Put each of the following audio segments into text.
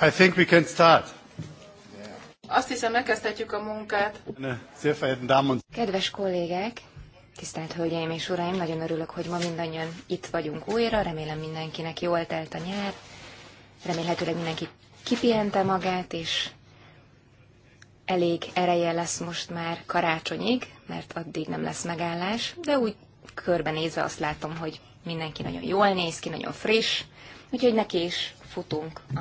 I think we can start. Azt hiszem, megkezdhetjük a munkát. Kedves kollégák, tisztelt Hölgyeim és Uraim, nagyon örülök, hogy ma mindannyian itt vagyunk újra. Remélem mindenkinek jól telt a nyár. Remélhetőleg mindenki kipihente magát, és elég ereje lesz most már karácsonyig, mert addig nem lesz megállás, de úgy körbenézve azt látom, hogy mindenki nagyon jól néz ki, nagyon friss, úgyhogy neki is futunk a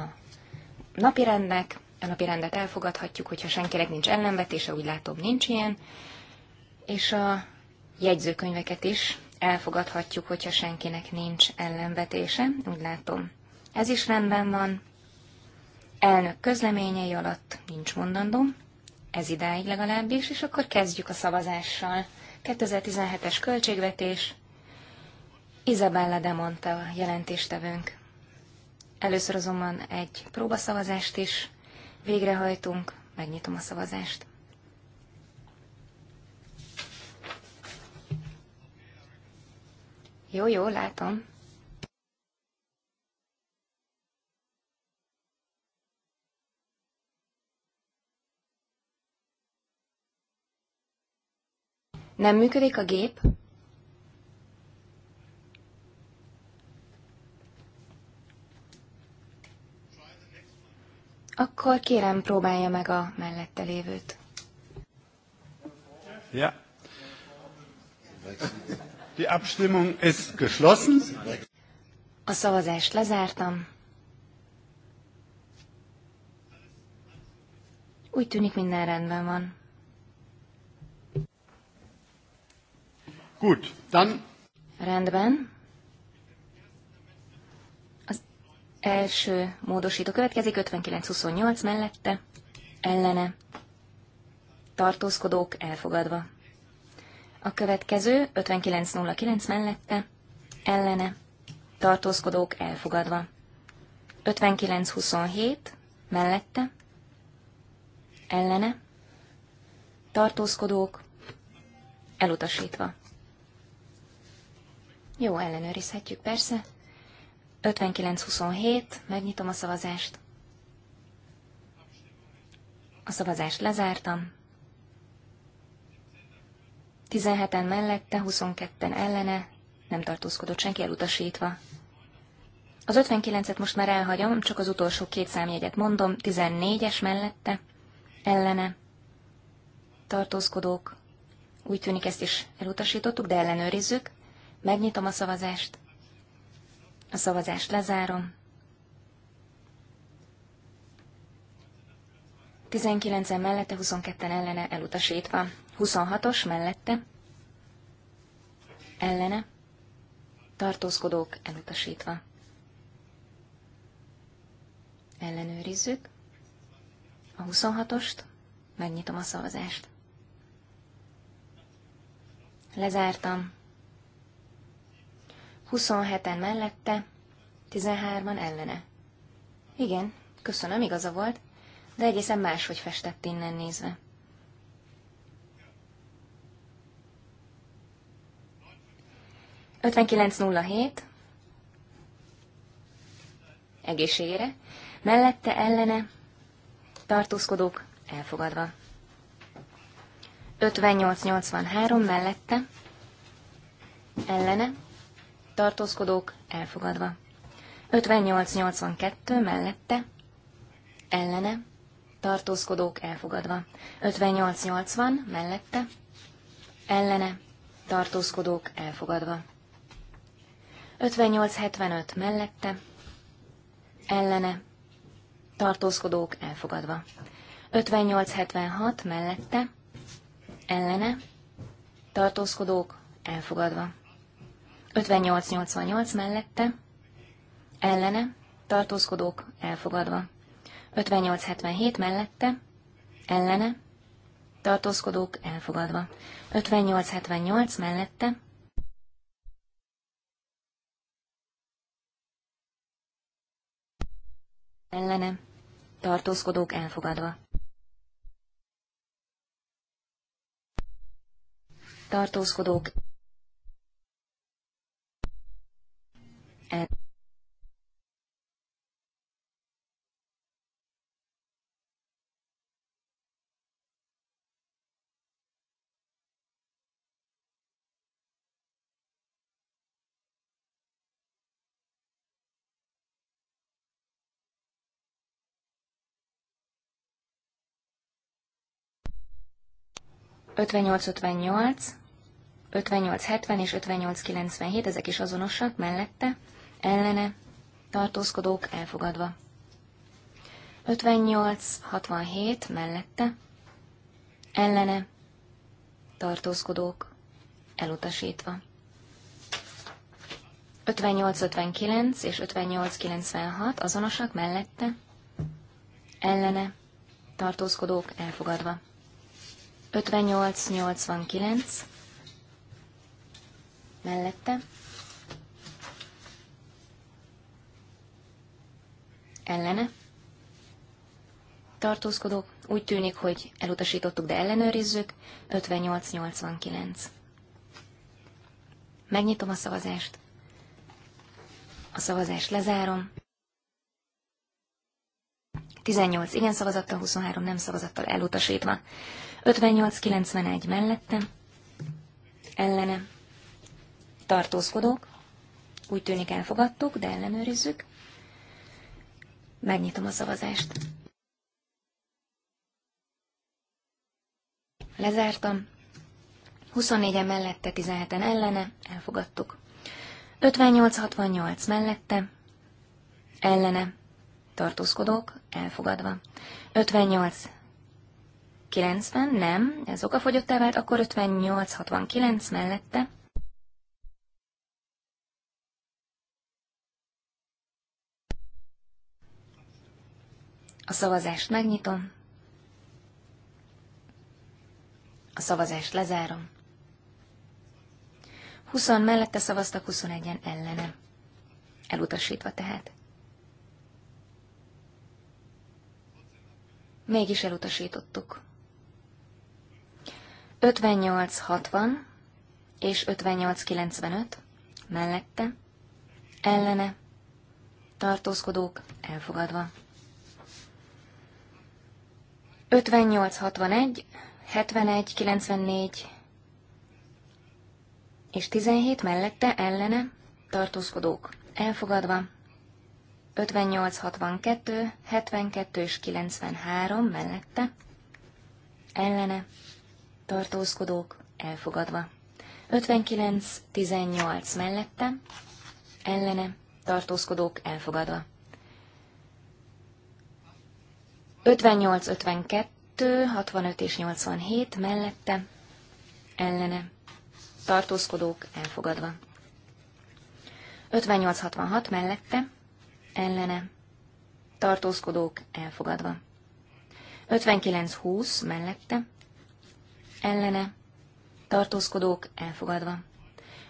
napirendnek. A napirendet elfogadhatjuk, hogyha senkinek nincs ellenvetése, úgy látom nincs ilyen. És a jegyzőkönyveket is elfogadhatjuk, hogyha senkinek nincs ellenvetése, úgy látom. Ez is rendben van. Elnök közleményei alatt nincs mondandó, ez idáig legalábbis, és akkor kezdjük a szavazással. 2017-es költségvetés, Izabella de mondta a jelentéstevőnk. Először azonban egy próbaszavazást is végrehajtunk, megnyitom a szavazást. Jó, jó, látom. Nem működik a gép? Akkor kérem, próbálja meg a mellette lévőt. Ja. Die Abstimmung ist geschlossen. A szavazást lezártam. Úgy tűnik, minden rendben van. Gut, dann. Rendben. Első módosító következik, 59-28 mellette, ellene, tartózkodók elfogadva. A következő 59-09 mellette, ellene, tartózkodók elfogadva. 59-27 mellette, ellene, tartózkodók elutasítva. Jó, ellenőrizhetjük persze. 59-27, megnyitom a szavazást. A szavazást lezártam. 17-en mellette, 22-en ellene, nem tartózkodott senki elutasítva. Az 59-et most már elhagyom, csak az utolsó két számjegyet mondom, 14-es mellette, ellene, tartózkodók. Úgy tűnik ezt is elutasítottuk, de ellenőrizzük. Megnyitom a szavazást. A szavazást lezárom. 19-en mellette, 22-en ellene elutasítva. 26-os mellette, ellene, tartózkodók elutasítva. Ellenőrizzük a 26-ost, megnyitom a szavazást. Lezártam. 27-en mellette, 13-an ellene. Igen, köszönöm, igaza volt, de egészen máshogy festett innen nézve. 5907 egészségére, mellette ellene tartózkodók elfogadva. 5883 mellette ellene tartózkodók elfogadva. 58-82 mellette, ellene, tartózkodók elfogadva. 58-80 mellette, ellene, tartózkodók elfogadva. 58-75 mellette, ellene, tartózkodók elfogadva. 58-76 mellette, ellene, tartózkodók elfogadva. 58-88 mellette, ellene, tartózkodók elfogadva. 58-77 mellette, ellene, tartózkodók elfogadva. 58-78 mellette, ellene, tartózkodók elfogadva. Tartózkodók 58-58, 58-70 és 58-97, ezek is azonosak, mellette, ellene, tartózkodók elfogadva. 58-67 mellette, ellene, tartózkodók elutasítva. 58-59 és 58-96 azonosak mellette, ellene, tartózkodók elfogadva. 5889. mellette. Ellene. Tartózkodók. Úgy tűnik, hogy elutasítottuk, de ellenőrizzük. 5889. Megnyitom a szavazást. A szavazást lezárom. 18 igen szavazattal, 23 nem szavazattal elutasítva. 5891 mellette, ellenem, tartózkodók, úgy tűnik elfogadtuk, de ellenőrizzük. Megnyitom a szavazást. Lezártam. 24-en mellette, 17-en ellene, elfogadtuk. 58-68 mellette, ellene, tartózkodók, elfogadva. 58 90, nem, ez okafogyottá vált, akkor 58-69 mellette. A szavazást megnyitom. A szavazást lezárom. 20 mellette szavaztak, 21-en ellene. Elutasítva tehát. Mégis elutasítottuk. 5860 és 5895 mellette, ellene, tartózkodók elfogadva. 5861, 7194 és 17 mellette, ellene, tartózkodók elfogadva. 5862, 72 és 93 mellette, ellene, tartózkodók elfogadva. 59-18 mellette, ellene, tartózkodók elfogadva. 58-52, 65 és 87 mellette, ellene, tartózkodók elfogadva. 58-66 mellette, ellene, tartózkodók elfogadva. 59-20 mellette, ellene, tartózkodók elfogadva.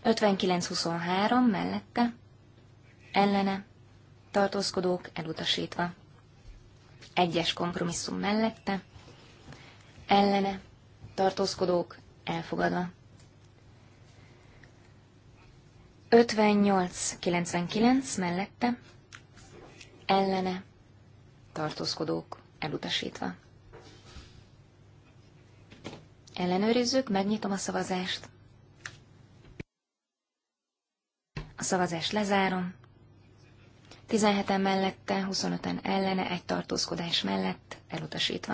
59-23 mellette, ellene, tartózkodók elutasítva. Egyes kompromisszum mellette, ellene, tartózkodók elfogadva. 58-99 mellette, ellene, tartózkodók elutasítva. Ellenőrizzük, megnyitom a szavazást. A szavazást lezárom. 17-en mellette, 25-en ellene, egy tartózkodás mellett, elutasítva.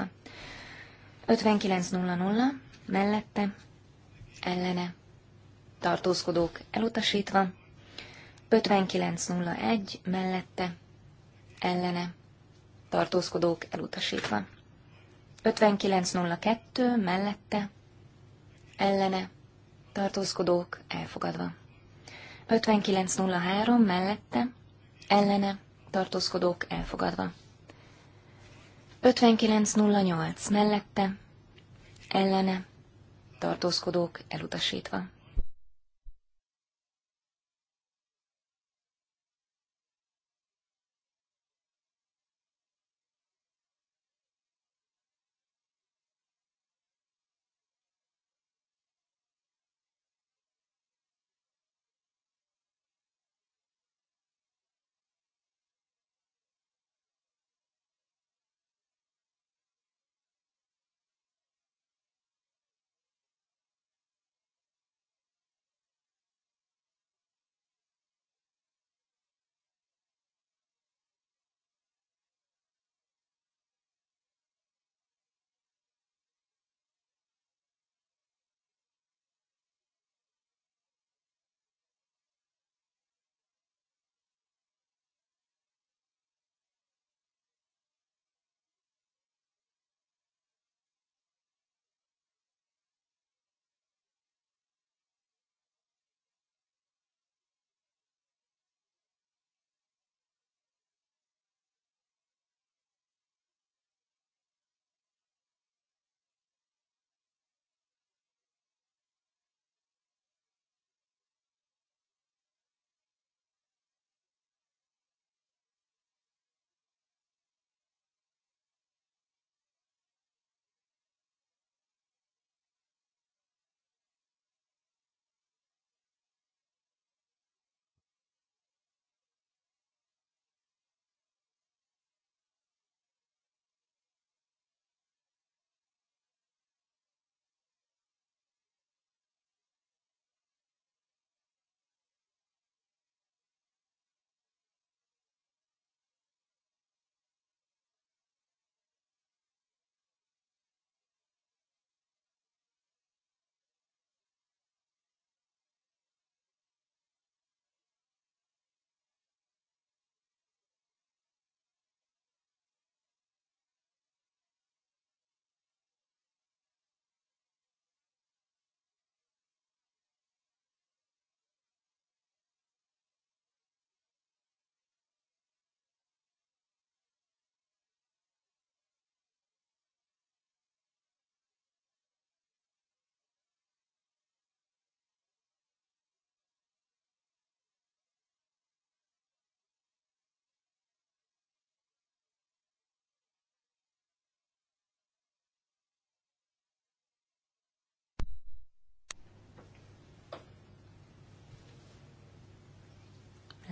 59.00 mellette, ellene, tartózkodók elutasítva. 59.01 mellette, ellene, tartózkodók elutasítva. 5902 mellette, ellene, tartózkodók elfogadva. 5903 mellette, ellene, tartózkodók elfogadva. 5908 mellette, ellene, tartózkodók elutasítva.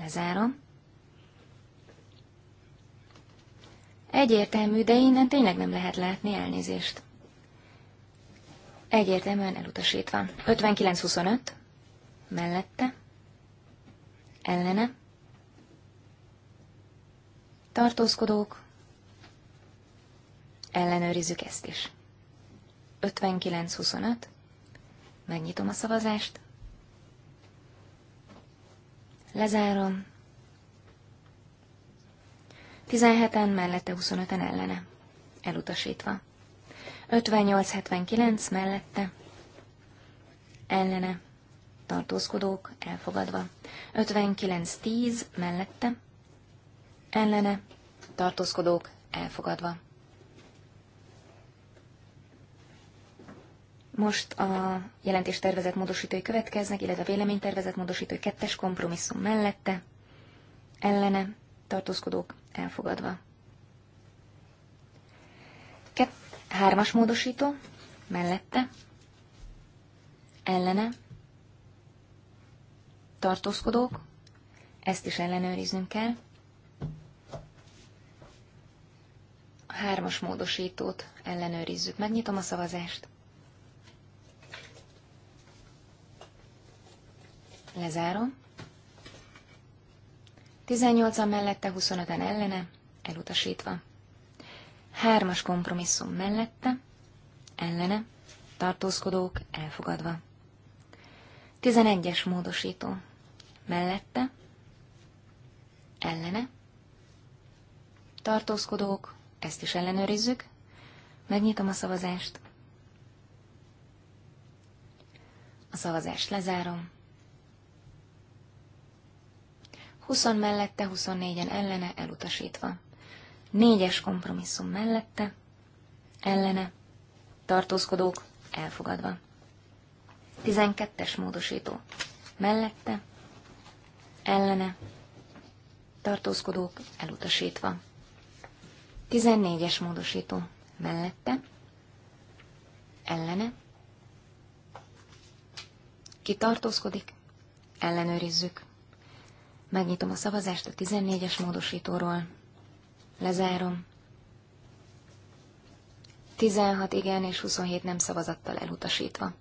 Lezárom. Egyértelmű, de innen tényleg nem lehet látni elnézést. Egyértelműen elutasítva. 59-25. Mellette. Ellene. Tartózkodók. Ellenőrizzük ezt is. 59-25. Megnyitom a szavazást. 59-25. Lezárom. 17-en mellette 25-en ellene. Elutasítva. 58-79 mellette. Ellene. Tartózkodók elfogadva. 59-10 mellette. Ellene. Tartózkodók elfogadva. Most a jelentéstervezet módosítói következnek, illetve a véleménytervezet módosítói kettes kompromisszum mellette, ellene, tartózkodók elfogadva. Kett, hármas módosító, mellette, ellene, tartózkodók, ezt is ellenőriznünk kell. A hármas módosítót ellenőrizzük. Megnyitom a szavazást. Lezárom. 18-an mellette, 25-en ellene, elutasítva. Hármas kompromisszum mellette, ellene, tartózkodók elfogadva. 11-es módosító mellette, ellene, tartózkodók, ezt is ellenőrizzük, megnyitom a szavazást. A szavazást lezárom. 20 mellette, 24-en ellene, elutasítva. Négyes kompromisszum mellette, ellene, tartózkodók, elfogadva. 12-es módosító, mellette, ellene, tartózkodók, elutasítva. 14-es módosító, mellette, ellene, ki tartózkodik, ellenőrizzük. Megnyitom a szavazást a 14-es módosítóról. Lezárom. 16 igen és 27 nem szavazattal elutasítva.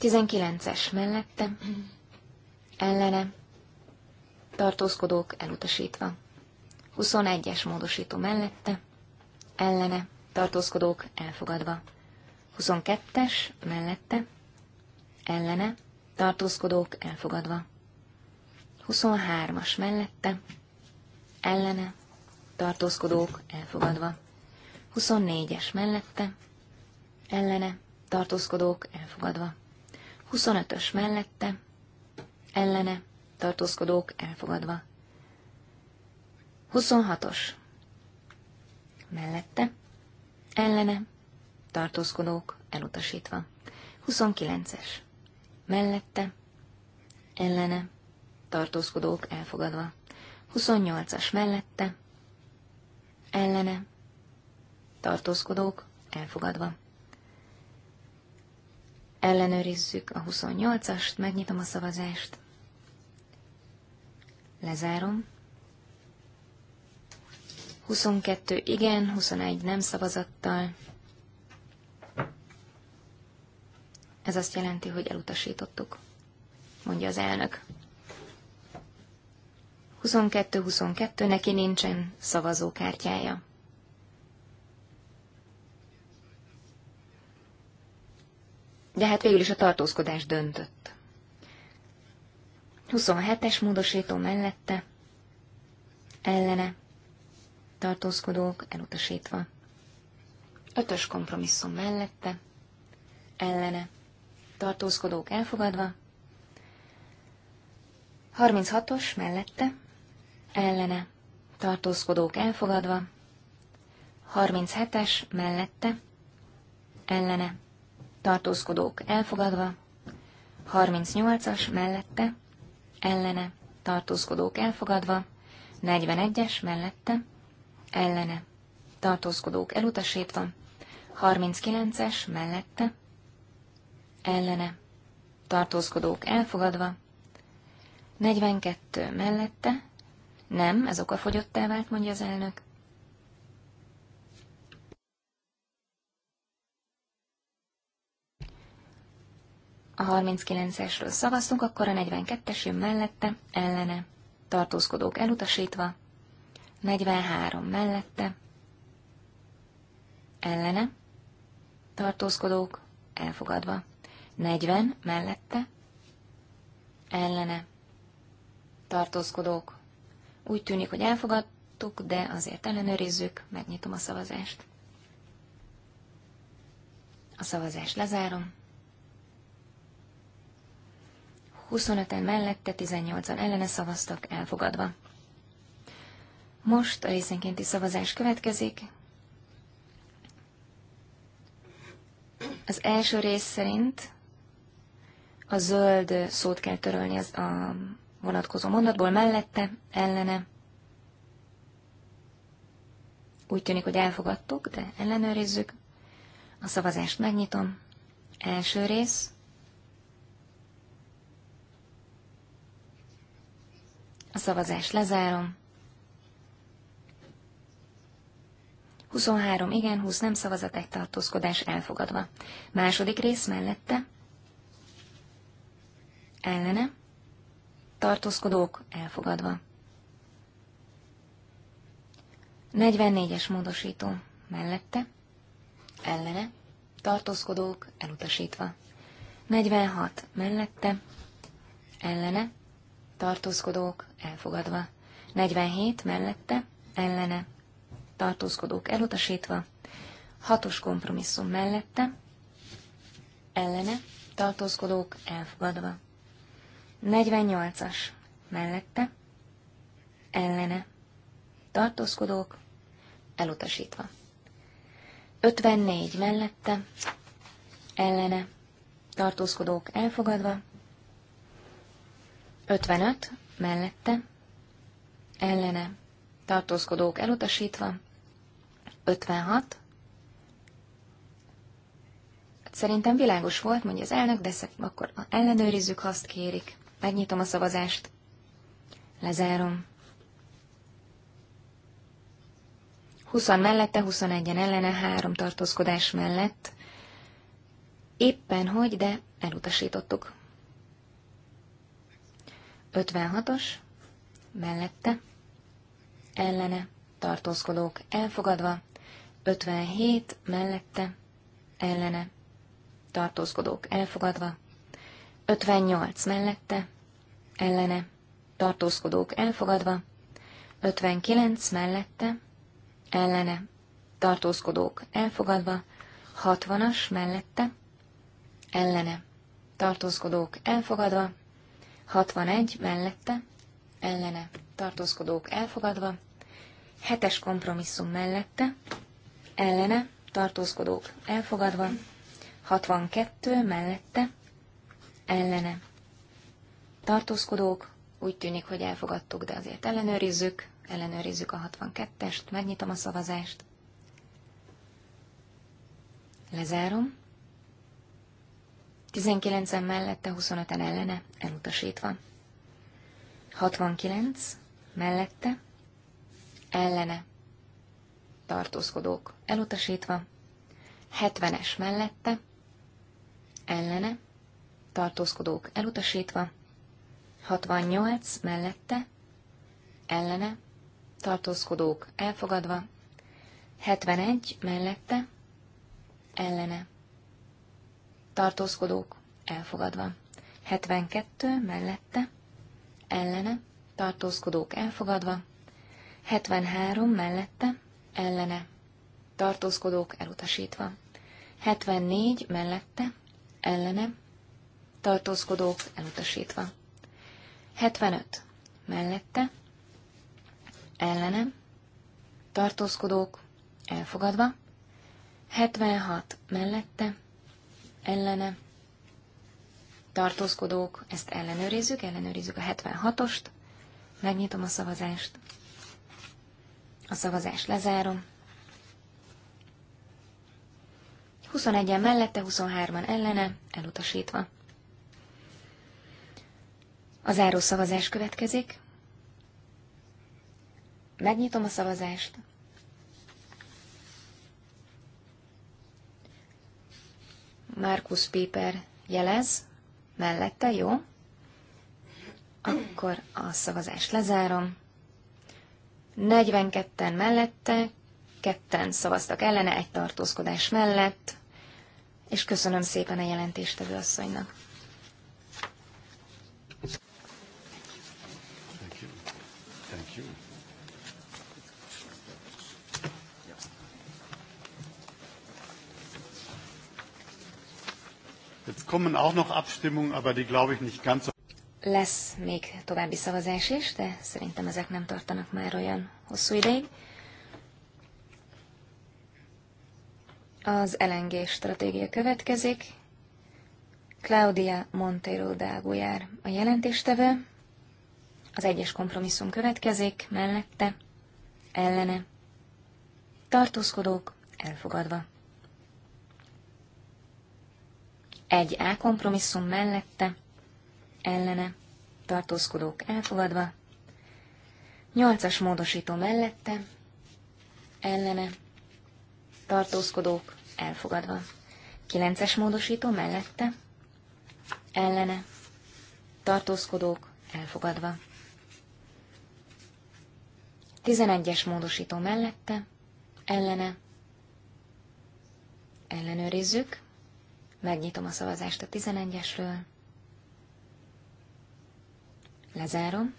19-es mellette, ellene, tartózkodók elutasítva. 21-es módosító mellette, ellene, tartózkodók elfogadva. 22-es mellette, ellene, tartózkodók elfogadva. 23-as mellette, ellene, tartózkodók elfogadva. 24-es mellette, ellene, tartózkodók elfogadva. 25-ös mellette, ellene, tartózkodók elfogadva. 26-os mellette, ellene, tartózkodók elutasítva. 29-es mellette, ellene, tartózkodók elfogadva. 28-as mellette, ellene, tartózkodók elfogadva. Ellenőrizzük a 28-ast, megnyitom a szavazást. Lezárom. 22 igen, 21 nem szavazattal, Ez azt jelenti, hogy elutasítottuk, mondja az elnök. 22-22, neki nincsen szavazókártyája. De hát végül is a tartózkodás döntött. 27-es módosító mellette, ellene, tartózkodók elutasítva. Ötös kompromisszum mellette, ellene, tartózkodók elfogadva. 36-os mellette, ellene, tartózkodók elfogadva. 37-es mellette, ellene, tartózkodók elfogadva. 38-as mellette, ellene, tartózkodók elfogadva. 41-es mellette, ellene, tartózkodók elutasítva. 39-es mellette, ellene, tartózkodók elfogadva, 42 mellette, nem, ez okafogyottá vált, mondja az elnök. A 39-esről szavaztunk, akkor a 42-es jön mellette, ellene, tartózkodók elutasítva, 43 mellette, ellene, tartózkodók elfogadva. 40 mellette, ellene, tartózkodók. Úgy tűnik, hogy elfogadtuk, de azért ellenőrizzük, megnyitom a szavazást. A szavazást lezárom. 25-en mellette, 18-an ellene szavaztak, elfogadva. Most a részenkénti szavazás következik. Az első rész szerint a zöld szót kell törölni az a vonatkozó mondatból, mellette, ellene. Úgy tűnik, hogy elfogadtuk, de ellenőrizzük. A szavazást megnyitom. Első rész. A szavazást lezárom. 23 igen, 20 nem szavazat, egy tartózkodás elfogadva. Második rész mellette, ellene, tartózkodók elfogadva. 44-es módosító mellette, ellene, tartózkodók elutasítva. 46 mellette, ellene, tartózkodók elfogadva. 47 mellette, ellene, tartózkodók elutasítva. 6-os kompromisszum mellette, ellene, tartózkodók elfogadva. 48-as. Mellette. Ellene. Tartózkodók. Elutasítva. 54 mellette. Ellene. Tartózkodók elfogadva. 55 mellette. Ellene. Tartózkodók elutasítva. 56 Szerintem világos volt, mondja az elnök, de akkor ellenőrizzük, ha azt kérik. Megnyitom a szavazást. Lezárom. 20 mellette, 21-en ellene, három tartózkodás mellett. Éppen hogy, de elutasítottuk. 56-os, mellette, ellene, tartózkodók elfogadva, 57 mellette, ellene, tartózkodók elfogadva, 58 mellette, ellene, tartózkodók elfogadva, 59 mellette, ellene, tartózkodók elfogadva, 60-as mellette, ellene, tartózkodók elfogadva, 61 mellette, ellene, tartózkodók elfogadva, 7-es kompromisszum mellette, ellene, tartózkodók elfogadva, 62 mellette, ellene. Tartózkodók, úgy tűnik, hogy elfogadtuk, de azért ellenőrizzük. Ellenőrizzük a 62-est, megnyitom a szavazást. Lezárom. 19 mellette, 25-en ellene, elutasítva. 69 mellette, ellene, tartózkodók, elutasítva. 70-es mellette, ellene, tartózkodók elutasítva, 68 mellette, ellene, tartózkodók elfogadva, 71 mellette, ellene, tartózkodók elfogadva, 72 mellette, ellene, tartózkodók elfogadva, 73 mellette, ellene, tartózkodók elutasítva, 74 mellette, ellene, tartózkodók elutasítva. 75. Mellette, ellene. tartózkodók elfogadva. 76. Mellette, ellene, tartózkodók, ezt ellenőrizzük, ellenőrizzük a 76-ost, megnyitom a szavazást, a szavazást lezárom. 21-en mellette, 23-an ellene, elutasítva. A záró szavazás következik. Megnyitom a szavazást. Markus Piper jelez, mellette, jó? Akkor a szavazást lezárom. 42-en mellette, ketten szavaztak ellene, egy tartózkodás mellett, és köszönöm szépen a jelentéstevő asszonynak. kommen auch noch Abstimmungen, aber die glaube ich nicht ganz. Lesz még további szavazás is, de szerintem ezek nem tartanak már olyan hosszú ideig. Az LNG stratégia következik. Claudia Monteiro de Aguiar a jelentéstevő. Az egyes kompromisszum következik, mellette, ellene. Tartózkodók elfogadva. egy a kompromisszum mellette, ellene, tartózkodók elfogadva, nyolcas módosító mellette, ellene, tartózkodók elfogadva, kilences módosító mellette, ellene, tartózkodók elfogadva, 11-es módosító mellette, ellene, ellenőrizzük, Megnyitom a szavazást a 11-esről. Lezárom.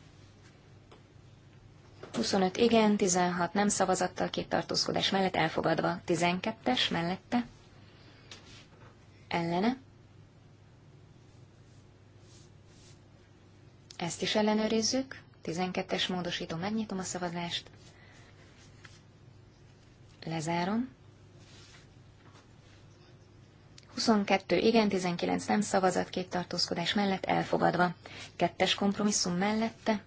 25 igen, 16 nem szavazattal, két tartózkodás mellett elfogadva. 12-es mellette. Ellene. Ezt is ellenőrizzük. 12-es módosító, megnyitom a szavazást. Lezárom. 22 igen, 19 nem szavazat, két tartózkodás mellett elfogadva. Kettes kompromisszum mellette,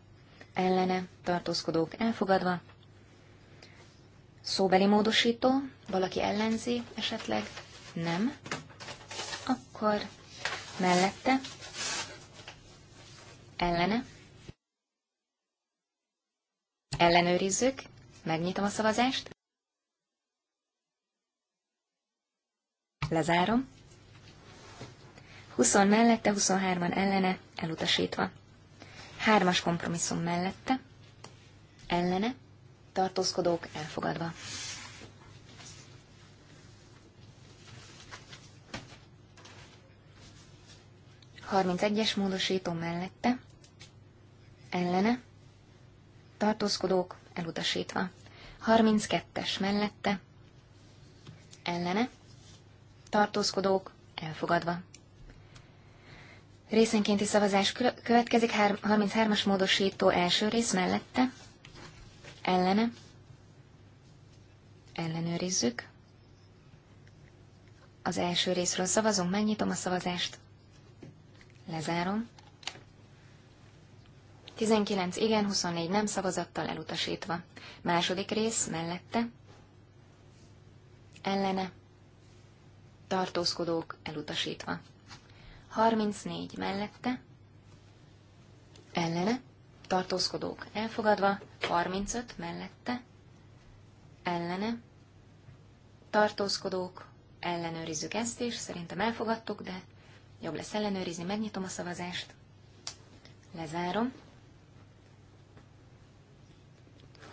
ellene, tartózkodók elfogadva. Szóbeli módosító, valaki ellenzi esetleg? Nem. Akkor mellette, ellene. Ellenőrizzük, megnyitom a szavazást. Lezárom. 20 mellette, 23-an ellene, elutasítva. Hármas kompromisszum mellette, ellene, tartózkodók elfogadva. egyes módosító mellette, ellene, tartózkodók elutasítva. 32-es mellette, ellene, tartózkodók elfogadva. Részenkénti szavazás következik, 33-as módosító első rész mellette, ellene, ellenőrizzük. Az első részről szavazunk, megnyitom a szavazást, lezárom. 19 igen, 24 nem szavazattal elutasítva. Második rész mellette, ellene, tartózkodók elutasítva. 34 mellette, ellene, tartózkodók elfogadva, 35 mellette, ellene, tartózkodók, ellenőrizzük ezt is, szerintem elfogadtuk, de jobb lesz ellenőrizni, megnyitom a szavazást, lezárom.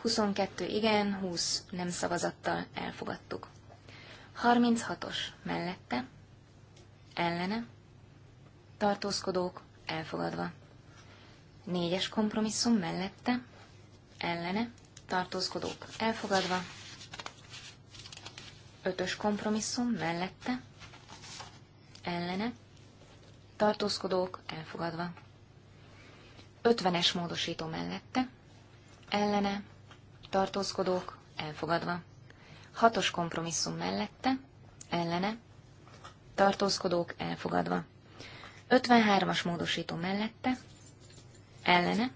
22 igen, 20 nem szavazattal elfogadtuk. 36-os mellette, ellene, tartózkodók elfogadva. Négyes kompromisszum mellette, ellene, tartózkodók elfogadva. Ötös kompromisszum mellette, ellene, tartózkodók elfogadva. Ötvenes módosító mellette, ellene, tartózkodók elfogadva. Hatos kompromisszum mellette, ellene, tartózkodók elfogadva. 53-as módosító mellette, ellene,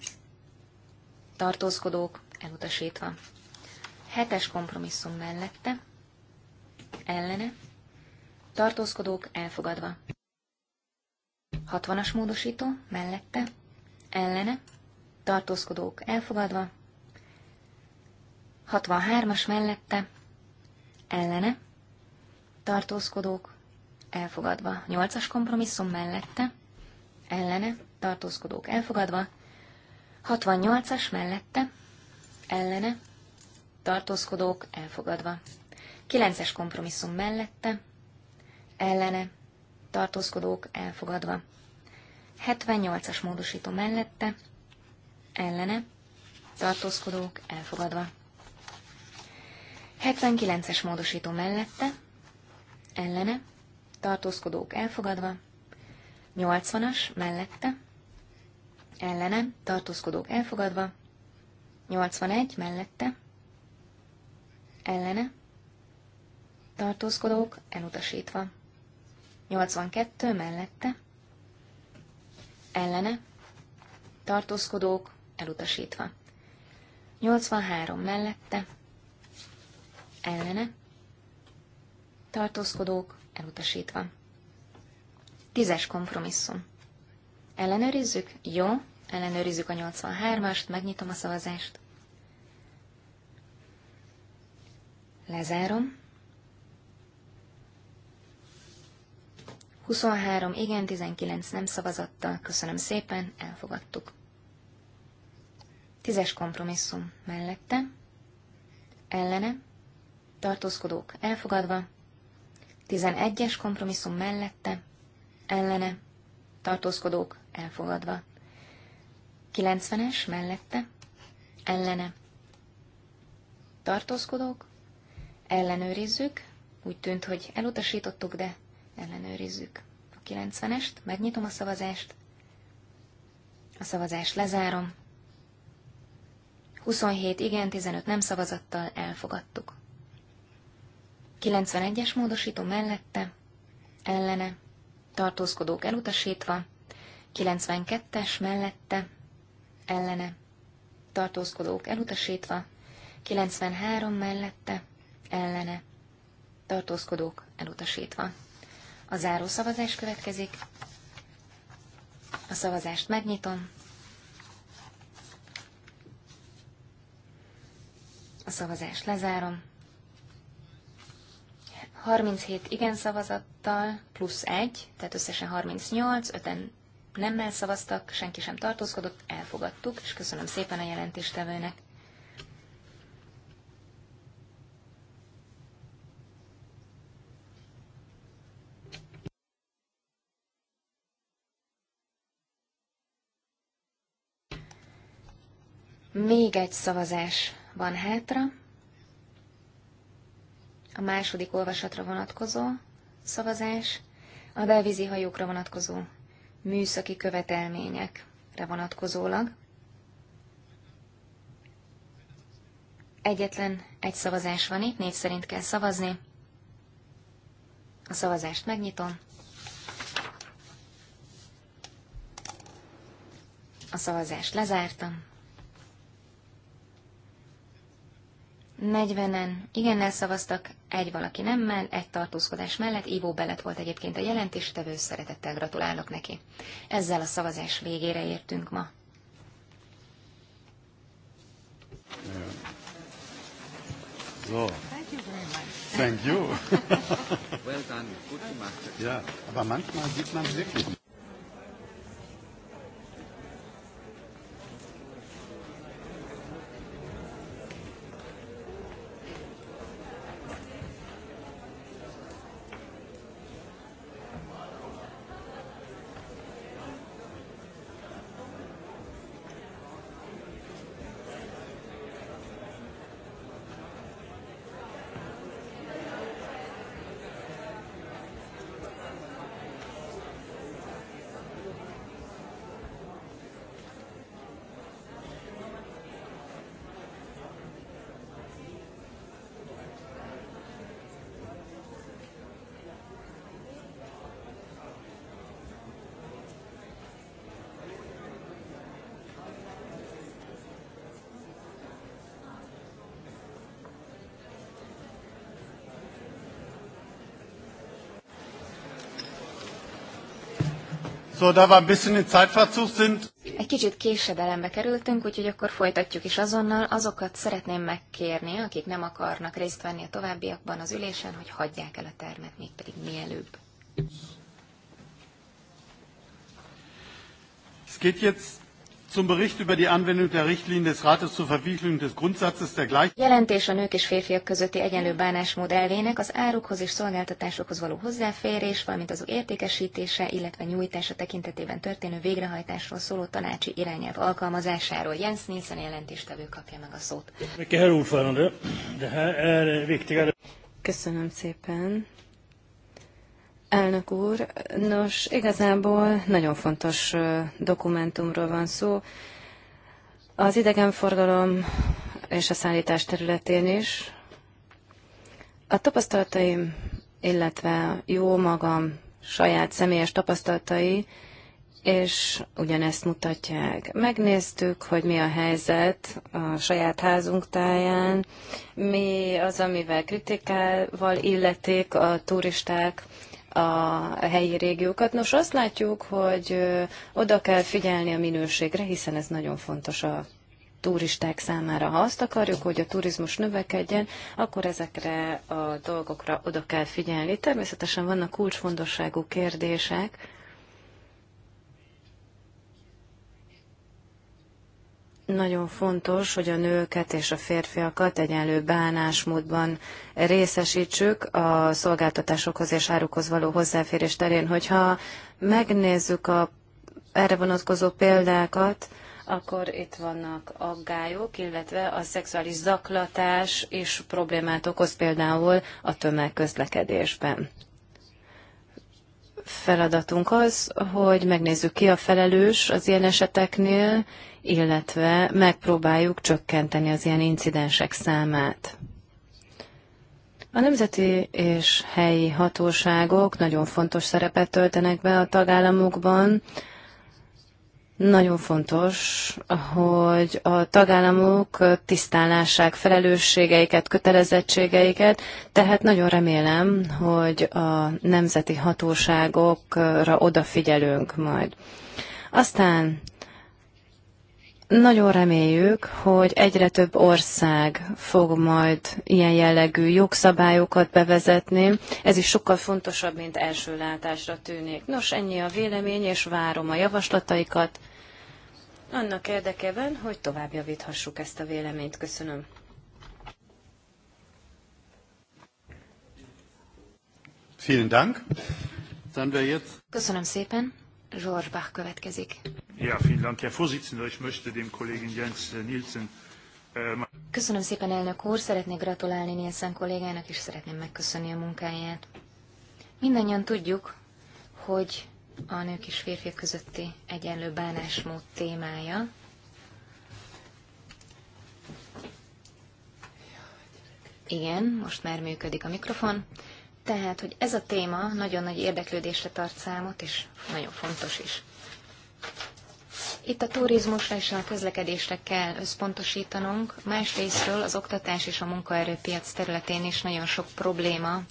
tartózkodók elutasítva. 7-es kompromisszum mellette, ellene, tartózkodók elfogadva. 60-as módosító mellette, ellene, tartózkodók elfogadva. 63-as mellette, ellene, tartózkodók elfogadva. nyolcas kompromisszum mellette, ellene, tartózkodók elfogadva. 68-as mellette, ellene, tartózkodók elfogadva. 9-es kompromisszum mellette, ellene, tartózkodók elfogadva. 78-as módosító mellette, ellene, tartózkodók elfogadva. 79-es módosító mellette, ellene, tartózkodók elfogadva, 80-as mellette, ellene, tartózkodók elfogadva, 81 mellette, ellene, tartózkodók elutasítva, 82 mellette, ellene, tartózkodók elutasítva, 83 mellette, ellene, tartózkodók elutasítva. Tízes kompromisszum. Ellenőrizzük? Jó, ellenőrizzük a 83-ast, megnyitom a szavazást. Lezárom. 23 igen, 19 nem szavazattal, köszönöm szépen, elfogadtuk. Tízes kompromisszum mellette, ellene, tartózkodók elfogadva, 11-es kompromisszum mellette, ellene, tartózkodók elfogadva. 90-es mellette, ellene, tartózkodók, ellenőrizzük, úgy tűnt, hogy elutasítottuk, de ellenőrizzük a 90-est, megnyitom a szavazást, a szavazást lezárom, 27 igen, 15 nem szavazattal elfogadtuk. 91-es módosító mellette, ellene, tartózkodók elutasítva, 92-es mellette, ellene, tartózkodók elutasítva, 93 mellette, ellene, tartózkodók elutasítva. A záró szavazás következik. A szavazást megnyitom. A szavazást lezárom. 37 igen szavazattal, plusz 1, tehát összesen 38, 5-en nemmel szavaztak, senki sem tartózkodott, elfogadtuk, és köszönöm szépen a jelentéstevőnek. Még egy szavazás van hátra a második olvasatra vonatkozó szavazás, a belvízi hajókra vonatkozó műszaki követelményekre vonatkozólag. Egyetlen egy szavazás van itt, név szerint kell szavazni. A szavazást megnyitom. A szavazást lezártam. 40-en igen elszavaztak, egy valaki nemmel, egy tartózkodás mellett, Ivo Belet volt egyébként a jelentéstevő, szeretettel gratulálok neki. Ezzel a szavazás végére értünk ma. So. Oh. Thank you very much. Thank you. well done. good gemacht. Ja, aber manchmal sieht man wirklich. Egy kicsit késedelembe kerültünk, úgyhogy akkor folytatjuk is azonnal. Azokat szeretném megkérni, akik nem akarnak részt venni a továbbiakban az ülésen, hogy hagyják el a termet, mégpedig mielőbb. Es geht jetzt Zum Bericht über die Anwendung der Richtlinie des Rates zur Verwirklichung des Grundsatzes der Gleich Jelentés a nők és férfiak közötti egyenlő bánásmód elvének az árukhoz és szolgáltatásokhoz való hozzáférés, valamint azok értékesítése, illetve nyújtása tekintetében történő végrehajtásról szóló tanácsi irányelv alkalmazásáról. Jens Nielsen jelentéstevő kapja meg a szót. Hát Köszönöm szépen. Elnök úr, nos, igazából nagyon fontos dokumentumról van szó. Az idegenforgalom és a szállítás területén is. A tapasztalataim, illetve jó magam saját személyes tapasztalatai, és ugyanezt mutatják. Megnéztük, hogy mi a helyzet a saját házunk táján, mi az, amivel kritikával illeték a turisták, a helyi régiókat. Nos, azt látjuk, hogy oda kell figyelni a minőségre, hiszen ez nagyon fontos a turisták számára. Ha azt akarjuk, hogy a turizmus növekedjen, akkor ezekre a dolgokra oda kell figyelni. Természetesen vannak kulcsfontosságú kérdések, Nagyon fontos, hogy a nőket és a férfiakat egyenlő bánásmódban részesítsük a szolgáltatásokhoz és árukhoz való hozzáférés terén. Hogyha megnézzük a erre vonatkozó példákat, akkor itt vannak aggályok, illetve a szexuális zaklatás is problémát okoz például a tömegközlekedésben feladatunk az, hogy megnézzük ki a felelős az ilyen eseteknél, illetve megpróbáljuk csökkenteni az ilyen incidensek számát. A nemzeti és helyi hatóságok nagyon fontos szerepet töltenek be a tagállamokban, nagyon fontos, hogy a tagállamok tisztán felelősségeiket, kötelezettségeiket, tehát nagyon remélem, hogy a nemzeti hatóságokra odafigyelünk majd. Aztán nagyon reméljük, hogy egyre több ország fog majd ilyen jellegű jogszabályokat bevezetni. Ez is sokkal fontosabb, mint első látásra tűnik. Nos, ennyi a vélemény, és várom a javaslataikat. Annak érdekében, hogy tovább javíthassuk ezt a véleményt. Köszönöm. Vielen Dank. Köszönöm szépen. George Bach következik. Ja, Finland, Dank, Herr Vorsitzender. Ich möchte dem Kollegen Jens äh, Nielsen äh, Köszönöm szépen, elnök úr, szeretnék gratulálni Nielsen kollégának, és szeretném megköszönni a munkáját. Mindannyian tudjuk, hogy a nők és férfiak közötti egyenlő bánásmód témája. Igen, most már működik a mikrofon. Tehát, hogy ez a téma nagyon nagy érdeklődésre tart számot, és nagyon fontos is. Itt a turizmusra és a közlekedésre kell összpontosítanunk, másrésztről az oktatás és a munkaerőpiac területén is nagyon sok probléma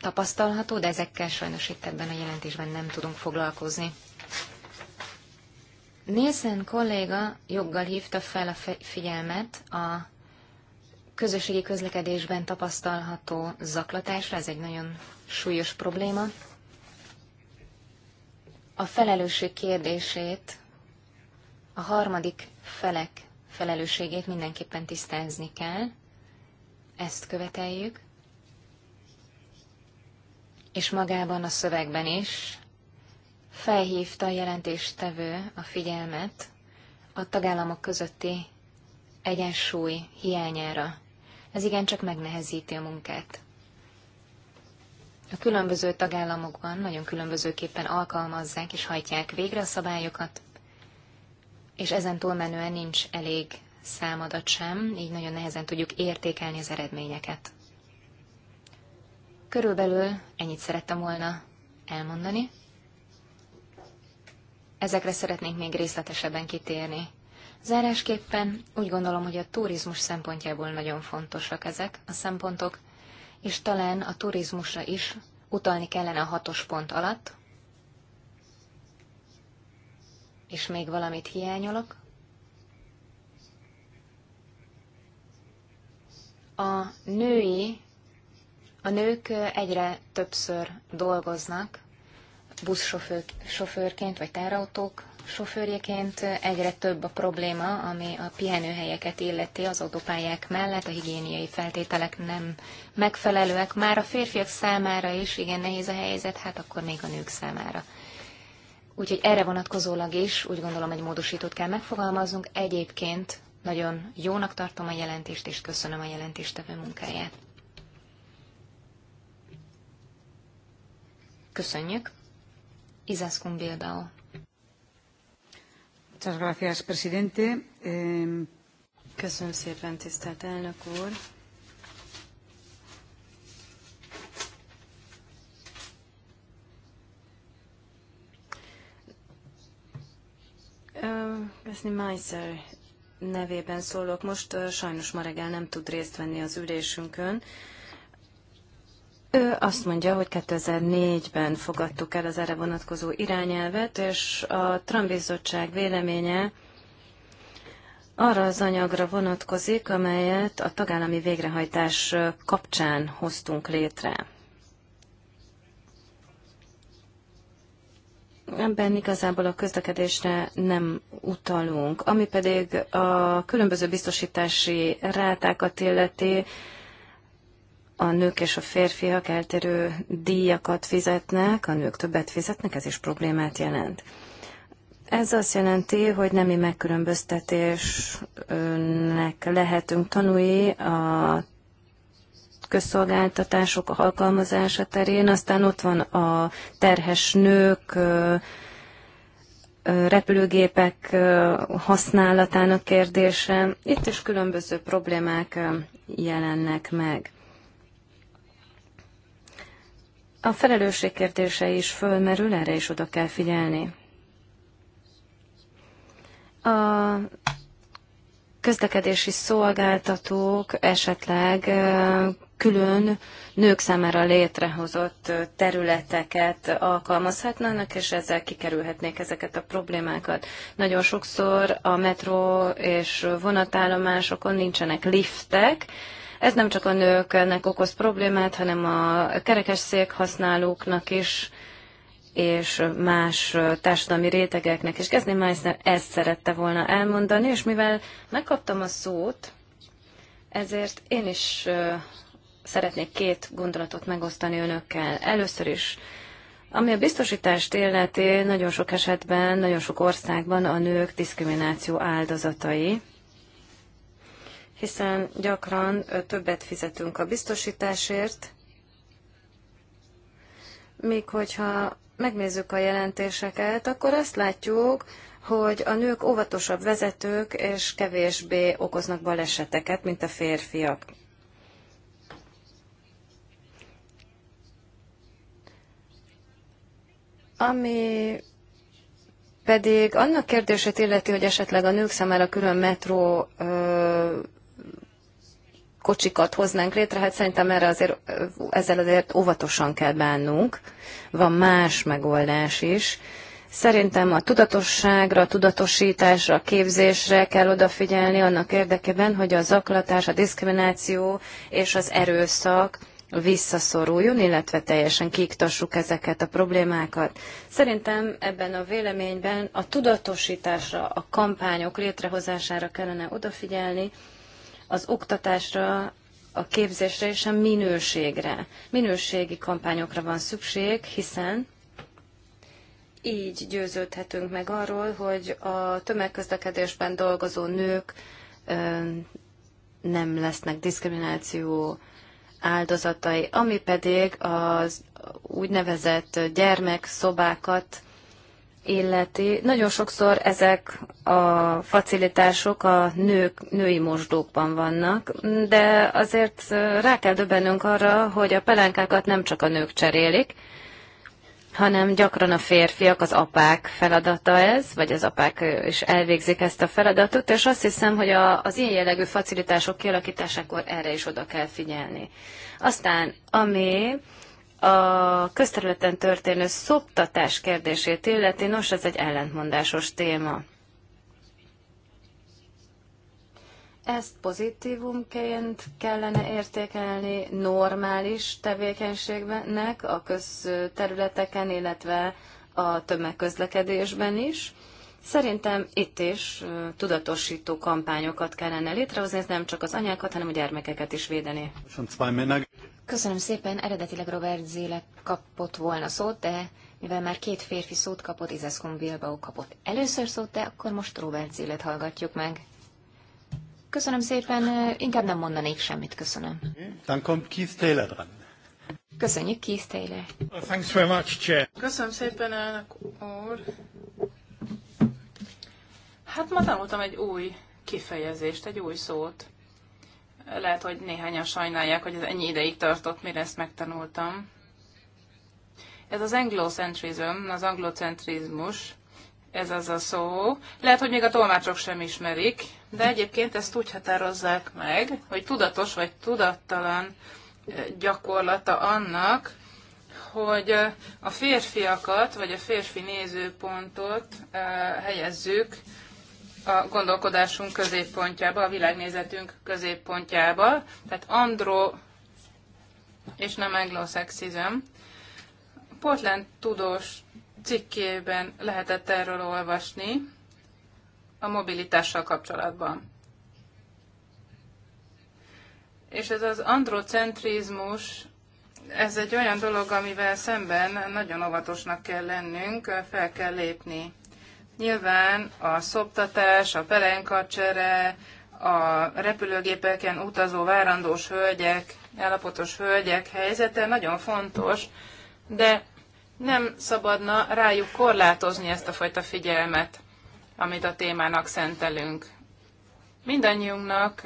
tapasztalható, de ezekkel sajnos itt ebben a jelentésben nem tudunk foglalkozni. Nielsen kolléga joggal hívta fel a figyelmet a közösségi közlekedésben tapasztalható zaklatásra, ez egy nagyon súlyos probléma. A felelősség kérdését, a harmadik felek felelősségét mindenképpen tisztázni kell, ezt követeljük, és magában a szövegben is felhívta a jelentéstevő a figyelmet a tagállamok közötti egyensúly hiányára ez igencsak megnehezíti a munkát. A különböző tagállamokban nagyon különbözőképpen alkalmazzák és hajtják végre a szabályokat, és ezen túlmenően nincs elég számadat sem, így nagyon nehezen tudjuk értékelni az eredményeket. Körülbelül ennyit szerettem volna elmondani. Ezekre szeretnénk még részletesebben kitérni Zárásképpen úgy gondolom, hogy a turizmus szempontjából nagyon fontosak ezek a szempontok, és talán a turizmusra is utalni kellene a hatos pont alatt. És még valamit hiányolok. A női, a nők egyre többször dolgoznak buszsofőrként vagy tárautók sofőrjeként egyre több a probléma, ami a pihenőhelyeket illeti az autópályák mellett, a higiéniai feltételek nem megfelelőek. Már a férfiak számára is igen nehéz a helyzet, hát akkor még a nők számára. Úgyhogy erre vonatkozólag is úgy gondolom, egy módosítót kell megfogalmaznunk. Egyébként nagyon jónak tartom a jelentést, és köszönöm a jelentéstevő munkáját. Köszönjük! Izaskun Bildao. Muchas gracias, presidente. Köszönöm szépen, tisztelt elnök úr. Veszni Meiszer nevében szólok. Most sajnos ma reggel nem tud részt venni az ülésünkön, ő azt mondja, hogy 2004-ben fogadtuk el az erre vonatkozó irányelvet, és a Trambizottság véleménye arra az anyagra vonatkozik, amelyet a tagállami végrehajtás kapcsán hoztunk létre. Ebben igazából a közlekedésre nem utalunk. Ami pedig a különböző biztosítási rátákat illeti, a nők és a férfiak eltérő díjakat fizetnek, a nők többet fizetnek, ez is problémát jelent. Ez azt jelenti, hogy nemi megkülönböztetésnek lehetünk tanulni a közszolgáltatások alkalmazása terén, aztán ott van a terhes nők, repülőgépek használatának kérdése. Itt is különböző problémák jelennek meg. A felelősség kérdése is fölmerül, erre is oda kell figyelni. A közlekedési szolgáltatók esetleg külön nők számára létrehozott területeket alkalmazhatnának, és ezzel kikerülhetnék ezeket a problémákat. Nagyon sokszor a metró és vonatállomásokon nincsenek liftek, ez nem csak a nőknek okoz problémát, hanem a kerekesszék használóknak is, és más társadalmi rétegeknek. És Kezdni Meissner ezt szerette volna elmondani, és mivel megkaptam a szót, ezért én is szeretnék két gondolatot megosztani önökkel. Először is, ami a biztosítást illeti, nagyon sok esetben, nagyon sok országban a nők diszkrimináció áldozatai hiszen gyakran többet fizetünk a biztosításért, még hogyha megnézzük a jelentéseket, akkor azt látjuk, hogy a nők óvatosabb vezetők és kevésbé okoznak baleseteket, mint a férfiak. Ami pedig annak kérdését illeti, hogy esetleg a nők számára külön metró kocsikat hoznánk létre, hát szerintem erre azért, ezzel azért óvatosan kell bánnunk. Van más megoldás is. Szerintem a tudatosságra, a tudatosításra, a képzésre kell odafigyelni annak érdekében, hogy a zaklatás, a diszkrimináció és az erőszak visszaszoruljon, illetve teljesen kiiktassuk ezeket a problémákat. Szerintem ebben a véleményben a tudatosításra, a kampányok létrehozására kellene odafigyelni, az oktatásra, a képzésre és a minőségre. Minőségi kampányokra van szükség, hiszen így győződhetünk meg arról, hogy a tömegközlekedésben dolgozó nők nem lesznek diszkrimináció áldozatai, ami pedig az úgynevezett gyermekszobákat illeti, nagyon sokszor ezek a facilitások a nők, női mosdókban vannak, de azért rá kell döbbenünk arra, hogy a pelenkákat nem csak a nők cserélik, hanem gyakran a férfiak, az apák feladata ez, vagy az apák is elvégzik ezt a feladatot, és azt hiszem, hogy a, az ilyen jellegű facilitások kialakításakor erre is oda kell figyelni. Aztán, ami a közterületen történő szoptatás kérdését illeti, nos, ez egy ellentmondásos téma. Ezt pozitívumként kellene értékelni normális tevékenységnek a közterületeken, illetve a tömegközlekedésben is. Szerintem itt is tudatosító kampányokat kellene létrehozni, ez nem csak az anyákat, hanem a gyermekeket is védeni. Köszönöm szépen, eredetileg Robert Zéle kapott volna szót, de mivel már két férfi szót kapott, Izaszkun Bilbao kapott először szót, de akkor most Robert Zélet hallgatjuk meg. Köszönöm szépen, inkább nem mondanék semmit, köszönöm. Dann kommt Keith Taylor dran. Köszönjük, Keith Taylor. Thanks very much, Chair. Köszönöm szépen, elnök úr. Hát ma tanultam egy új kifejezést, egy új szót. Lehet, hogy néhányan sajnálják, hogy ez ennyi ideig tartott, mire ezt megtanultam. Ez az anglocentrizm, az anglocentrizmus, ez az a szó. Lehet, hogy még a tolmácsok sem ismerik, de egyébként ezt úgy határozzák meg, hogy tudatos vagy tudattalan eh, gyakorlata annak, hogy eh, a férfiakat, vagy a férfi nézőpontot eh, helyezzük a gondolkodásunk középpontjába, a világnézetünk középpontjába, tehát andro és nem anglosexizm. Portland tudós cikkében lehetett erről olvasni a mobilitással kapcsolatban. És ez az androcentrizmus, ez egy olyan dolog, amivel szemben nagyon óvatosnak kell lennünk, fel kell lépni. Nyilván a szoptatás, a pelenkacsere, a repülőgépeken utazó várandós hölgyek, állapotos hölgyek helyzete nagyon fontos, de nem szabadna rájuk korlátozni ezt a fajta figyelmet, amit a témának szentelünk. Mindannyiunknak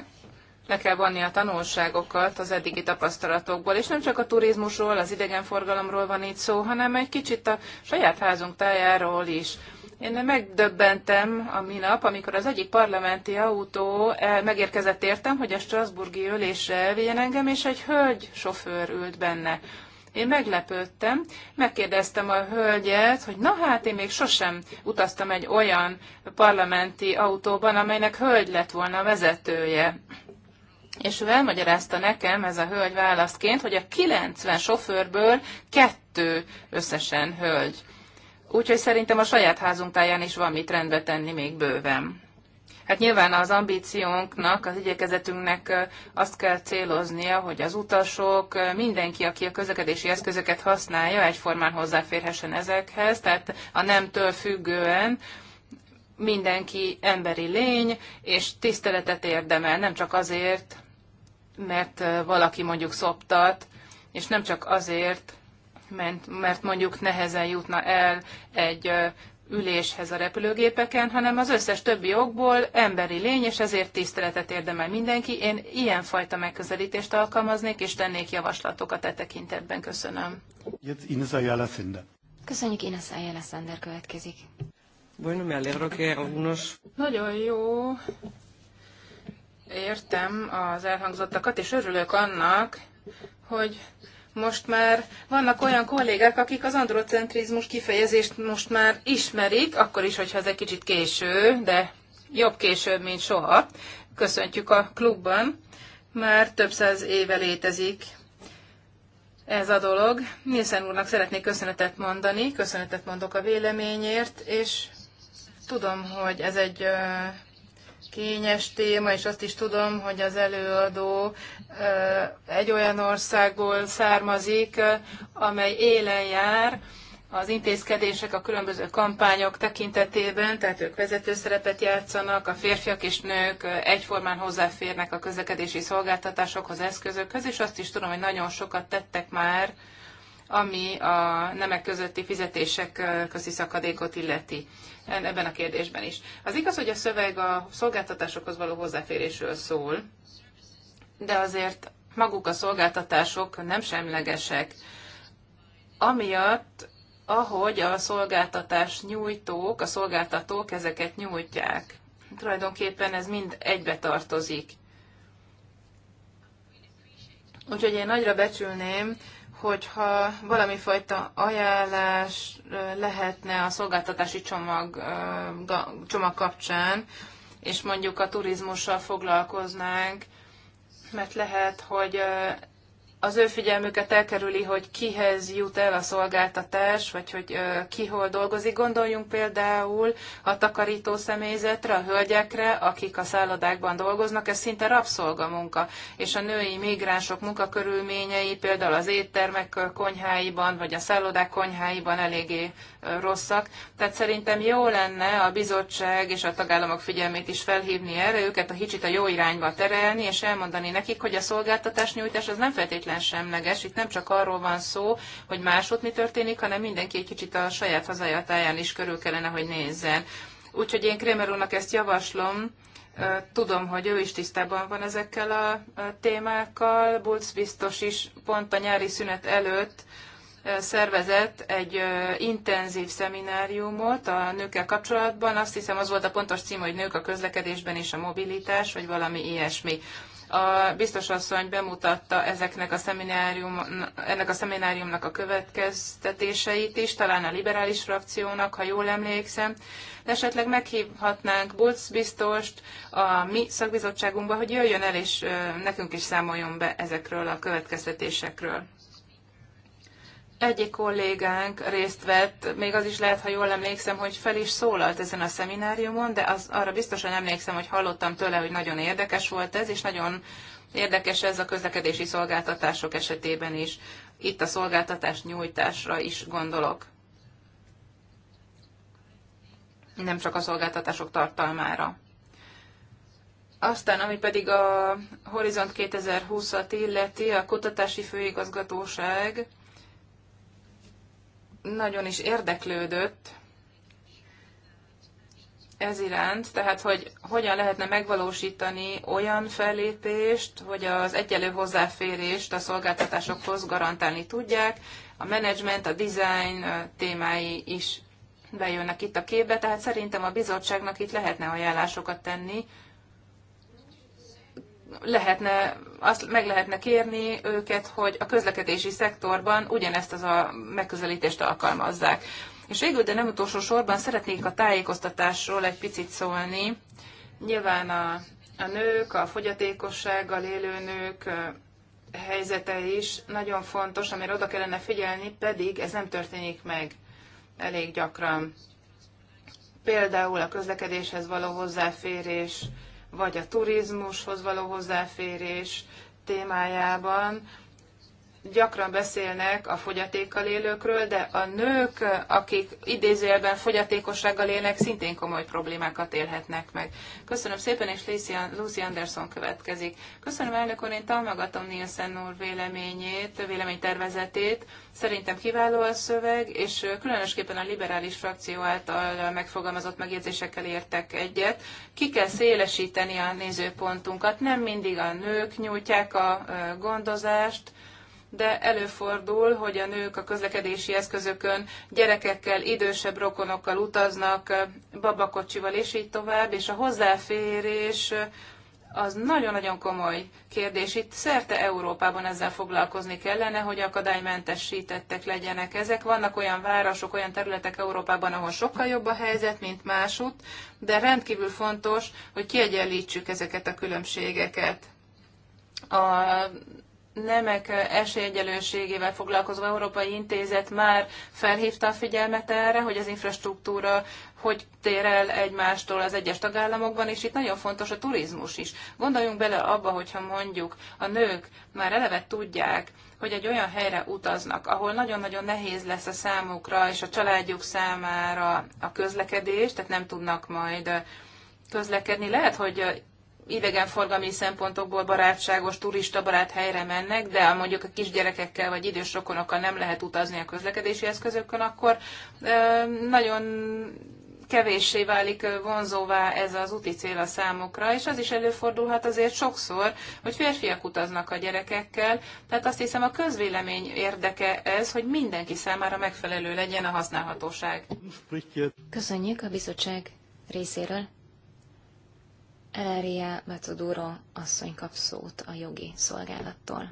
le kell vonni a tanulságokat az eddigi tapasztalatokból, és nem csak a turizmusról, az idegenforgalomról van itt szó, hanem egy kicsit a saját házunk tájáról is én megdöbbentem a minap, amikor az egyik parlamenti autó megérkezett értem, hogy a Strasburgi ülésre elvigyen engem, és egy hölgy sofőr ült benne. Én meglepődtem, megkérdeztem a hölgyet, hogy na hát én még sosem utaztam egy olyan parlamenti autóban, amelynek hölgy lett volna a vezetője. És ő elmagyarázta nekem, ez a hölgy választként, hogy a 90 sofőrből kettő összesen hölgy. Úgyhogy szerintem a saját házunk táján is van mit rendbe tenni még bőven. Hát nyilván az ambíciónknak, az igyekezetünknek azt kell céloznia, hogy az utasok, mindenki, aki a közlekedési eszközöket használja, egyformán hozzáférhessen ezekhez, tehát a nemtől függően, mindenki emberi lény, és tiszteletet érdemel, nem csak azért, mert valaki mondjuk szoptat, és nem csak azért, mert mondjuk nehezen jutna el egy üléshez a repülőgépeken, hanem az összes többi okból emberi lény, és ezért tiszteletet érdemel mindenki. Én ilyenfajta megközelítést alkalmaznék, és tennék javaslatokat e tekintetben. Köszönöm. Ines Köszönjük, Ines Ayala szender következik. Bueno, me alegro que algunos... Nagyon jó. Értem az elhangzottakat, és örülök annak, hogy most már vannak olyan kollégák, akik az androcentrizmus kifejezést most már ismerik, akkor is, hogyha ez egy kicsit késő, de jobb később, mint soha. Köszöntjük a klubban. Már több száz éve létezik ez a dolog. Nielsen úrnak szeretnék köszönetet mondani, köszönetet mondok a véleményért, és tudom, hogy ez egy kényes téma, és azt is tudom, hogy az előadó egy olyan országból származik, amely élen jár az intézkedések a különböző kampányok tekintetében, tehát ők vezető szerepet játszanak, a férfiak és nők egyformán hozzáférnek a közlekedési szolgáltatásokhoz, eszközökhöz, és azt is tudom, hogy nagyon sokat tettek már ami a nemek közötti fizetések közti szakadékot illeti ebben a kérdésben is. Az igaz, hogy a szöveg a szolgáltatásokhoz való hozzáférésről szól, de azért maguk a szolgáltatások nem semlegesek. Amiatt, ahogy a szolgáltatás nyújtók, a szolgáltatók ezeket nyújtják. Tulajdonképpen ez mind egybe tartozik. Úgyhogy én nagyra becsülném, hogyha valami fajta ajánlás lehetne a szolgáltatási csomag, csomag kapcsán, és mondjuk a turizmussal foglalkoznánk, mert lehet, hogy az ő figyelmüket elkerüli, hogy kihez jut el a szolgáltatás, vagy hogy ki hol dolgozik. Gondoljunk például a takarító személyzetre, a hölgyekre, akik a szállodákban dolgoznak, ez szinte rabszolgamunka. És a női migránsok munkakörülményei például az éttermek konyháiban, vagy a szállodák konyháiban eléggé rosszak. Tehát szerintem jó lenne a bizottság és a tagállamok figyelmét is felhívni erre, őket a hicsit a jó irányba terelni, és elmondani nekik, hogy a szolgáltatás nyújtás az nem feltétlen semleges. Itt nem csak arról van szó, hogy másod mi történik, hanem mindenki egy kicsit a saját hazajatáján is körül kellene, hogy nézzen. Úgyhogy én Krémer úrnak ezt javaslom, Tudom, hogy ő is tisztában van ezekkel a témákkal, Bulc biztos is pont a nyári szünet előtt szervezett egy intenzív szemináriumot a nőkkel kapcsolatban. Azt hiszem az volt a pontos cím, hogy nők a közlekedésben és a mobilitás, vagy valami ilyesmi. A biztos asszony bemutatta ezeknek a szeminárium, ennek a szemináriumnak a következtetéseit is, talán a liberális frakciónak, ha jól emlékszem. De esetleg meghívhatnánk Bulc biztost a mi szakbizottságunkba, hogy jöjjön el és nekünk is számoljon be ezekről a következtetésekről egyik kollégánk részt vett, még az is lehet, ha jól emlékszem, hogy fel is szólalt ezen a szemináriumon, de az, arra biztosan emlékszem, hogy hallottam tőle, hogy nagyon érdekes volt ez, és nagyon érdekes ez a közlekedési szolgáltatások esetében is. Itt a szolgáltatás nyújtásra is gondolok. Nem csak a szolgáltatások tartalmára. Aztán, ami pedig a Horizont 2020-at illeti, a kutatási főigazgatóság, nagyon is érdeklődött ez iránt, tehát hogy hogyan lehetne megvalósítani olyan fellépést, hogy az egyelő hozzáférést a szolgáltatásokhoz garantálni tudják, a menedzsment, a design témái is bejönnek itt a képbe, tehát szerintem a bizottságnak itt lehetne ajánlásokat tenni, lehetne, azt meg lehetne kérni őket, hogy a közlekedési szektorban ugyanezt az a megközelítést alkalmazzák. És végül, de nem utolsó sorban szeretnék a tájékoztatásról egy picit szólni. Nyilván a, a nők, a fogyatékossággal élő nők helyzete is nagyon fontos, amire oda kellene figyelni, pedig ez nem történik meg elég gyakran. Például a közlekedéshez való hozzáférés vagy a turizmushoz való hozzáférés témájában, gyakran beszélnek a fogyatékkal élőkről, de a nők, akik idézőjelben fogyatékossággal élnek, szintén komoly problémákat élhetnek meg. Köszönöm szépen, és Lucy Anderson következik. Köszönöm, elnök úr, én támogatom Nielsen úr véleményét, véleménytervezetét. Szerintem kiváló a szöveg, és különösképpen a liberális frakció által megfogalmazott megjegyzésekkel értek egyet. Ki kell szélesíteni a nézőpontunkat. Nem mindig a nők nyújtják a gondozást, de előfordul, hogy a nők a közlekedési eszközökön gyerekekkel, idősebb rokonokkal utaznak, babakocsival és így tovább, és a hozzáférés az nagyon-nagyon komoly kérdés. Itt szerte Európában ezzel foglalkozni kellene, hogy akadálymentesítettek legyenek ezek. Vannak olyan városok, olyan területek Európában, ahol sokkal jobb a helyzet, mint másút, de rendkívül fontos, hogy kiegyenlítsük ezeket a különbségeket. A nemek esélyegyelőségével foglalkozó Európai Intézet már felhívta a figyelmet erre, hogy az infrastruktúra hogy tér el egymástól az egyes tagállamokban, és itt nagyon fontos a turizmus is. Gondoljunk bele abba, hogyha mondjuk a nők már eleve tudják, hogy egy olyan helyre utaznak, ahol nagyon-nagyon nehéz lesz a számukra és a családjuk számára a közlekedés, tehát nem tudnak majd közlekedni. Lehet, hogy idegenforgalmi szempontokból barátságos, turistabarát helyre mennek, de ha mondjuk a kisgyerekekkel vagy idős rokonokkal nem lehet utazni a közlekedési eszközökön, akkor nagyon kevéssé válik vonzóvá ez az úti cél a számukra, és az is előfordulhat azért sokszor, hogy férfiak utaznak a gyerekekkel, tehát azt hiszem a közvélemény érdeke ez, hogy mindenki számára megfelelő legyen a használhatóság. Köszönjük a bizottság részéről. Elária Matoduro asszony kap szót a jogi szolgálattól.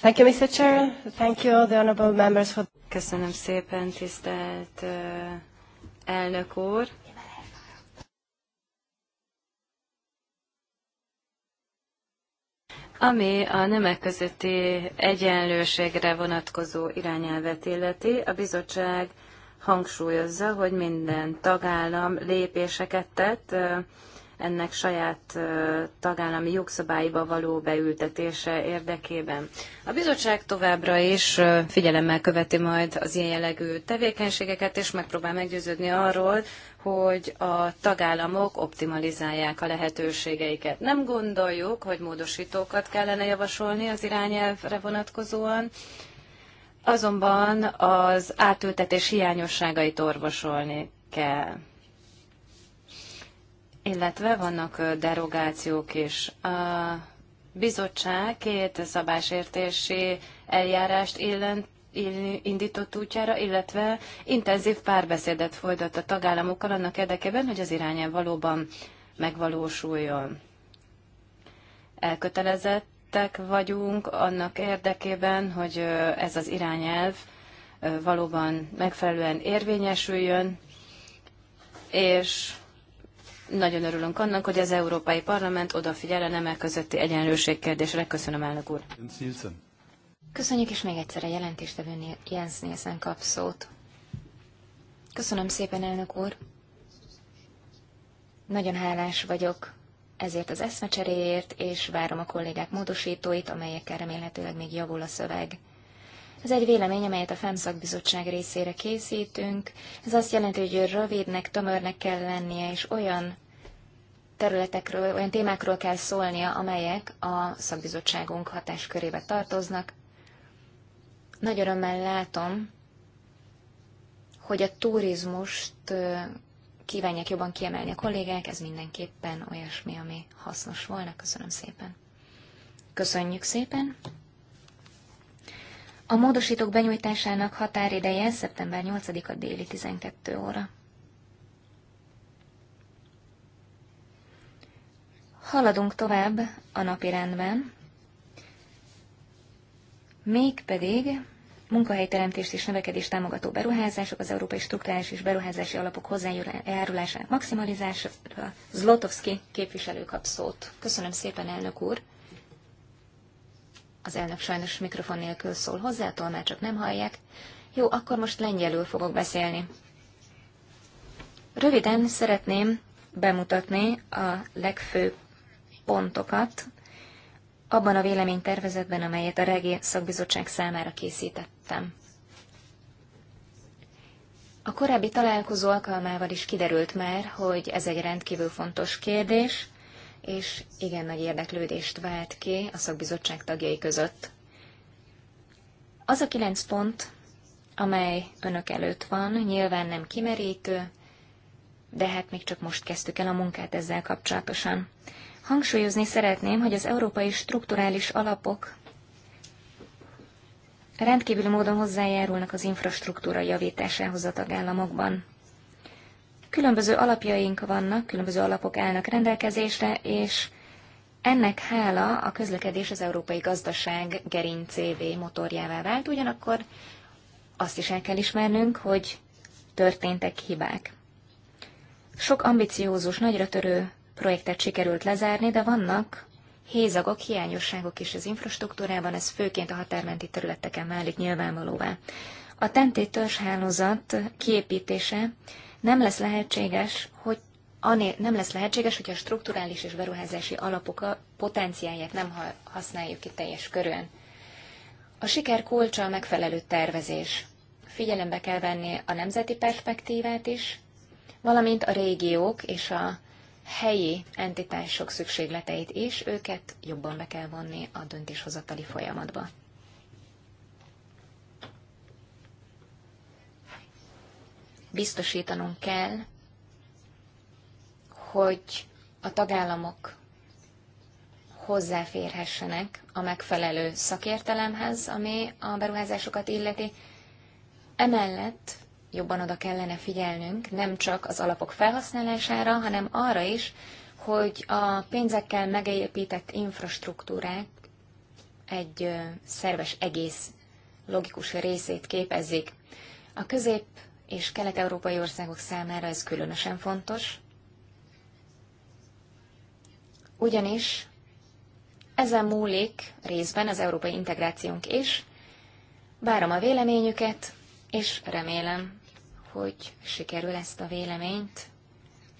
Thank you, Mr. Chair. Thank you, the honorable members for... Köszönöm szépen, tisztelt uh, elnök úr. Ami a nemek közötti egyenlőségre vonatkozó irányelvet illeti, a bizottság hangsúlyozza, hogy minden tagállam lépéseket tett ennek saját tagállami jogszabályba való beültetése érdekében. A bizottság továbbra is figyelemmel követi majd az ilyen jellegű tevékenységeket, és megpróbál meggyőződni arról, hogy a tagállamok optimalizálják a lehetőségeiket. Nem gondoljuk, hogy módosítókat kellene javasolni az irányelvre vonatkozóan, azonban az átültetés hiányosságait orvosolni kell illetve vannak derogációk is. A bizottság két szabásértési eljárást ill, indított útjára, illetve intenzív párbeszédet folytat a tagállamokkal annak érdekében, hogy az irányel valóban megvalósuljon. Elkötelezettek vagyunk annak érdekében, hogy ez az irányelv valóban megfelelően érvényesüljön, és nagyon örülünk annak, hogy az Európai Parlament odafigyel a nemek közötti egyenlőség kérdésre. Köszönöm, elnök úr. Köszönjük, és még egyszer a jelentéstevő Jens Nielsen kap szót. Köszönöm szépen, elnök úr. Nagyon hálás vagyok ezért az eszmecseréért, és várom a kollégák módosítóit, amelyekkel remélhetőleg még javul a szöveg. Ez egy vélemény, amelyet a Femszakbizottság részére készítünk. Ez azt jelenti, hogy rövidnek, tömörnek kell lennie, és olyan területekről, olyan témákról kell szólnia, amelyek a szakbizottságunk hatáskörébe tartoznak. Nagy örömmel látom, hogy a turizmust kívánják jobban kiemelni a kollégák, ez mindenképpen olyasmi, ami hasznos volna. Köszönöm szépen. Köszönjük szépen! A módosítók benyújtásának határideje szeptember 8-a déli 12 óra. Haladunk tovább a napi rendben, mégpedig munkahelyteremtést és növekedést támogató beruházások az Európai Struktúrális és Beruházási Alapok hozzájárulásának maximalizására. Zlotowski képviselő kap szót. Köszönöm szépen, elnök úr! Az elnök sajnos mikrofon nélkül szól hozzá, csak nem hallják. Jó, akkor most lengyelül fogok beszélni. Röviden szeretném bemutatni a legfőbb pontokat abban a véleménytervezetben, amelyet a regé Szakbizottság számára készítettem. A korábbi találkozó alkalmával is kiderült már, hogy ez egy rendkívül fontos kérdés, és igen nagy érdeklődést vált ki a szakbizottság tagjai között. Az a kilenc pont, amely önök előtt van, nyilván nem kimerítő, de hát még csak most kezdtük el a munkát ezzel kapcsolatosan. Hangsúlyozni szeretném, hogy az európai strukturális alapok rendkívül módon hozzájárulnak az infrastruktúra javításához a tagállamokban. Különböző alapjaink vannak, különböző alapok állnak rendelkezésre, és ennek hála a közlekedés az európai gazdaság gerincévé motorjává vált, ugyanakkor azt is el kell ismernünk, hogy történtek hibák. Sok ambiciózus, nagyra törő projektet sikerült lezárni, de vannak hézagok, hiányosságok is az infrastruktúrában, ez főként a határmenti területeken válik nyilvánvalóvá. A tentét e e törzshálózat kiépítése nem lesz lehetséges, hogy anél, nem lesz lehetséges, hogy a strukturális és beruházási alapok a potenciáját nem használjuk ki teljes körön. A siker kulcsa a megfelelő tervezés. Figyelembe kell venni a nemzeti perspektívát is, valamint a régiók és a helyi entitások szükségleteit is, őket jobban be kell vonni a döntéshozatali folyamatba. biztosítanunk kell, hogy a tagállamok hozzáférhessenek a megfelelő szakértelemhez, ami a beruházásokat illeti. Emellett jobban oda kellene figyelnünk nem csak az alapok felhasználására, hanem arra is, hogy a pénzekkel megépített infrastruktúrák egy szerves egész logikus részét képezik. A közép és kelet-európai országok számára ez különösen fontos, ugyanis ezen múlik részben az európai integrációnk is. Várom a véleményüket, és remélem, hogy sikerül ezt a véleményt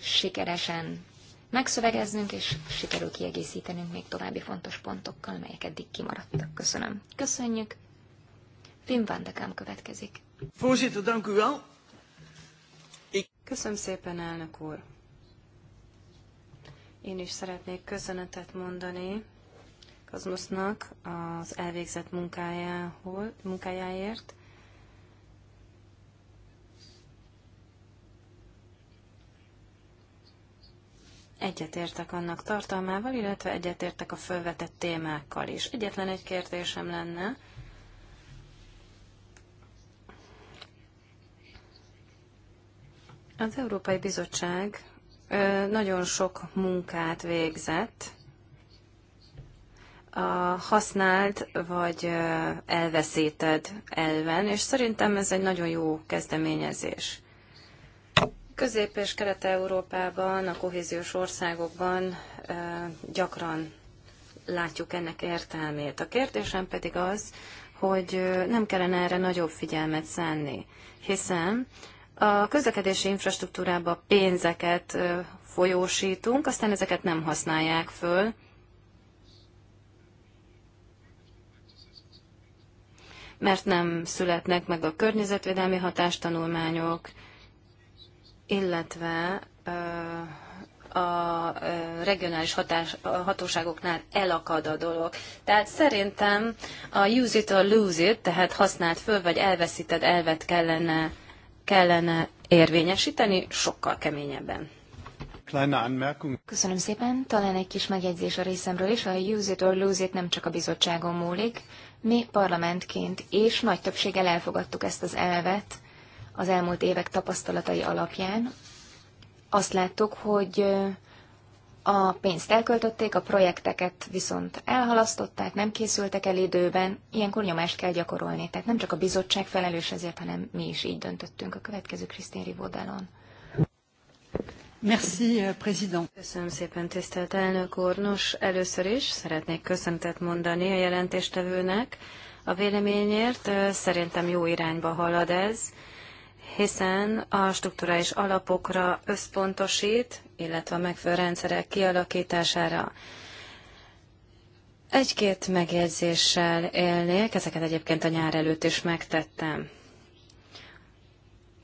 sikeresen megszövegeznünk, és sikerül kiegészítenünk még további fontos pontokkal, melyek eddig kimaradtak. Köszönöm. Köszönjük. Wim Vandekám következik. Voorzitter, dank u wel. Köszönöm szépen, elnök úr! Én is szeretnék köszönetet mondani Kazmusznak az elvégzett munkájához, munkájáért. Egyetértek annak tartalmával, illetve egyetértek a felvetett témákkal is. Egyetlen egy kérdésem lenne, Az Európai Bizottság nagyon sok munkát végzett a használt vagy elveszíted elven, és szerintem ez egy nagyon jó kezdeményezés. Közép- és Kelet-Európában, a kohéziós országokban gyakran látjuk ennek értelmét. A kérdésem pedig az, hogy nem kellene erre nagyobb figyelmet szánni, hiszen a közlekedési infrastruktúrába pénzeket folyósítunk, aztán ezeket nem használják föl. mert nem születnek meg a környezetvédelmi hatástanulmányok, illetve a regionális hatás, a hatóságoknál elakad a dolog. Tehát szerintem a use it or lose it, tehát használt föl, vagy elveszíted elvet kellene kellene érvényesíteni sokkal keményebben. Köszönöm szépen. Talán egy kis megjegyzés a részemről is. A use it or lose it nem csak a bizottságon múlik. Mi parlamentként és nagy többséggel elfogadtuk ezt az elvet az elmúlt évek tapasztalatai alapján. Azt láttuk, hogy a pénzt elköltötték, a projekteket viszont elhalasztották, nem készültek el időben, ilyenkor nyomást kell gyakorolni. Tehát nem csak a bizottság felelős ezért, hanem mi is így döntöttünk a következő Krisztin Rivodalon. Merci, euh, président. Köszönöm szépen, tisztelt elnök úr. Nos, először is szeretnék köszöntet mondani a jelentéstevőnek a véleményért. Szerintem jó irányba halad ez, hiszen a strukturális alapokra összpontosít, illetve a megfelelő rendszerek kialakítására. Egy-két megjegyzéssel élnék, ezeket egyébként a nyár előtt is megtettem.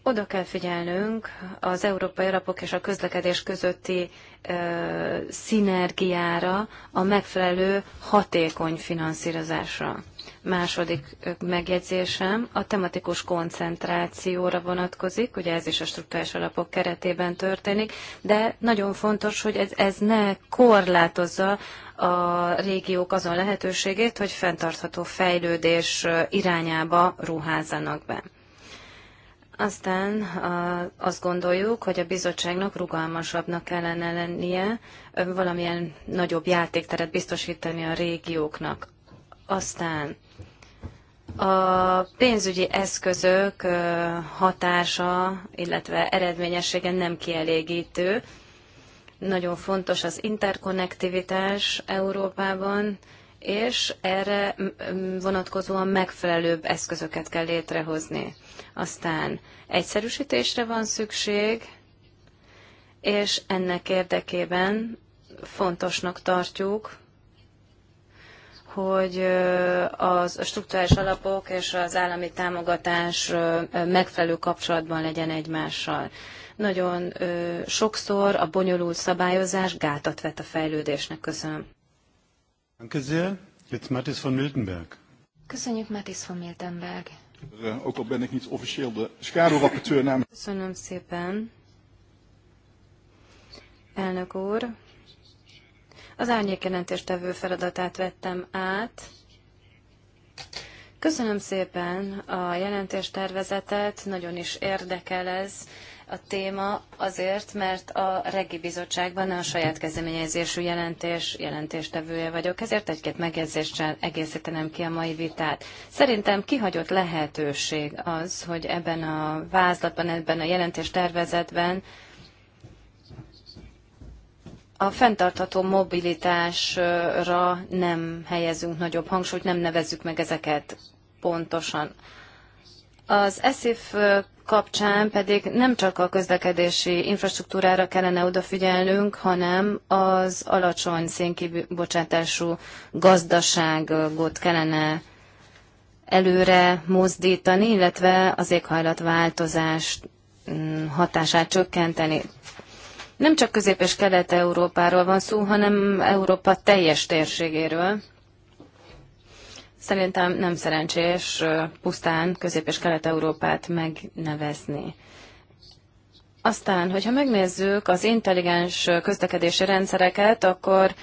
Oda kell figyelnünk az európai alapok és a közlekedés közötti ö, szinergiára, a megfelelő hatékony finanszírozásra. Második megjegyzésem a tematikus koncentrációra vonatkozik, ugye ez is a struktúrás alapok keretében történik, de nagyon fontos, hogy ez, ez ne korlátozza a régiók azon lehetőségét, hogy fenntartható fejlődés irányába ruházzanak be. Aztán azt gondoljuk, hogy a bizottságnak rugalmasabbnak kellene lennie, valamilyen nagyobb játékteret biztosítani a régióknak. Aztán a pénzügyi eszközök hatása, illetve eredményessége nem kielégítő. Nagyon fontos az interkonnektivitás Európában, és erre vonatkozóan megfelelőbb eszközöket kell létrehozni. Aztán egyszerűsítésre van szükség, és ennek érdekében fontosnak tartjuk hogy az struktúrás alapok és az állami támogatás megfelelő kapcsolatban legyen egymással. Nagyon sokszor a bonyolult szabályozás gátat vet a fejlődésnek. Köszönöm. Danke sehr. Jetzt von Miltenberg. Köszönjük Mathis von Miltenberg. Ook al ben ik niet officieel de schaduwrapporteur namens. Köszönöm szépen. Elnök úr, az árnyékjelentéstevő feladatát vettem át. Köszönöm szépen a jelentéstervezetet, nagyon is érdekel ez a téma azért, mert a Regi Bizottságban a saját kezdeményezésű jelentés jelentéstevője vagyok, ezért egy-két megjegyzéssel egészítenem ki a mai vitát. Szerintem kihagyott lehetőség az, hogy ebben a vázlatban, ebben a jelentéstervezetben a fenntartható mobilitásra nem helyezünk nagyobb hangsúlyt, nem nevezzük meg ezeket pontosan. Az ESIF kapcsán pedig nem csak a közlekedési infrastruktúrára kellene odafigyelnünk, hanem az alacsony szénkibocsátású gazdaságot kellene előre mozdítani, illetve az éghajlatváltozás mm, hatását csökkenteni. Nem csak Közép- és Kelet-Európáról van szó, hanem Európa teljes térségéről. Szerintem nem szerencsés pusztán Közép- és Kelet-Európát megnevezni. Aztán, hogyha megnézzük az intelligens közlekedési rendszereket, akkor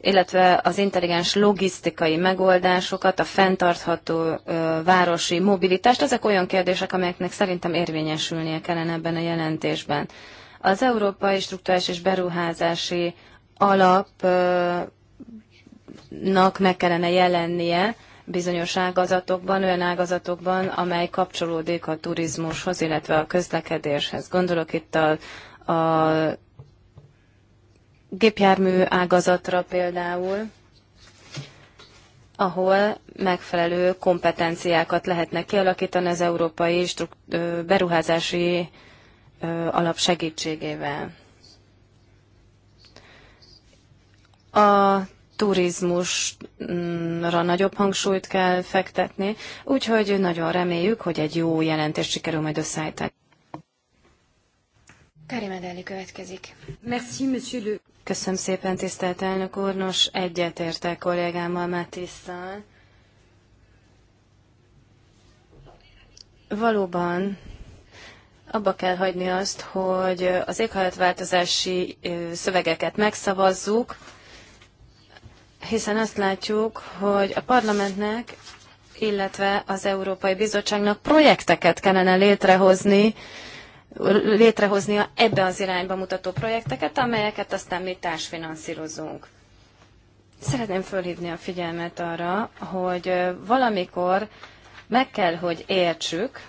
illetve az intelligens logisztikai megoldásokat, a fenntartható ö, városi mobilitást, ezek olyan kérdések, amelyeknek szerintem érvényesülnie kellene ebben a jelentésben. Az Európai Struktúrás és Beruházási Alapnak meg kellene jelennie bizonyos ágazatokban, olyan ágazatokban, amely kapcsolódik a turizmushoz, illetve a közlekedéshez. Gondolok itt a, a gépjármű ágazatra például, ahol megfelelő kompetenciákat lehetne kialakítani az európai beruházási alap segítségével. A turizmusra nagyobb hangsúlyt kell fektetni, úgyhogy nagyon reméljük, hogy egy jó jelentést sikerül majd összeállítani. Karim Adeli következik. Merci, monsieur le... Köszönöm szépen, tisztelt elnök úr. Nos, egyetértek kollégámmal, Mátisszal. Valóban abba kell hagyni azt, hogy az éghajlatváltozási szövegeket megszavazzuk, hiszen azt látjuk, hogy a parlamentnek, illetve az Európai Bizottságnak projekteket kellene létrehozni, létrehoznia ebbe az irányba mutató projekteket, amelyeket aztán mi társfinanszírozunk. Szeretném fölhívni a figyelmet arra, hogy valamikor meg kell, hogy értsük,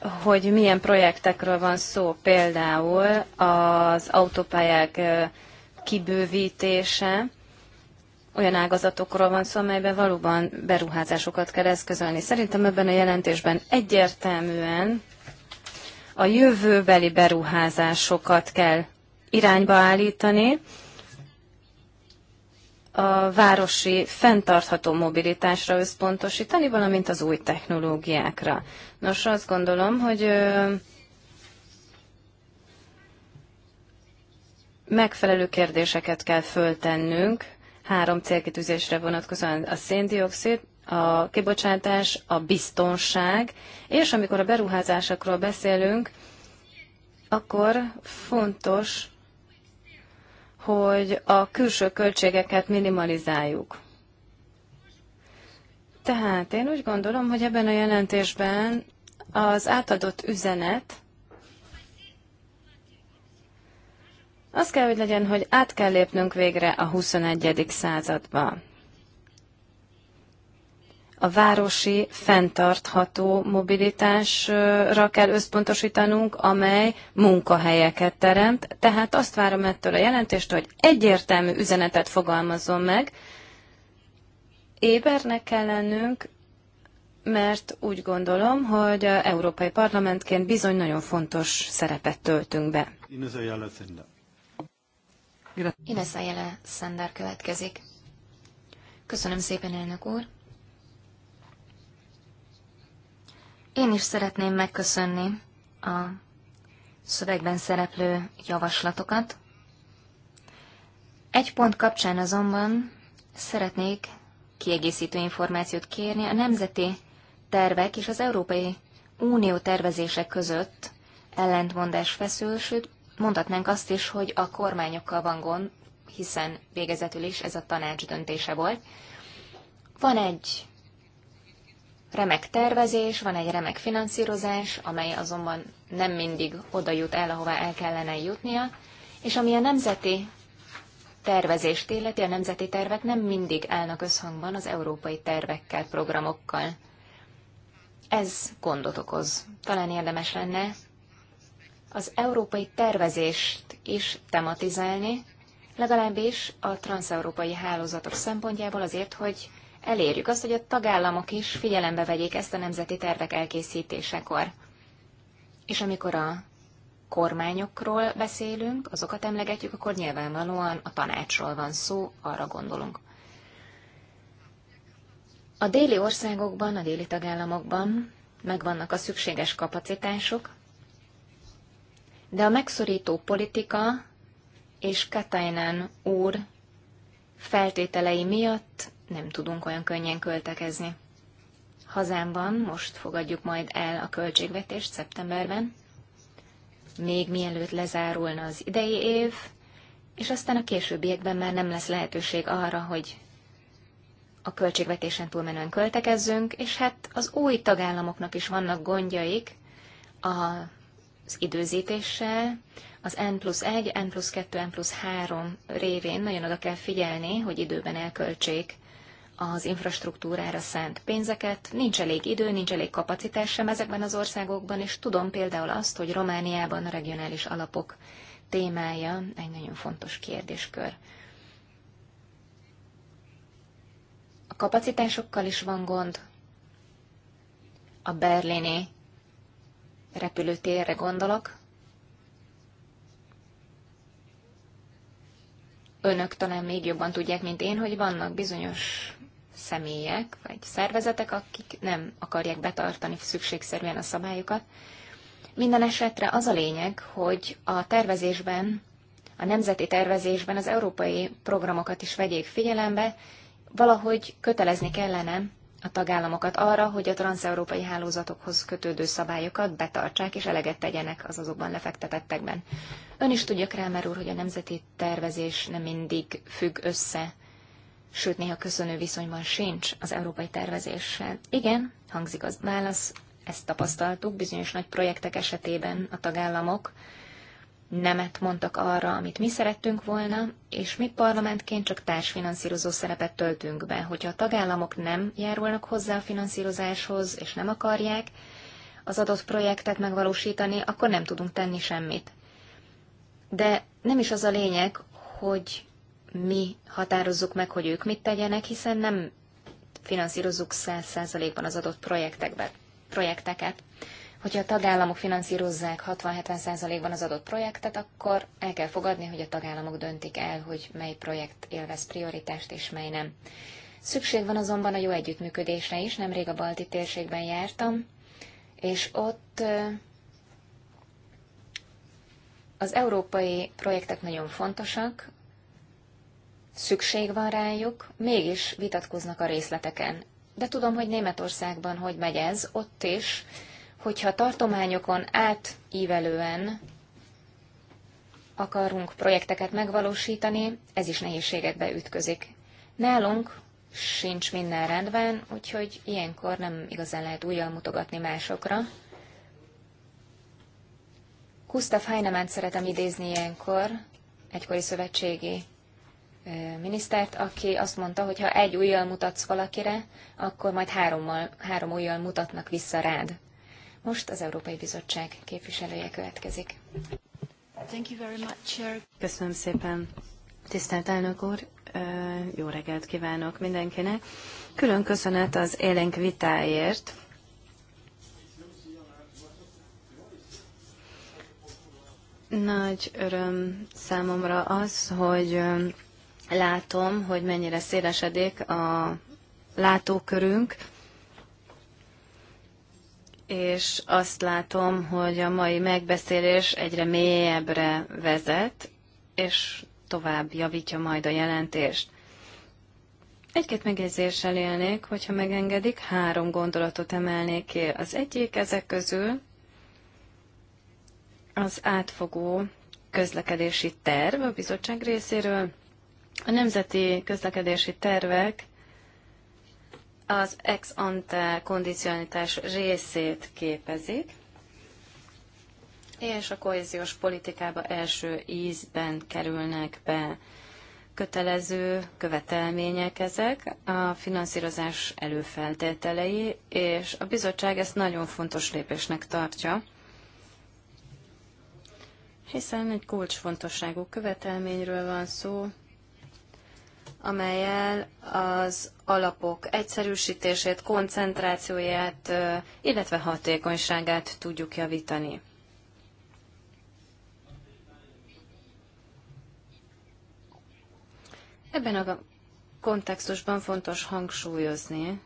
hogy milyen projektekről van szó, például az autópályák kibővítése, olyan ágazatokról van szó, amelyben valóban beruházásokat kell eszközölni. Szerintem ebben a jelentésben egyértelműen a jövőbeli beruházásokat kell irányba állítani, a városi fenntartható mobilitásra összpontosítani, valamint az új technológiákra. Nos, azt gondolom, hogy megfelelő kérdéseket kell föltennünk három célkitűzésre vonatkozóan a széndiokszid, a kibocsátás, a biztonság, és amikor a beruházásokról beszélünk, akkor fontos hogy a külső költségeket minimalizáljuk. Tehát én úgy gondolom, hogy ebben a jelentésben az átadott üzenet az kell, hogy legyen, hogy át kell lépnünk végre a 21. századba a városi fenntartható mobilitásra kell összpontosítanunk, amely munkahelyeket teremt. Tehát azt várom ettől a jelentést, hogy egyértelmű üzenetet fogalmazzon meg. Ébernek kell lennünk, mert úgy gondolom, hogy a Európai Parlamentként bizony nagyon fontos szerepet töltünk be. Ines Ayala Sender. következik. Köszönöm szépen, elnök úr. Én is szeretném megköszönni a szövegben szereplő javaslatokat. Egy pont kapcsán azonban szeretnék kiegészítő információt kérni a nemzeti tervek és az Európai Unió tervezések között ellentmondás feszül, sőt mondhatnánk azt is, hogy a kormányokkal van gond, hiszen végezetül is ez a tanács döntése volt. Van egy remek tervezés, van egy remek finanszírozás, amely azonban nem mindig oda jut el, ahová el kellene jutnia, és ami a nemzeti tervezést illeti, a nemzeti tervek nem mindig állnak összhangban az európai tervekkel, programokkal. Ez gondot okoz. Talán érdemes lenne az európai tervezést is tematizálni, legalábbis a transeurópai hálózatok szempontjából azért, hogy elérjük azt, hogy a tagállamok is figyelembe vegyék ezt a nemzeti tervek elkészítésekor. És amikor a kormányokról beszélünk, azokat emlegetjük, akkor nyilvánvalóan a tanácsról van szó, arra gondolunk. A déli országokban, a déli tagállamokban megvannak a szükséges kapacitások, de a megszorító politika és Katainen úr feltételei miatt nem tudunk olyan könnyen költekezni. Hazámban most fogadjuk majd el a költségvetést szeptemberben, még mielőtt lezárulna az idei év, és aztán a későbbiekben már nem lesz lehetőség arra, hogy a költségvetésen túlmenően költekezzünk, és hát az új tagállamoknak is vannak gondjaik az időzítéssel, az N plusz 1, N plusz 2, N plusz 3 révén nagyon oda kell figyelni, hogy időben elköltsék az infrastruktúrára szánt pénzeket, nincs elég idő, nincs elég kapacitás sem ezekben az országokban, és tudom például azt, hogy Romániában a regionális alapok témája egy nagyon fontos kérdéskör. A kapacitásokkal is van gond. A berlini repülőtérre gondolok. Önök talán még jobban tudják, mint én, hogy vannak bizonyos személyek vagy szervezetek, akik nem akarják betartani szükségszerűen a szabályokat. Minden esetre az a lényeg, hogy a tervezésben, a nemzeti tervezésben az európai programokat is vegyék figyelembe, valahogy kötelezni kellene a tagállamokat arra, hogy a transeurópai hálózatokhoz kötődő szabályokat betartsák és eleget tegyenek az azokban lefektetettekben. Ön is tudja, Krámer úr, hogy a nemzeti tervezés nem mindig függ össze sőt néha köszönő viszonyban sincs az európai tervezéssel. Igen, hangzik az válasz, ezt tapasztaltuk, bizonyos nagy projektek esetében a tagállamok nemet mondtak arra, amit mi szerettünk volna, és mi parlamentként csak társfinanszírozó szerepet töltünk be. Hogyha a tagállamok nem járulnak hozzá a finanszírozáshoz, és nem akarják az adott projektet megvalósítani, akkor nem tudunk tenni semmit. De nem is az a lényeg, hogy mi határozzuk meg, hogy ők mit tegyenek, hiszen nem finanszírozzuk száz százalékban az adott projektekbe, projekteket. Hogyha a tagállamok finanszírozzák 60-70 százalékban az adott projektet, akkor el kell fogadni, hogy a tagállamok döntik el, hogy mely projekt élvez prioritást és mely nem. Szükség van azonban a jó együttműködésre is. Nemrég a balti térségben jártam, és ott az európai projektek nagyon fontosak, szükség van rájuk, mégis vitatkoznak a részleteken. De tudom, hogy Németországban hogy megy ez, ott is, hogyha tartományokon átívelően akarunk projekteket megvalósítani, ez is nehézségekbe ütközik. Nálunk sincs minden rendben, úgyhogy ilyenkor nem igazán lehet újjal mutogatni másokra. Gustav Heinemann szeretem idézni ilyenkor, egykori szövetségi minisztert, aki azt mondta, hogy ha egy ujjal mutatsz valakire, akkor majd hárommal, három ujjal mutatnak vissza rád. Most az Európai Bizottság képviselője következik. Thank you very much, Chair. Köszönöm szépen. Tisztelt elnök úr, jó reggelt kívánok mindenkinek. Külön köszönet az élénk vitáért. Nagy öröm számomra az, hogy látom, hogy mennyire szélesedik a látókörünk, és azt látom, hogy a mai megbeszélés egyre mélyebbre vezet, és tovább javítja majd a jelentést. Egy-két megjegyzéssel élnék, hogyha megengedik, három gondolatot emelnék ki. Az egyik ezek közül az átfogó közlekedési terv a bizottság részéről, a nemzeti közlekedési tervek az ex ante kondicionitás részét képezik, és a kohéziós politikába első ízben kerülnek be kötelező követelmények ezek, a finanszírozás előfeltételei, és a bizottság ezt nagyon fontos lépésnek tartja, hiszen egy kulcsfontosságú követelményről van szó, amelyel az alapok egyszerűsítését, koncentrációját, illetve hatékonyságát tudjuk javítani. Ebben a kontextusban fontos hangsúlyozni,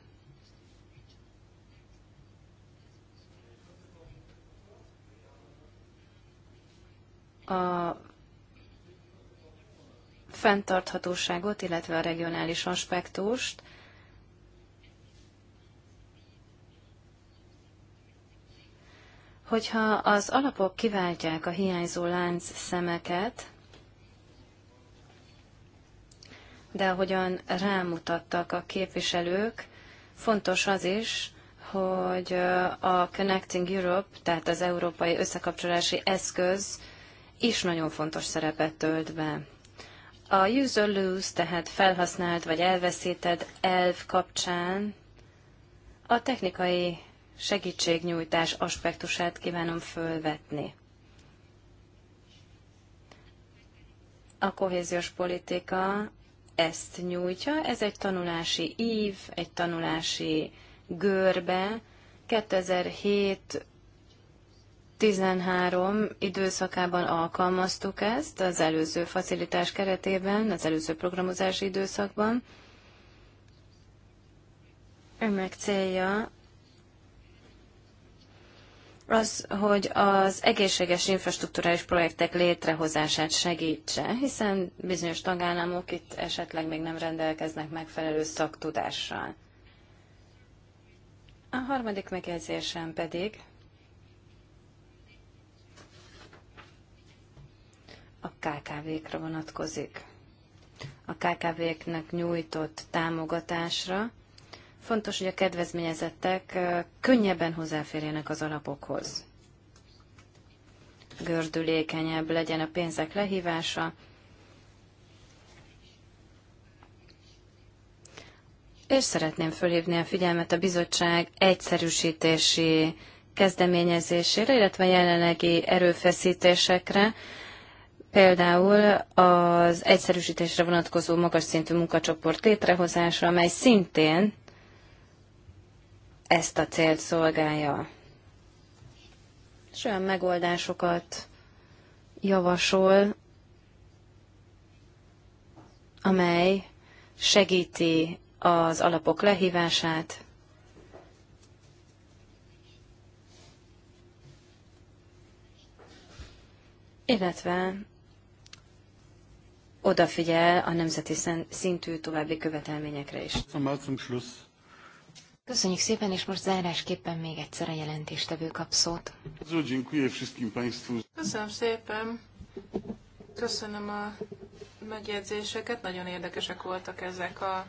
a fenntarthatóságot, illetve a regionális aspektust. Hogyha az alapok kiváltják a hiányzó lánc szemeket, de ahogyan rámutattak a képviselők, fontos az is, hogy a Connecting Europe, tehát az európai összekapcsolási eszköz is nagyon fontos szerepet tölt be. A use or lose, tehát felhasznált vagy elveszíted elv kapcsán a technikai segítségnyújtás aspektusát kívánom fölvetni. A kohéziós politika ezt nyújtja, ez egy tanulási ív, egy tanulási görbe. 2007 13 időszakában alkalmaztuk ezt az előző facilitás keretében, az előző programozási időszakban. Önnek célja az, hogy az egészséges infrastruktúrális projektek létrehozását segítse, hiszen bizonyos tagállamok itt esetleg még nem rendelkeznek megfelelő szaktudással. A harmadik megjegyzésem pedig, a KKV-kra vonatkozik. A KKV-knek nyújtott támogatásra. Fontos, hogy a kedvezményezettek könnyebben hozzáférjenek az alapokhoz. Gördülékenyebb legyen a pénzek lehívása, És szeretném fölhívni a figyelmet a bizottság egyszerűsítési kezdeményezésére, illetve jelenlegi erőfeszítésekre, Például az egyszerűsítésre vonatkozó magas szintű munkacsoport létrehozása, amely szintén ezt a célt szolgálja. És olyan megoldásokat javasol, amely segíti az alapok lehívását, illetve odafigyel a nemzeti szintű további követelményekre is. Szóval Köszönjük szépen, és most zárásképpen még egyszer a jelentéstevő kap szót. Köszönöm szépen. Köszönöm a megjegyzéseket, nagyon érdekesek voltak ezek a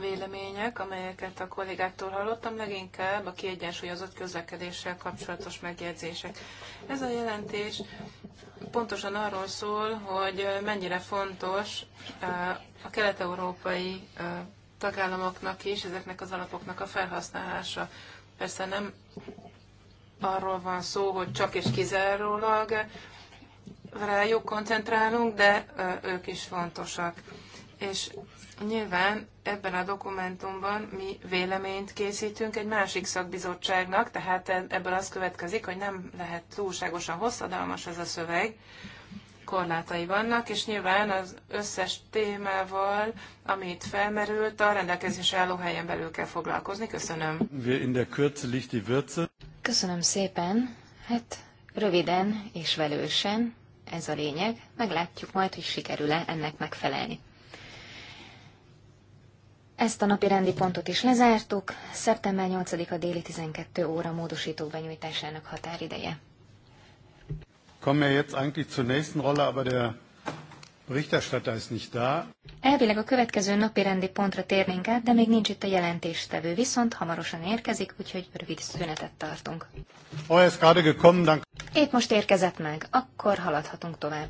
vélemények, amelyeket a kollégáktól hallottam, leginkább a kiegyensúlyozott közlekedéssel kapcsolatos megjegyzések. Ez a jelentés pontosan arról szól, hogy mennyire fontos a kelet-európai tagállamoknak is ezeknek az alapoknak a felhasználása. Persze nem arról van szó, hogy csak és kizárólag rájuk koncentrálunk, de ők is fontosak és nyilván ebben a dokumentumban mi véleményt készítünk egy másik szakbizottságnak, tehát e- ebből az következik, hogy nem lehet túlságosan hosszadalmas ez a szöveg, korlátai vannak, és nyilván az összes témával, amit felmerült, a rendelkezés álló helyen belül kell foglalkozni. Köszönöm. Köszönöm szépen. Hát röviden és velősen, ez a lényeg. Meglátjuk majd, hogy sikerül-e ennek megfelelni. Ezt a napi rendi pontot is lezártuk. Szeptember 8-a déli 12 óra módosító benyújtásának határideje. Kommen wir jetzt eigentlich zur nächsten Rolle, aber der Berichterstatter ist nicht da. Elvileg a következő napi rendi pontra térnénk át, de még nincs itt a jelentéstevő, viszont hamarosan érkezik, úgyhogy rövid szünetet tartunk. Oh, er ist gerade gekommen, danke. Épp most érkezett meg, akkor haladhatunk tovább.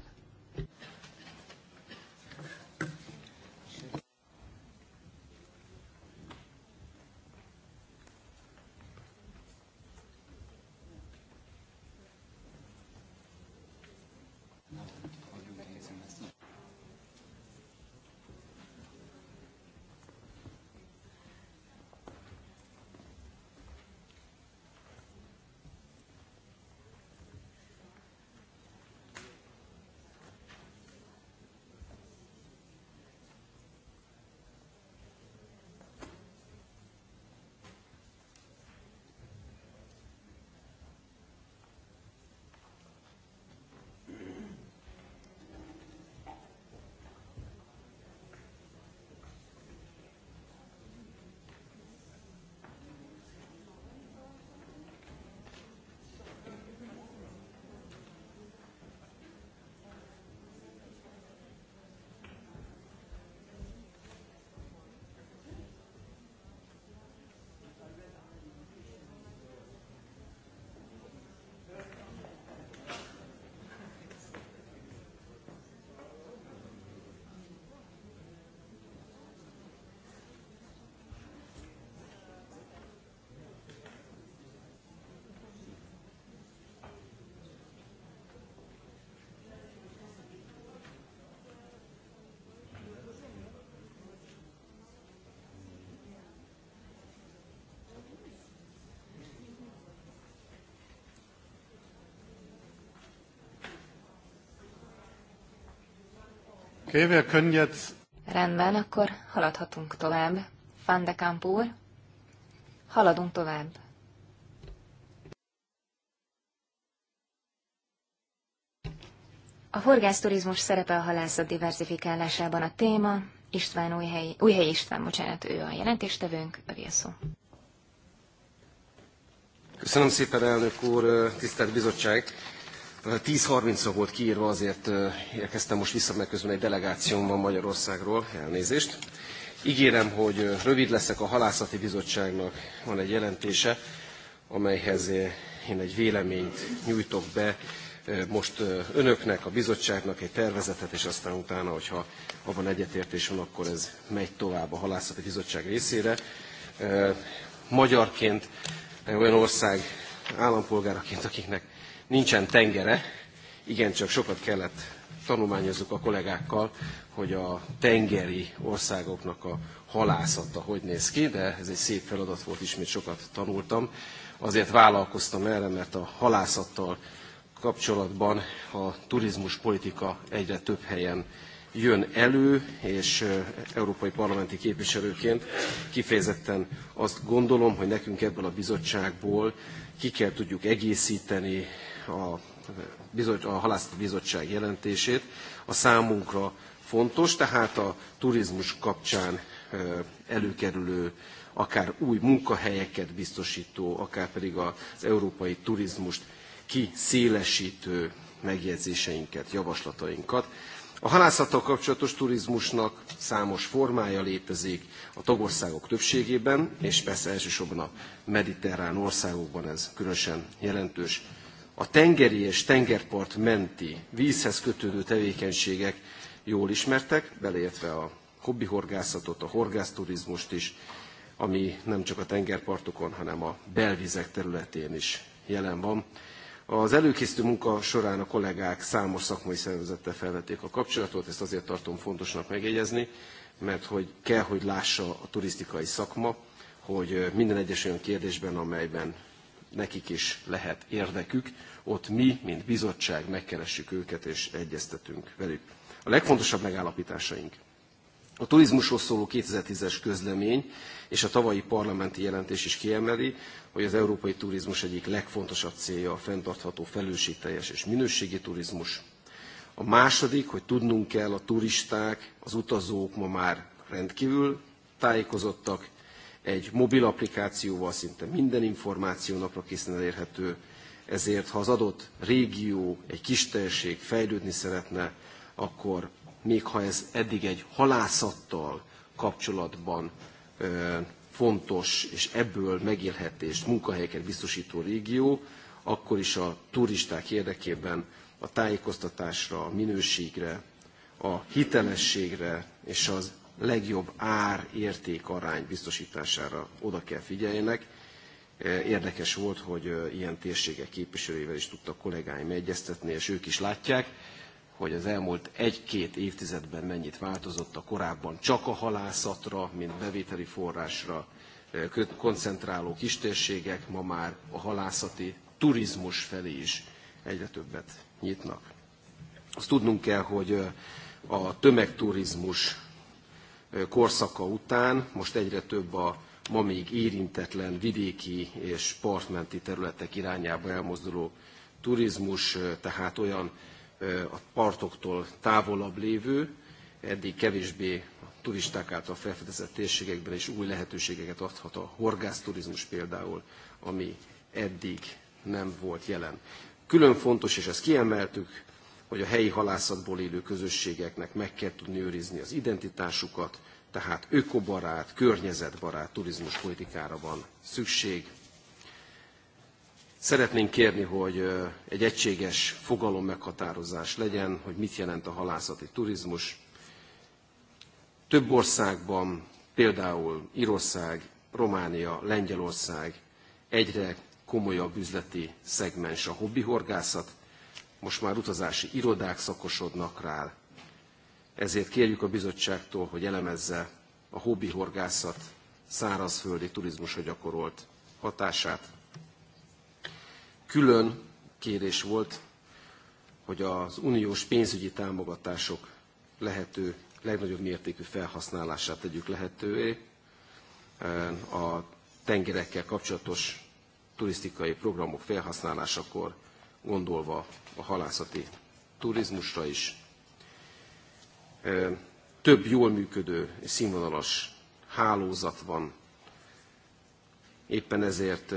Okay, wir können jetzt... Rendben, akkor haladhatunk tovább. Van de Kamp úr, haladunk tovább. A horgászturizmus szerepe a halászat diversifikálásában a téma. István Újhelyi, Újhelyi István, bocsánat, ő a jelentéstevőnk, övé a szó. Köszönöm szépen, elnök úr, tisztelt bizottság! 10.30-ra volt kiírva, azért érkeztem most vissza, mert közben egy delegációm van Magyarországról, elnézést. Ígérem, hogy rövid leszek, a Halászati Bizottságnak van egy jelentése, amelyhez én egy véleményt nyújtok be most önöknek, a bizottságnak egy tervezetet, és aztán utána, hogyha abban egyetértés van, akkor ez megy tovább a Halászati Bizottság részére. Magyarként, olyan ország állampolgáraként, akiknek nincsen tengere, igencsak sokat kellett tanulmányozzuk a kollégákkal, hogy a tengeri országoknak a halászata hogy néz ki, de ez egy szép feladat volt, ismét sokat tanultam. Azért vállalkoztam erre, mert a halászattal kapcsolatban a turizmus politika egyre több helyen jön elő, és európai parlamenti képviselőként kifejezetten azt gondolom, hogy nekünk ebből a bizottságból ki kell tudjuk egészíteni, a, bizot, a halászati bizottság jelentését, a számunkra fontos, tehát a turizmus kapcsán előkerülő akár új munkahelyeket biztosító, akár pedig az európai turizmust kiszélesítő megjegyzéseinket, javaslatainkat. A halászattal kapcsolatos turizmusnak számos formája létezik a tagországok többségében, és persze elsősorban a mediterrán országokban ez különösen jelentős. A tengeri és tengerpart menti vízhez kötődő tevékenységek jól ismertek, beleértve a hobbihorgászatot, a horgászturizmust is, ami nem csak a tengerpartokon, hanem a belvizek területén is jelen van. Az előkészítő munka során a kollégák számos szakmai szervezettel felvették a kapcsolatot, ezt azért tartom fontosnak megjegyezni, mert hogy kell, hogy lássa a turisztikai szakma, hogy minden egyes olyan kérdésben, amelyben nekik is lehet érdekük, ott mi, mint bizottság megkeressük őket és egyeztetünk velük. A legfontosabb megállapításaink. A turizmusról szóló 2010-es közlemény és a tavalyi parlamenti jelentés is kiemeli, hogy az európai turizmus egyik legfontosabb célja a fenntartható, felelősségteljes és minőségi turizmus. A második, hogy tudnunk kell a turisták, az utazók ma már rendkívül tájékozottak, egy mobil applikációval szinte minden információ napra készen elérhető, ezért ha az adott régió, egy kis térség fejlődni szeretne, akkor még ha ez eddig egy halászattal kapcsolatban fontos és ebből megélhetést, munkahelyeket biztosító régió, akkor is a turisták érdekében a tájékoztatásra, a minőségre, a hitelességre és az legjobb ár-érték arány biztosítására oda kell figyeljenek, Érdekes volt, hogy ilyen térségek képviselőivel is tudtak kollégáim egyeztetni, és ők is látják, hogy az elmúlt egy-két évtizedben mennyit változott a korábban csak a halászatra, mint bevételi forrásra koncentráló kistérségek, ma már a halászati turizmus felé is egyre többet nyitnak. Azt tudnunk kell, hogy a tömegturizmus korszaka után most egyre több a ma még érintetlen vidéki és partmenti területek irányába elmozduló turizmus, tehát olyan a partoktól távolabb lévő, eddig kevésbé a turisták által felfedezett térségekben is új lehetőségeket adhat a horgászturizmus például, ami eddig nem volt jelen. Külön fontos, és ezt kiemeltük, hogy a helyi halászatból élő közösségeknek meg kell tudni őrizni az identitásukat, tehát ökobarát, környezetbarát turizmuspolitikára van szükség. Szeretnénk kérni, hogy egy egységes fogalom meghatározás legyen, hogy mit jelent a halászati turizmus. Több országban, például Írország, Románia, Lengyelország egyre komolyabb üzleti szegmens a hobbihorgászat, most már utazási irodák szakosodnak rá, ezért kérjük a bizottságtól, hogy elemezze a hobbihorgászat szárazföldi turizmusra gyakorolt hatását. Külön kérés volt, hogy az uniós pénzügyi támogatások lehető legnagyobb mértékű felhasználását tegyük lehetővé eh, a tengerekkel kapcsolatos turisztikai programok felhasználásakor, gondolva a halászati turizmusra is, több jól működő színvonalas hálózat van. Éppen ezért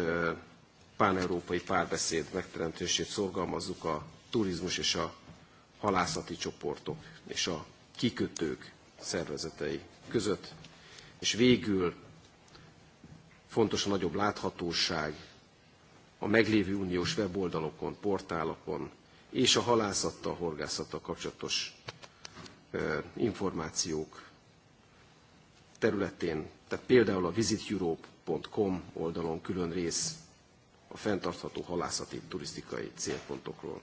páneurópai párbeszéd megteremtését szorgalmazzuk a turizmus és a halászati csoportok és a kikötők szervezetei között. És végül fontos a nagyobb láthatóság a meglévő uniós weboldalokon, portálokon és a halászattal, horgászattal kapcsolatos információk területén, tehát például a visiteurope.com oldalon külön rész a fenntartható halászati turisztikai célpontokról.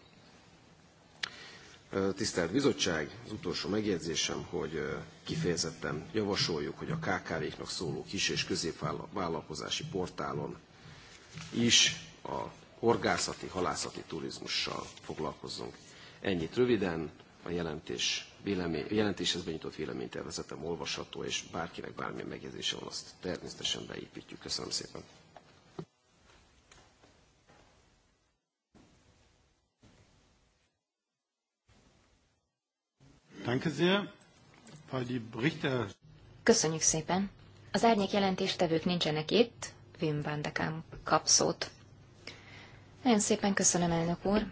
Tisztelt Bizottság, az utolsó megjegyzésem, hogy kifejezetten javasoljuk, hogy a KKV-knak szóló kis- és középvállalkozási portálon is a horgászati, halászati turizmussal foglalkozzunk. Ennyit röviden, a jelentés vélemény, jelentéshez benyújtott véleménytervezetem olvasható, és bárkinek bármilyen megjegyzése van, azt természetesen beépítjük. Köszönöm szépen. Köszönjük szépen. Az árnyék jelentéstevők nincsenek itt. Wim Bandekám de kap szót. Nagyon szépen köszönöm, elnök úr.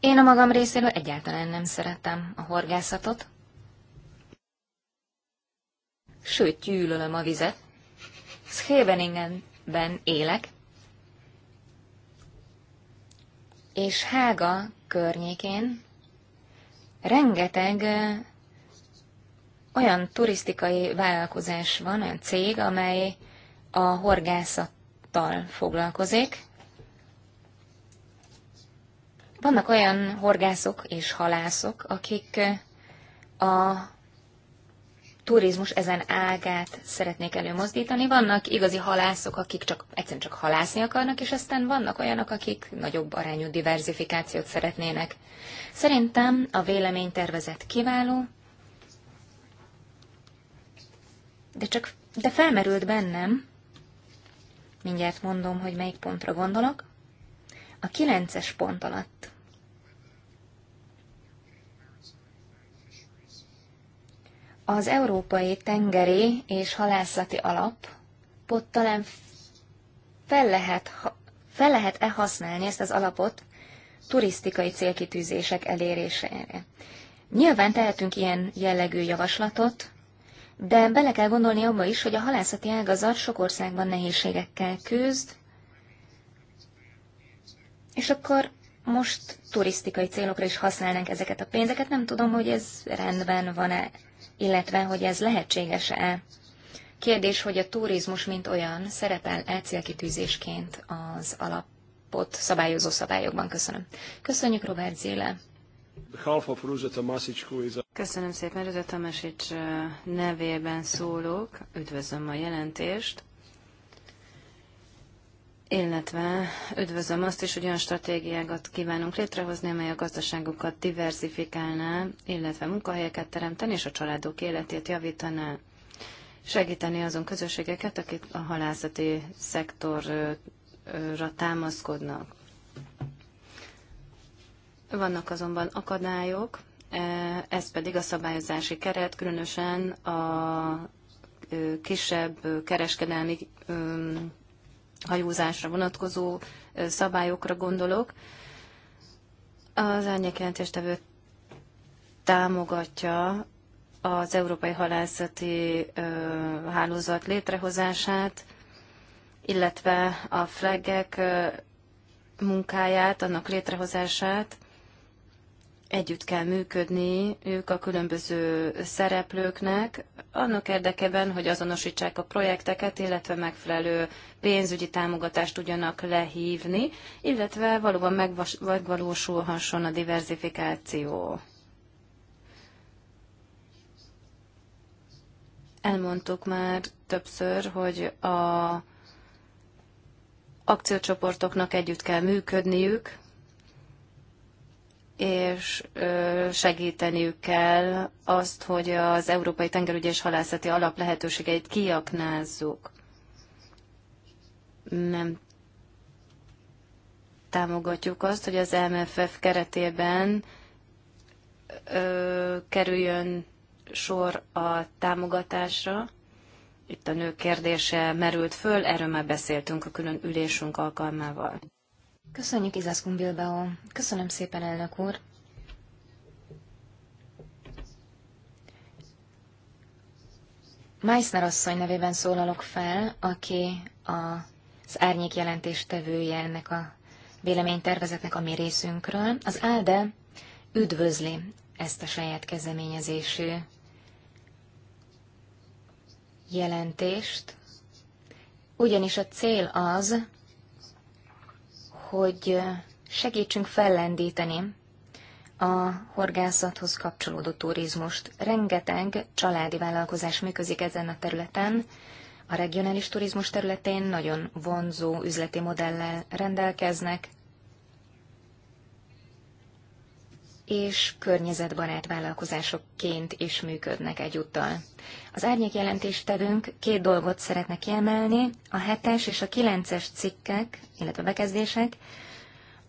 Én a magam részéről egyáltalán nem szeretem a horgászatot, sőt, gyűlölöm a vizet. Scheveningenben élek, és Hága környékén rengeteg olyan turisztikai vállalkozás van, olyan cég, amely a horgászattal foglalkozik, vannak olyan horgászok és halászok, akik eh, a turizmus ezen ágát szeretnék előmozdítani. Vannak igazi halászok, akik csak, egyszerűen csak halászni akarnak, és aztán vannak olyanok, akik nagyobb arányú diversifikációt szeretnének. Szerintem a véleménytervezet kiváló, de csak de felmerült bennem, mindjárt mondom, hogy melyik pontra gondolok, a kilences pont alatt. Az Európai Tengeri és Halászati pot talán fel lehet, fel lehet-e használni ezt az alapot turisztikai célkitűzések elérésére. Nyilván tehetünk ilyen jellegű javaslatot, de bele kell gondolni abba is, hogy a halászati ágazat sok országban nehézségekkel küzd, és akkor most turisztikai célokra is használnánk ezeket a pénzeket. Nem tudom, hogy ez rendben van-e, illetve hogy ez lehetséges-e. Kérdés, hogy a turizmus, mint olyan, szerepel-e célkitűzésként az alapot szabályozó szabályokban? Köszönöm. Köszönjük, Robert Zéle. Köszönöm szépen, Ruzsa Tamasics nevében szólok. Üdvözlöm a jelentést illetve üdvözlöm azt is, hogy olyan stratégiákat kívánunk létrehozni, amely a gazdaságokat diversifikálná, illetve munkahelyeket teremteni és a családok életét javítaná. Segíteni azon közösségeket, akik a halászati szektorra támaszkodnak. Vannak azonban akadályok, e, ez pedig a szabályozási keret, különösen a kisebb kereskedelmi hajózásra vonatkozó szabályokra gondolok. Az árnyékjelentéstevő támogatja az Európai Halászati Hálózat létrehozását, illetve a flegek munkáját, annak létrehozását, együtt kell működni ők a különböző szereplőknek, annak érdekében, hogy azonosítsák a projekteket, illetve megfelelő pénzügyi támogatást tudjanak lehívni, illetve valóban megvalósulhasson a diversifikáció. Elmondtuk már többször, hogy a akciócsoportoknak együtt kell működniük, és segíteniük kell azt, hogy az Európai Tengerügyi és Halászati Alap lehetőségeit kiaknázzuk. Nem támogatjuk azt, hogy az MFF keretében ö, kerüljön sor a támogatásra. Itt a nők kérdése merült föl, erről már beszéltünk a külön ülésünk alkalmával. Köszönjük, Izaskun Bilbao. Köszönöm szépen, elnök úr. Meissner asszony nevében szólalok fel, aki a, az árnyék jelentéstevője ennek a véleménytervezetnek a mi részünkről. Az ALDE üdvözli ezt a saját kezdeményezésű jelentést, ugyanis a cél az, hogy segítsünk fellendíteni a horgászathoz kapcsolódó turizmust. Rengeteg családi vállalkozás működik ezen a területen. A regionális turizmus területén nagyon vonzó üzleti modellel rendelkeznek, és környezetbarát vállalkozásokként is működnek egyúttal. Az árnyék jelentéstevőnk két dolgot szeretne kiemelni, a hetes és a kilences cikkek, illetve bekezdések,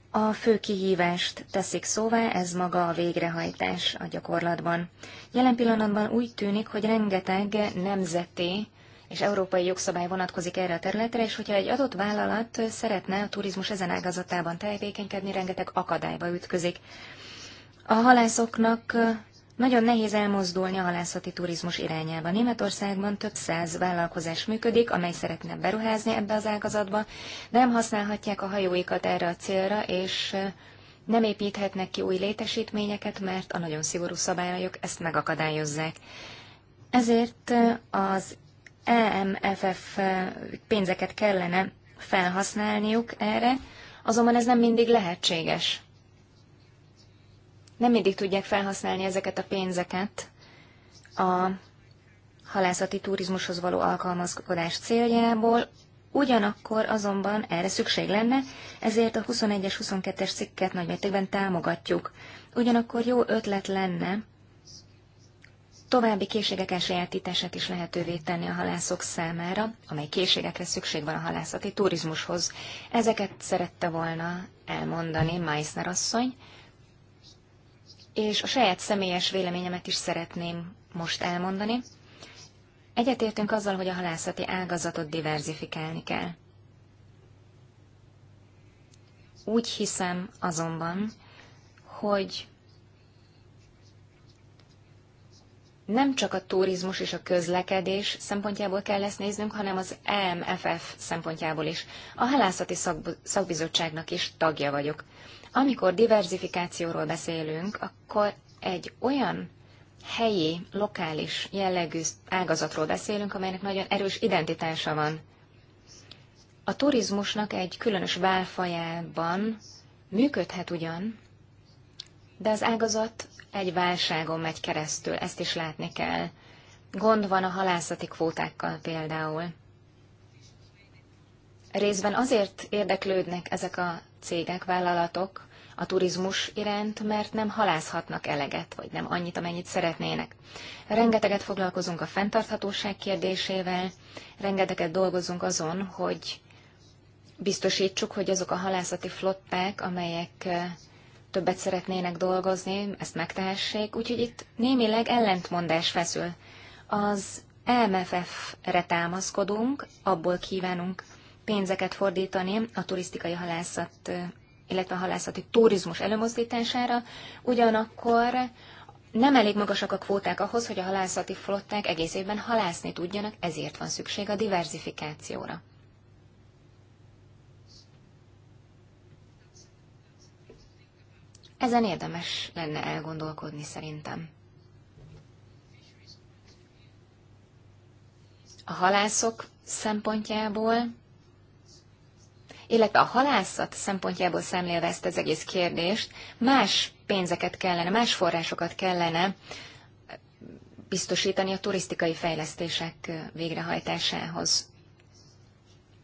a fő kihívást teszik szóvá, ez maga a végrehajtás a gyakorlatban. Jelen pillanatban úgy tűnik, hogy rengeteg nemzeti és európai jogszabály vonatkozik erre a területre, és hogyha egy adott vállalat szeretne a turizmus ezen ágazatában tevékenykedni, rengeteg akadályba ütközik. A halászoknak nagyon nehéz elmozdulni a halászati turizmus irányába. Németországban több száz vállalkozás működik, amely szeretne beruházni ebbe az ágazatba, de nem használhatják a hajóikat erre a célra, és nem építhetnek ki új létesítményeket, mert a nagyon szigorú szabályok ezt megakadályozzák. Ezért az EMFF pénzeket kellene felhasználniuk erre, azonban ez nem mindig lehetséges nem mindig tudják felhasználni ezeket a pénzeket a halászati turizmushoz való alkalmazkodás céljából, ugyanakkor azonban erre szükség lenne, ezért a 21-es, 22-es cikket nagymértékben támogatjuk. Ugyanakkor jó ötlet lenne további készségek elsajátítását is lehetővé tenni a halászok számára, amely készségekre szükség van a halászati turizmushoz. Ezeket szerette volna elmondani Meissner asszony és a saját személyes véleményemet is szeretném most elmondani. Egyetértünk azzal, hogy a halászati ágazatot diverzifikálni kell. Úgy hiszem azonban, hogy nem csak a turizmus és a közlekedés szempontjából kell ezt néznünk, hanem az EMFF szempontjából is. A halászati szakbizottságnak is tagja vagyok. Amikor diversifikációról beszélünk, akkor egy olyan helyi, lokális jellegű ágazatról beszélünk, amelynek nagyon erős identitása van. A turizmusnak egy különös válfajában működhet ugyan, de az ágazat egy válságon megy keresztül, ezt is látni kell. Gond van a halászati kvótákkal például. Részben azért érdeklődnek ezek a cégek, vállalatok a turizmus iránt, mert nem halászhatnak eleget, vagy nem annyit, amennyit szeretnének. Rengeteget foglalkozunk a fenntarthatóság kérdésével, rengeteget dolgozunk azon, hogy biztosítsuk, hogy azok a halászati flották, amelyek többet szeretnének dolgozni, ezt megtehessék, úgyhogy itt némileg ellentmondás feszül. Az e MFF-re támaszkodunk, abból kívánunk pénzeket fordítani a turisztikai halászat, illetve a halászati turizmus előmozdítására, ugyanakkor nem elég magasak a kvóták ahhoz, hogy a halászati flották egész évben halászni tudjanak, ezért van szükség a diversifikációra. Ezen érdemes lenne elgondolkodni szerintem. A halászok szempontjából illetve a halászat szempontjából szemlélve ezt az egész kérdést, más pénzeket kellene, más forrásokat kellene biztosítani a turisztikai fejlesztések végrehajtásához.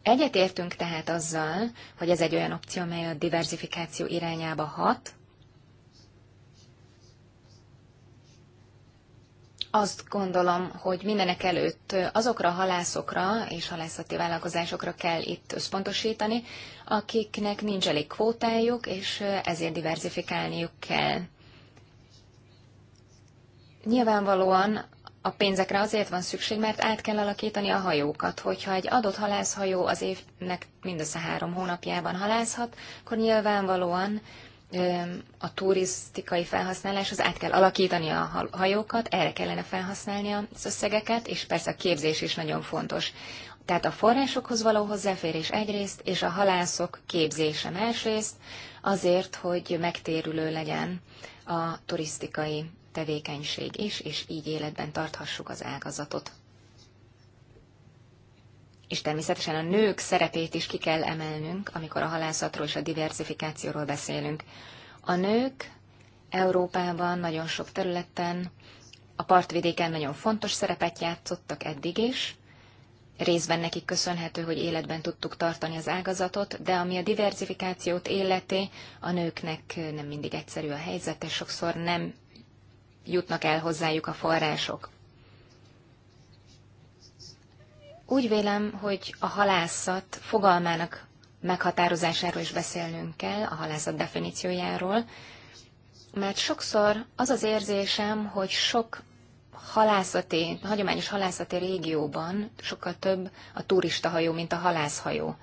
Egyetértünk tehát azzal, hogy ez egy olyan opció, amely a diversifikáció irányába hat, azt gondolom, hogy mindenek előtt azokra a halászokra és halászati vállalkozásokra kell itt összpontosítani, akiknek nincs elég kvótájuk, és ezért diversifikálniuk kell. Nyilvánvalóan a pénzekre azért van szükség, mert át kell alakítani a hajókat. Hogyha egy adott halászhajó az évnek mindössze három hónapjában halászhat, akkor nyilvánvalóan a turisztikai felhasználáshoz át kell alakítani a hajókat, erre kellene felhasználni az összegeket, és persze a képzés is nagyon fontos. Tehát a forrásokhoz való hozzáférés egyrészt, és a halászok képzése másrészt, azért, hogy megtérülő legyen a turisztikai tevékenység is, és így életben tarthassuk az ágazatot és természetesen a nők szerepét is ki kell emelnünk, amikor a halászatról és a diversifikációról beszélünk. A nők Európában nagyon sok területen, a partvidéken nagyon fontos szerepet játszottak eddig is, Részben nekik köszönhető, hogy életben tudtuk tartani az ágazatot, de ami a diversifikációt életé, a nőknek nem mindig egyszerű a helyzet, és sokszor nem jutnak el hozzájuk a források. Úgy vélem, hogy a halászat fogalmának meghatározásáról is beszélnünk kell, a halászat definíciójáról, mert sokszor az az érzésem, hogy sok halászati, hagyományos halászati régióban sokkal több a turista hajó, mint a halászhajó.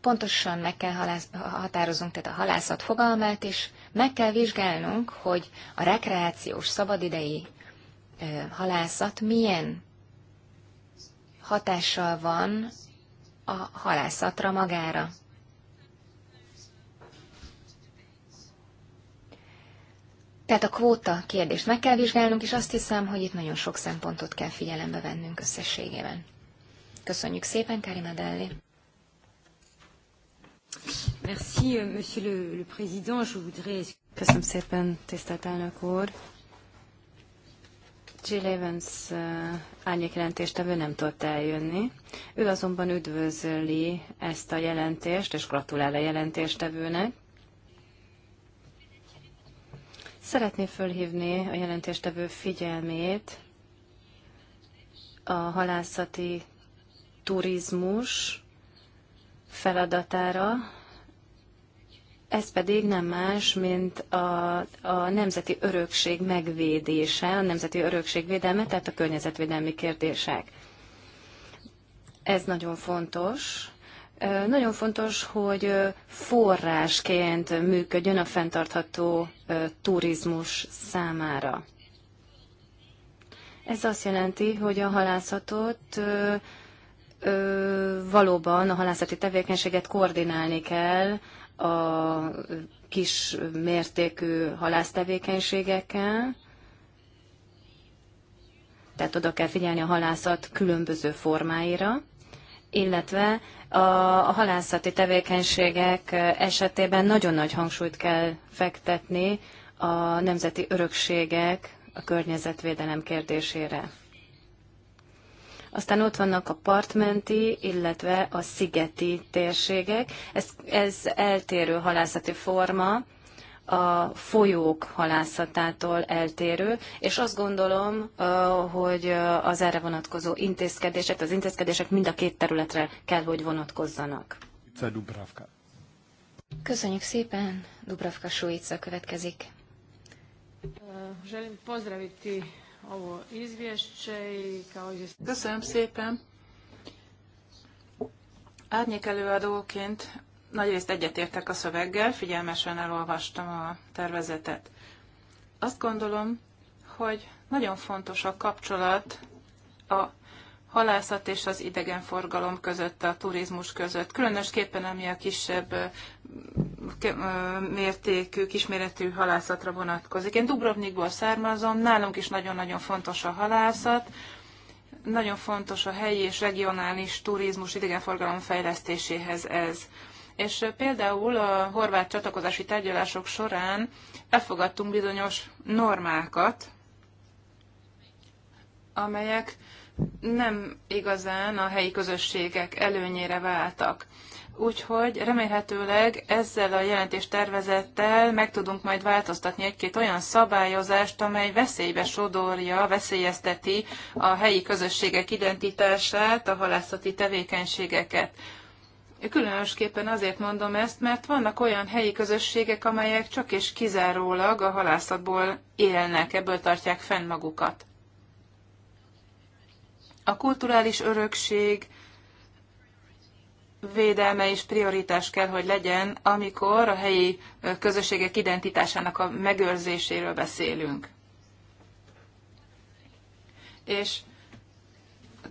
Pontosan meg kell halász, határozunk tehát a halászat fogalmát, is, meg kell vizsgálnunk, hogy a rekreációs, szabadidei halászat milyen hatással van a halászatra magára. Tehát a kvóta kérdést meg kell vizsgálnunk, és azt hiszem, hogy itt nagyon sok szempontot kell figyelembe vennünk összességében. Köszönjük szépen, Karina Delli. Merci, euh, monsieur le, le président. Je voudrais... Köszönöm szépen, tisztelt elnök úr. Jill Evans uh, árnyékjelentéstevő nem tudott eljönni. Ő azonban üdvözli ezt a jelentést, és gratulál a jelentéstevőnek. Szeretné fölhívni a jelentéstevő figyelmét a halászati turizmus feladatára, ez pedig nem más, mint a, a nemzeti örökség megvédése, a nemzeti örökség védelme, tehát a környezetvédelmi kérdések. Ez nagyon fontos. Nagyon fontos, hogy forrásként működjön a fenntartható turizmus számára. Ez azt jelenti, hogy a halászatot valóban a halászati tevékenységet koordinálni kell a kis mértékű halásztevékenységekkel, tehát oda kell figyelni a halászat különböző formáira, illetve a, a halászati tevékenységek esetében nagyon nagy hangsúlyt kell fektetni a nemzeti örökségek, a környezetvédelem kérdésére. Aztán ott vannak a partmenti, illetve a szigeti térségek. Ez, ez eltérő halászati forma, a folyók halászatától eltérő, és azt gondolom, hogy az erre vonatkozó intézkedések, az intézkedések mind a két területre kell, hogy vonatkozzanak. Dubravka. Köszönjük szépen, Dubravka Suica következik. Želim pozdraviti ovo izvješće i kao Köszönöm szépen! Árnyék előadóként nagyrészt egyetértek a szöveggel, figyelmesen elolvastam a tervezetet. Azt gondolom, hogy nagyon fontos a kapcsolat a halászat és az idegenforgalom között, a turizmus között, különösképpen ami a kisebb mértékű, kisméretű halászatra vonatkozik. Én Dubrovnikból származom, nálunk is nagyon-nagyon fontos a halászat, nagyon fontos a helyi és regionális turizmus idegenforgalom fejlesztéséhez ez. És például a horvát csatlakozási tárgyalások során elfogadtunk bizonyos normákat, amelyek nem igazán a helyi közösségek előnyére váltak. Úgyhogy remélhetőleg ezzel a tervezettel meg tudunk majd változtatni egy-két olyan szabályozást, amely veszélybe sodorja, veszélyezteti a helyi közösségek identitását, a halászati tevékenységeket. Különösképpen azért mondom ezt, mert vannak olyan helyi közösségek, amelyek csak és kizárólag a halászatból élnek, ebből tartják fenn magukat. A kulturális örökség, védelme és prioritás kell, hogy legyen, amikor a helyi közösségek identitásának a megőrzéséről beszélünk. És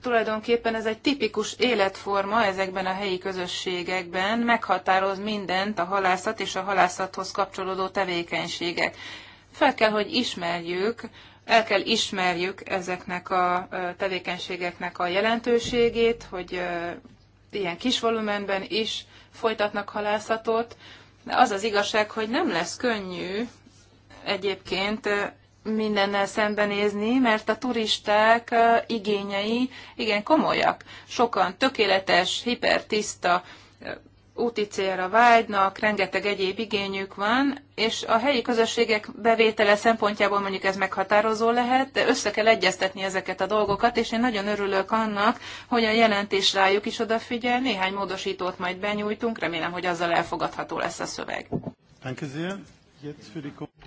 tulajdonképpen ez egy tipikus életforma ezekben a helyi közösségekben, meghatároz mindent a halászat és a halászathoz kapcsolódó tevékenységek. Fel kell, hogy ismerjük, el kell ismerjük ezeknek a tevékenységeknek a jelentőségét, hogy ilyen kis volumenben is folytatnak halászatot, de az az igazság, hogy nem lesz könnyű egyébként mindennel szembenézni, mert a turisták igényei igen komolyak. Sokan tökéletes, hipertiszta úti célra vágynak, rengeteg egyéb igényük van, és a helyi közösségek bevétele szempontjából mondjuk ez meghatározó lehet, de össze kell egyeztetni ezeket a dolgokat, és én nagyon örülök annak, hogy a jelentés rájuk is odafigyel, néhány módosítót majd benyújtunk, remélem, hogy azzal elfogadható lesz a szöveg.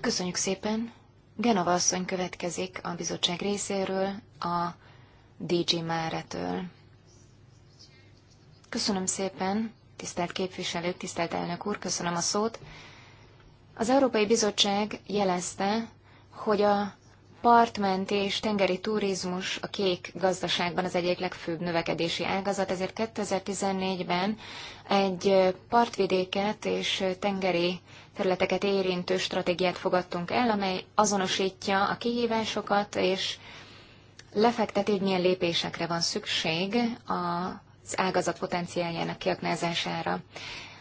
Köszönjük szépen! Genova asszony következik a bizottság részéről, a DG Máretől. Köszönöm szépen! tisztelt képviselők, tisztelt elnök úr, köszönöm a szót. Az Európai Bizottság jelezte, hogy a partmenti és tengeri turizmus a kék gazdaságban az egyik legfőbb növekedési ágazat, ezért 2014-ben egy partvidéket és tengeri területeket érintő stratégiát fogadtunk el, amely azonosítja a kihívásokat, és lefekteti, hogy milyen lépésekre van szükség a ágazat potenciáljának kiaknázására.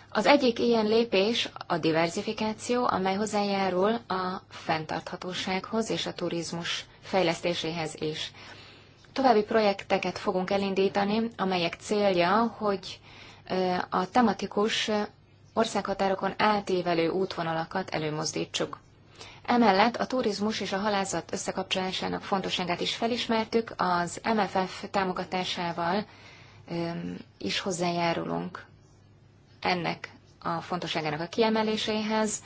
Az egyik ilyen lépés a diversifikáció, amely hozzájárul a fenntarthatósághoz és a turizmus fejlesztéséhez is. További projekteket fogunk elindítani, amelyek célja, hogy a tematikus országhatárokon átívelő útvonalakat előmozdítsuk. Emellett a turizmus és a halászat összekapcsolásának fontosságát is felismertük, az MFF támogatásával is hozzájárulunk ennek a fontosságának a kiemeléséhez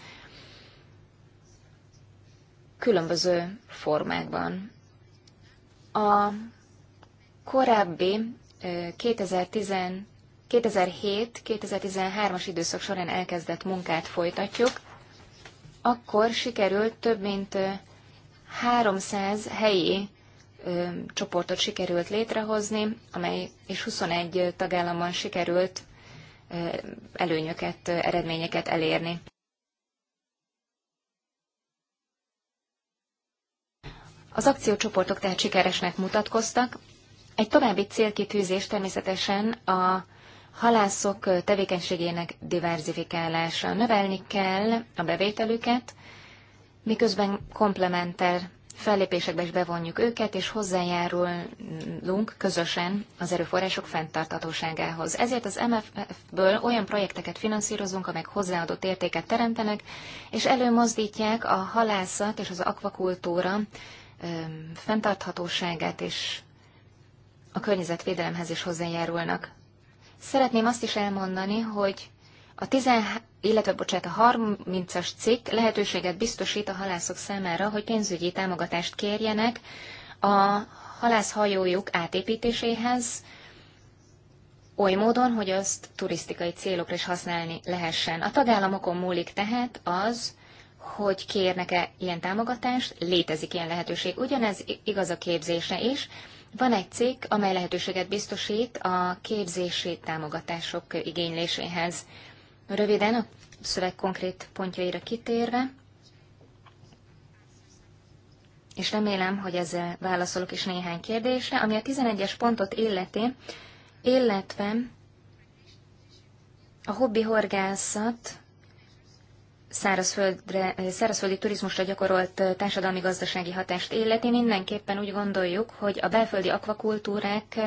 különböző formákban. A korábbi 2007-2013-as időszak során elkezdett munkát folytatjuk, akkor sikerült több mint 300 helyi csoportot sikerült létrehozni, amely és 21 tagállamban sikerült előnyöket, eredményeket elérni. Az akciócsoportok tehát sikeresnek mutatkoztak. Egy további célkitűzés természetesen a halászok tevékenységének diverzifikálása. Növelni kell a bevételüket, miközben komplementer fellépésekbe is bevonjuk őket, és hozzájárulunk közösen az erőforrások fenntartatóságához. Ezért az MFF-ből olyan projekteket finanszírozunk, amelyek hozzáadott értéket teremtenek, és előmozdítják a halászat és az akvakultúra fenntarthatóságát, és a környezetvédelemhez is hozzájárulnak. Szeretném azt is elmondani, hogy a 10, illetve bocsánat, a 30-as cikk lehetőséget biztosít a halászok számára, hogy pénzügyi támogatást kérjenek a halászhajójuk átépítéséhez, oly módon, hogy azt turisztikai célokra is használni lehessen. A tagállamokon múlik tehát az, hogy kérnek-e ilyen támogatást, létezik ilyen lehetőség. Ugyanez igaz a képzésre is. Van egy cikk, amely lehetőséget biztosít a képzési támogatások igényléséhez. Röviden a szöveg konkrét pontjaira kitérve, és remélem, hogy ezzel válaszolok is néhány kérdésre, ami a 11-es pontot illeti, illetve a hobbi horgászat szárazföldre, szárazföldi turizmusra gyakorolt társadalmi-gazdasági hatást illeti, mindenképpen úgy gondoljuk, hogy a belföldi akvakultúrák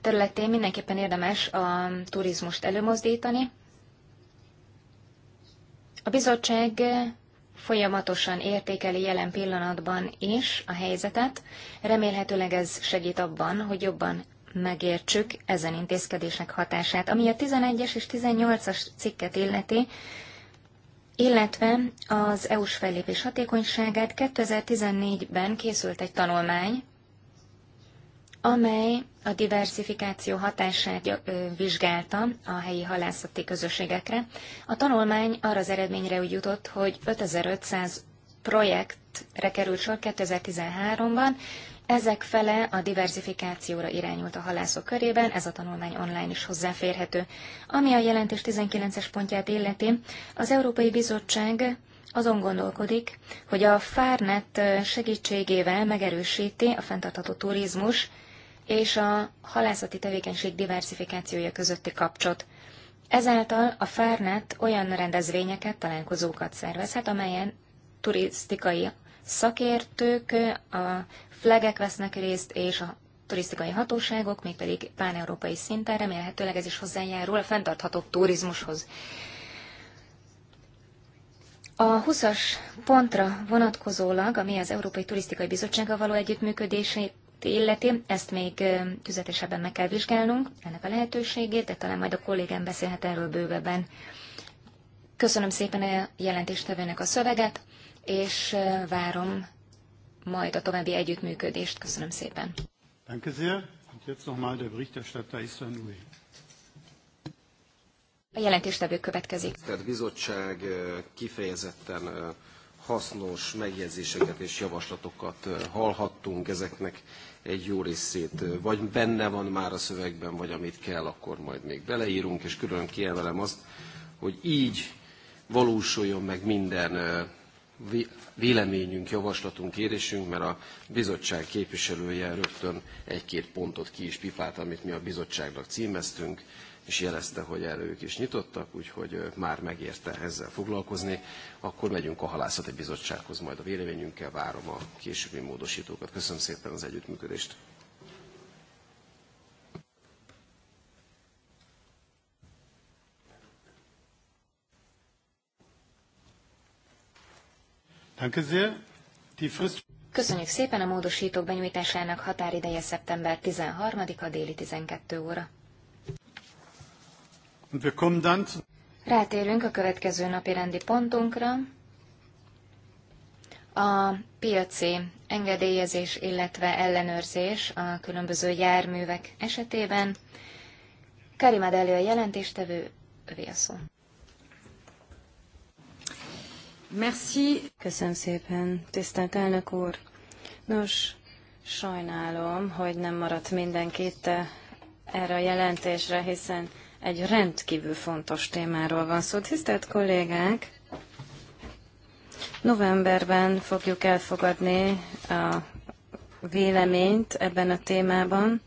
területén mindenképpen érdemes a turizmust előmozdítani, a bizottság folyamatosan értékeli jelen pillanatban is a helyzetet, remélhetőleg ez segít abban, hogy jobban megértsük ezen intézkedések hatását. Ami a 11-es és 18-as cikket illeti, illetve az EU-s fellépés hatékonyságát 2014-ben készült egy tanulmány, amely a diversifikáció hatását vizsgálta a helyi halászati közösségekre. A tanulmány arra az eredményre úgy jutott, hogy 5500 projektre került sor 2013-ban, ezek fele a diversifikációra irányult a halászok körében, ez a tanulmány online is hozzáférhető. Ami a jelentés 19-es pontját illeti, az Európai Bizottság azon gondolkodik, hogy a FARNET segítségével megerősíti a fenntartható turizmus és a halászati tevékenység diversifikációja közötti kapcsot. Ezáltal a Fernet olyan rendezvényeket, találkozókat szervezhet, amelyen turisztikai szakértők, a flegek vesznek részt, és a turisztikai hatóságok, mégpedig pán-európai szinten, remélhetőleg ez is hozzájárul a fenntartható turizmushoz. A 20-as pontra vonatkozólag, ami az Európai Turisztikai Bizottsággal való együttműködését illeti, ezt még tüzetesebben meg kell vizsgálnunk, ennek a lehetőségét, de talán majd a kollégám beszélhet erről bővebben. Köszönöm szépen a jelentéstevőnek a szöveget, és várom majd a további együttműködést. Köszönöm szépen. Danke sehr. Und jetzt nochmal der Berichterstatter A jelentéstevő következik. A bizottság kifejezetten hasznos megjegyzéseket és javaslatokat hallhattunk, ezeknek egy jó részét vagy benne van már a szövegben, vagy amit kell, akkor majd még beleírunk, és külön kiemelem azt, hogy így valósuljon meg minden véleményünk, javaslatunk, kérésünk, mert a bizottság képviselője rögtön egy-két pontot ki is pipált, amit mi a bizottságnak címeztünk, és jelezte, hogy erre ők is nyitottak, úgyhogy már megérte ezzel foglalkozni. Akkor megyünk a halászati bizottsághoz majd a véleményünkkel, várom a későbbi módosítókat. Köszönöm szépen az együttműködést. Köszönjük szépen a módosítók benyújtásának határideje szeptember 13-a déli 12 óra. Rátérünk a következő napi rendi pontunkra. A piaci engedélyezés, illetve ellenőrzés a különböző járművek esetében. Karimad elő a jelentéstevő, övé a szó. Merci. Köszönöm szépen, tisztelt elnök úr. Nos, sajnálom, hogy nem maradt mindenki itt eh, erre a jelentésre, hiszen egy rendkívül fontos témáról van szó. Tisztelt kollégák! Novemberben fogjuk elfogadni a véleményt ebben a témában,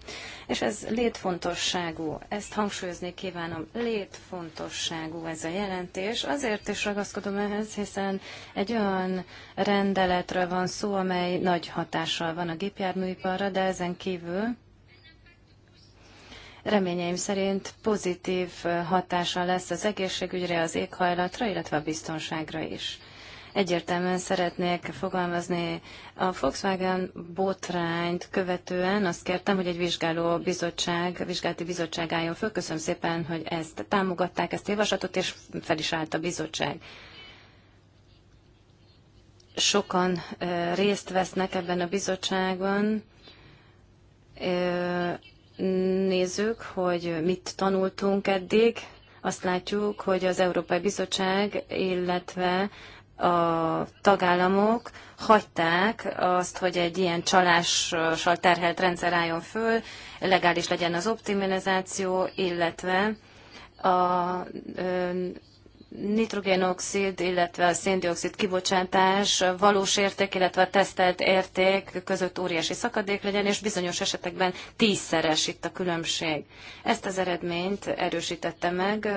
és ez létfontosságú. Ezt hangsúlyozni kívánom, létfontosságú ez a jelentés. Azért is ragaszkodom ehhez, hiszen egy olyan rendeletről van szó, amely nagy hatással van a gépjárműiparra, de ezen kívül reményeim szerint pozitív hatása lesz az egészségügyre, az éghajlatra, illetve a biztonságra is. Egyértelműen szeretnék fogalmazni a Volkswagen botrányt követően azt kértem, hogy egy vizsgáló bizottság, vizsgálati bizottság álljon föl. Köszönöm szépen, hogy ezt támogatták, ezt a javaslatot, és fel is állt a bizottság sokan eh, részt vesznek ebben a bizottságban, eh, nézzük, hogy mit tanultunk eddig, azt látjuk, hogy az Európai Bizottság, illetve a tagállamok hagyták azt, hogy egy ilyen csalással terhelt rendszer álljon föl, legális legyen az optimalizáció, illetve a nitrogénoxid, illetve a széndiokszid kibocsátás valós érték, illetve a tesztelt érték között óriási szakadék legyen, és bizonyos esetekben tízszeres itt a különbség. Ezt az eredményt erősítette meg,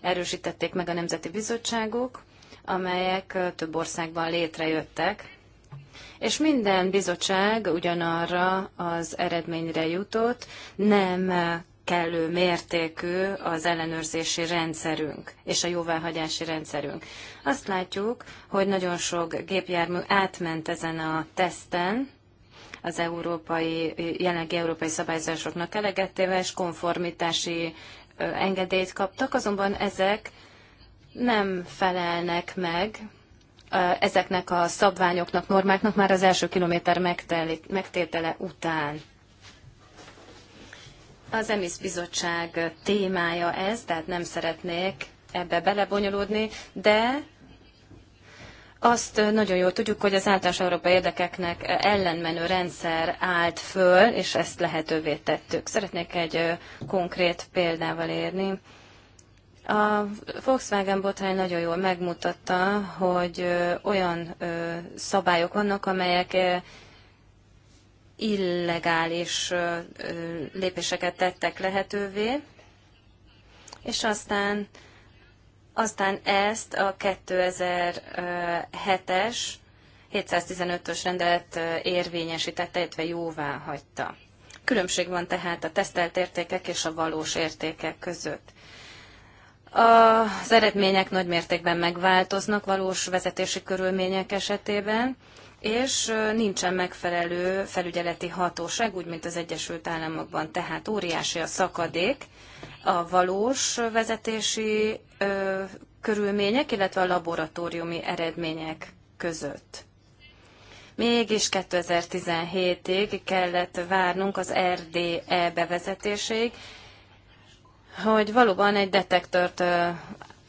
erősítették meg a nemzeti bizottságok, amelyek több országban létrejöttek, és minden bizottság ugyanarra az eredményre jutott, nem kellő mértékű az ellenőrzési rendszerünk és a jóváhagyási rendszerünk. Azt látjuk, hogy nagyon sok gépjármű átment ezen a teszten, az európai, jelenlegi európai szabályzásoknak elegettével, és konformitási engedélyt kaptak, azonban ezek nem felelnek meg ezeknek a szabványoknak, normáknak már az első kilométer megtétele után. Az EMISZ bizottság témája ez, tehát nem szeretnék ebbe belebonyolódni, de azt nagyon jól tudjuk, hogy az általános európai érdekeknek ellenmenő rendszer állt föl, és ezt lehetővé tettük. Szeretnék egy konkrét példával érni. A Volkswagen botrány nagyon jól megmutatta, hogy olyan szabályok vannak, amelyek illegális lépéseket tettek lehetővé, és aztán, aztán ezt a 2007-es 715-ös rendelet érvényesítette, illetve jóvá hagyta. Különbség van tehát a tesztelt értékek és a valós értékek között. Az eredmények nagy mértékben megváltoznak valós vezetési körülmények esetében, és nincsen megfelelő felügyeleti hatóság, úgy, mint az Egyesült Államokban. Tehát óriási a szakadék a valós vezetési ö, körülmények, illetve a laboratóriumi eredmények között. Mégis 2017-ig kellett várnunk az RDE bevezetéséig, hogy valóban egy detektort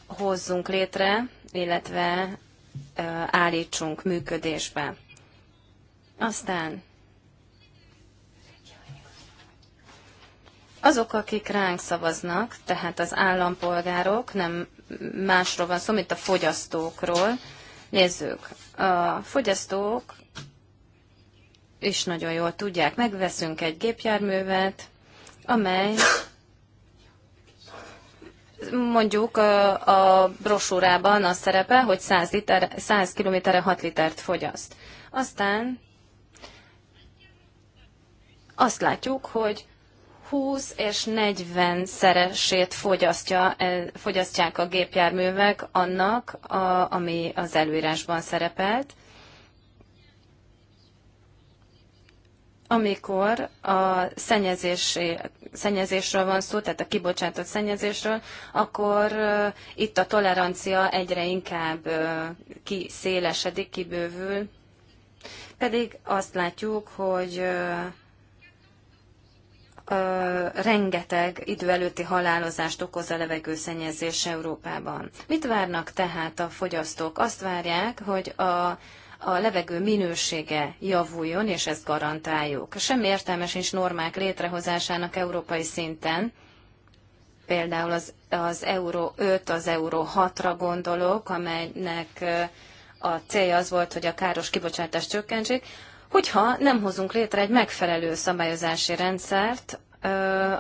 hozzunk létre, illetve állítsunk működésbe. Aztán azok, akik ránk szavaznak, tehát az állampolgárok, nem másról van szó, mint a fogyasztókról. Nézzük, a fogyasztók is nagyon jól tudják, megveszünk egy gépjárművet, amely Mondjuk a brosúrában az szerepe, hogy 100, liter, 100 kilométerre 6 litert fogyaszt. Aztán azt látjuk, hogy 20 és 40 szeresét fogyasztja, fogyasztják a gépjárművek annak, a, ami az előírásban szerepelt. amikor a szennyezésről van szó, tehát a kibocsátott szennyezésről, akkor itt a tolerancia egyre inkább kiszélesedik, kibővül. Pedig azt látjuk, hogy rengeteg idő előtti halálozást okoz a levegőszennyezés Európában. Mit várnak tehát a fogyasztók? Azt várják, hogy a a levegő minősége javuljon, és ezt garantáljuk. Semmi értelmes és normák létrehozásának európai szinten, például az, az Euró 5, az Euró 6-ra gondolok, amelynek a célja az volt, hogy a káros kibocsátást csökkentsék, hogyha nem hozunk létre egy megfelelő szabályozási rendszert,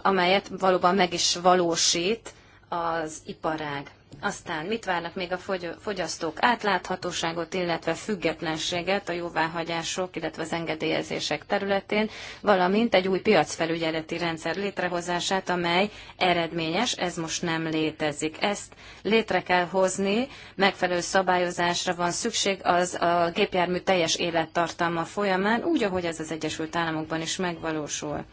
amelyet valóban meg is valósít az iparág. Aztán mit várnak még a fogyasztók? Átláthatóságot, illetve függetlenséget a jóváhagyások, illetve az engedélyezések területén, valamint egy új piacfelügyeleti rendszer létrehozását, amely eredményes, ez most nem létezik. Ezt létre kell hozni, megfelelő szabályozásra van szükség az a gépjármű teljes élettartalma folyamán, úgy, ahogy ez az Egyesült Államokban is megvalósul.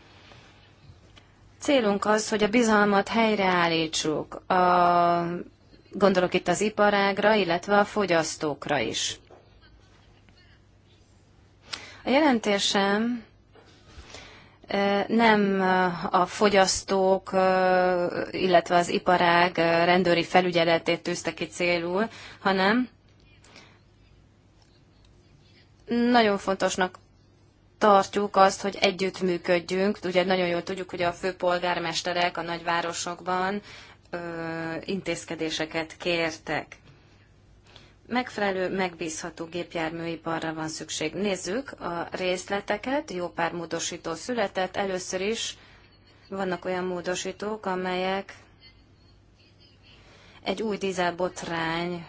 Célunk az, hogy a bizalmat helyreállítsuk, a Gondolok itt az iparágra, illetve a fogyasztókra is. A jelentésem nem a fogyasztók, illetve az iparág rendőri felügyeletét tűzte ki célul, hanem nagyon fontosnak tartjuk azt, hogy együttműködjünk. Ugye nagyon jól tudjuk, hogy a főpolgármesterek a nagyvárosokban intézkedéseket kértek. Megfelelő, megbízható gépjárműiparra van szükség. Nézzük a részleteket, jó pár módosító született. Először is vannak olyan módosítók, amelyek egy új dízelbotrány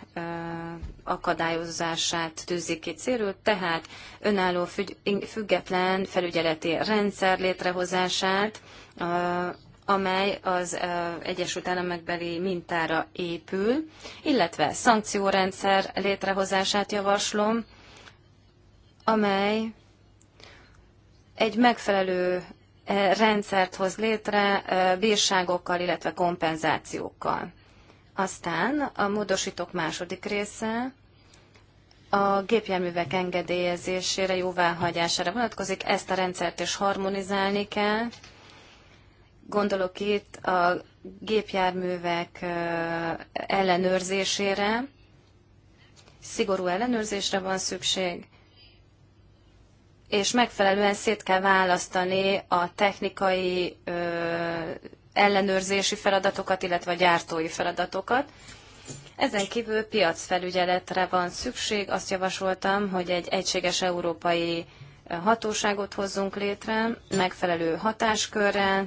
akadályozását tűzik ki célul, tehát önálló független felügyeleti rendszer létrehozását, amely az Egyesült Államokbeli mintára épül, illetve szankciórendszer létrehozását javaslom, amely egy megfelelő rendszert hoz létre bírságokkal, illetve kompenzációkkal. Aztán a módosítók második része a gépjárművek engedélyezésére, jóváhagyására vonatkozik, ezt a rendszert is harmonizálni kell, Gondolok itt a gépjárművek ellenőrzésére, szigorú ellenőrzésre van szükség, és megfelelően szét kell választani a technikai ellenőrzési feladatokat, illetve a gyártói feladatokat. Ezen kívül piacfelügyeletre van szükség. Azt javasoltam, hogy egy egységes európai hatóságot hozzunk létre, megfelelő hatáskörrel,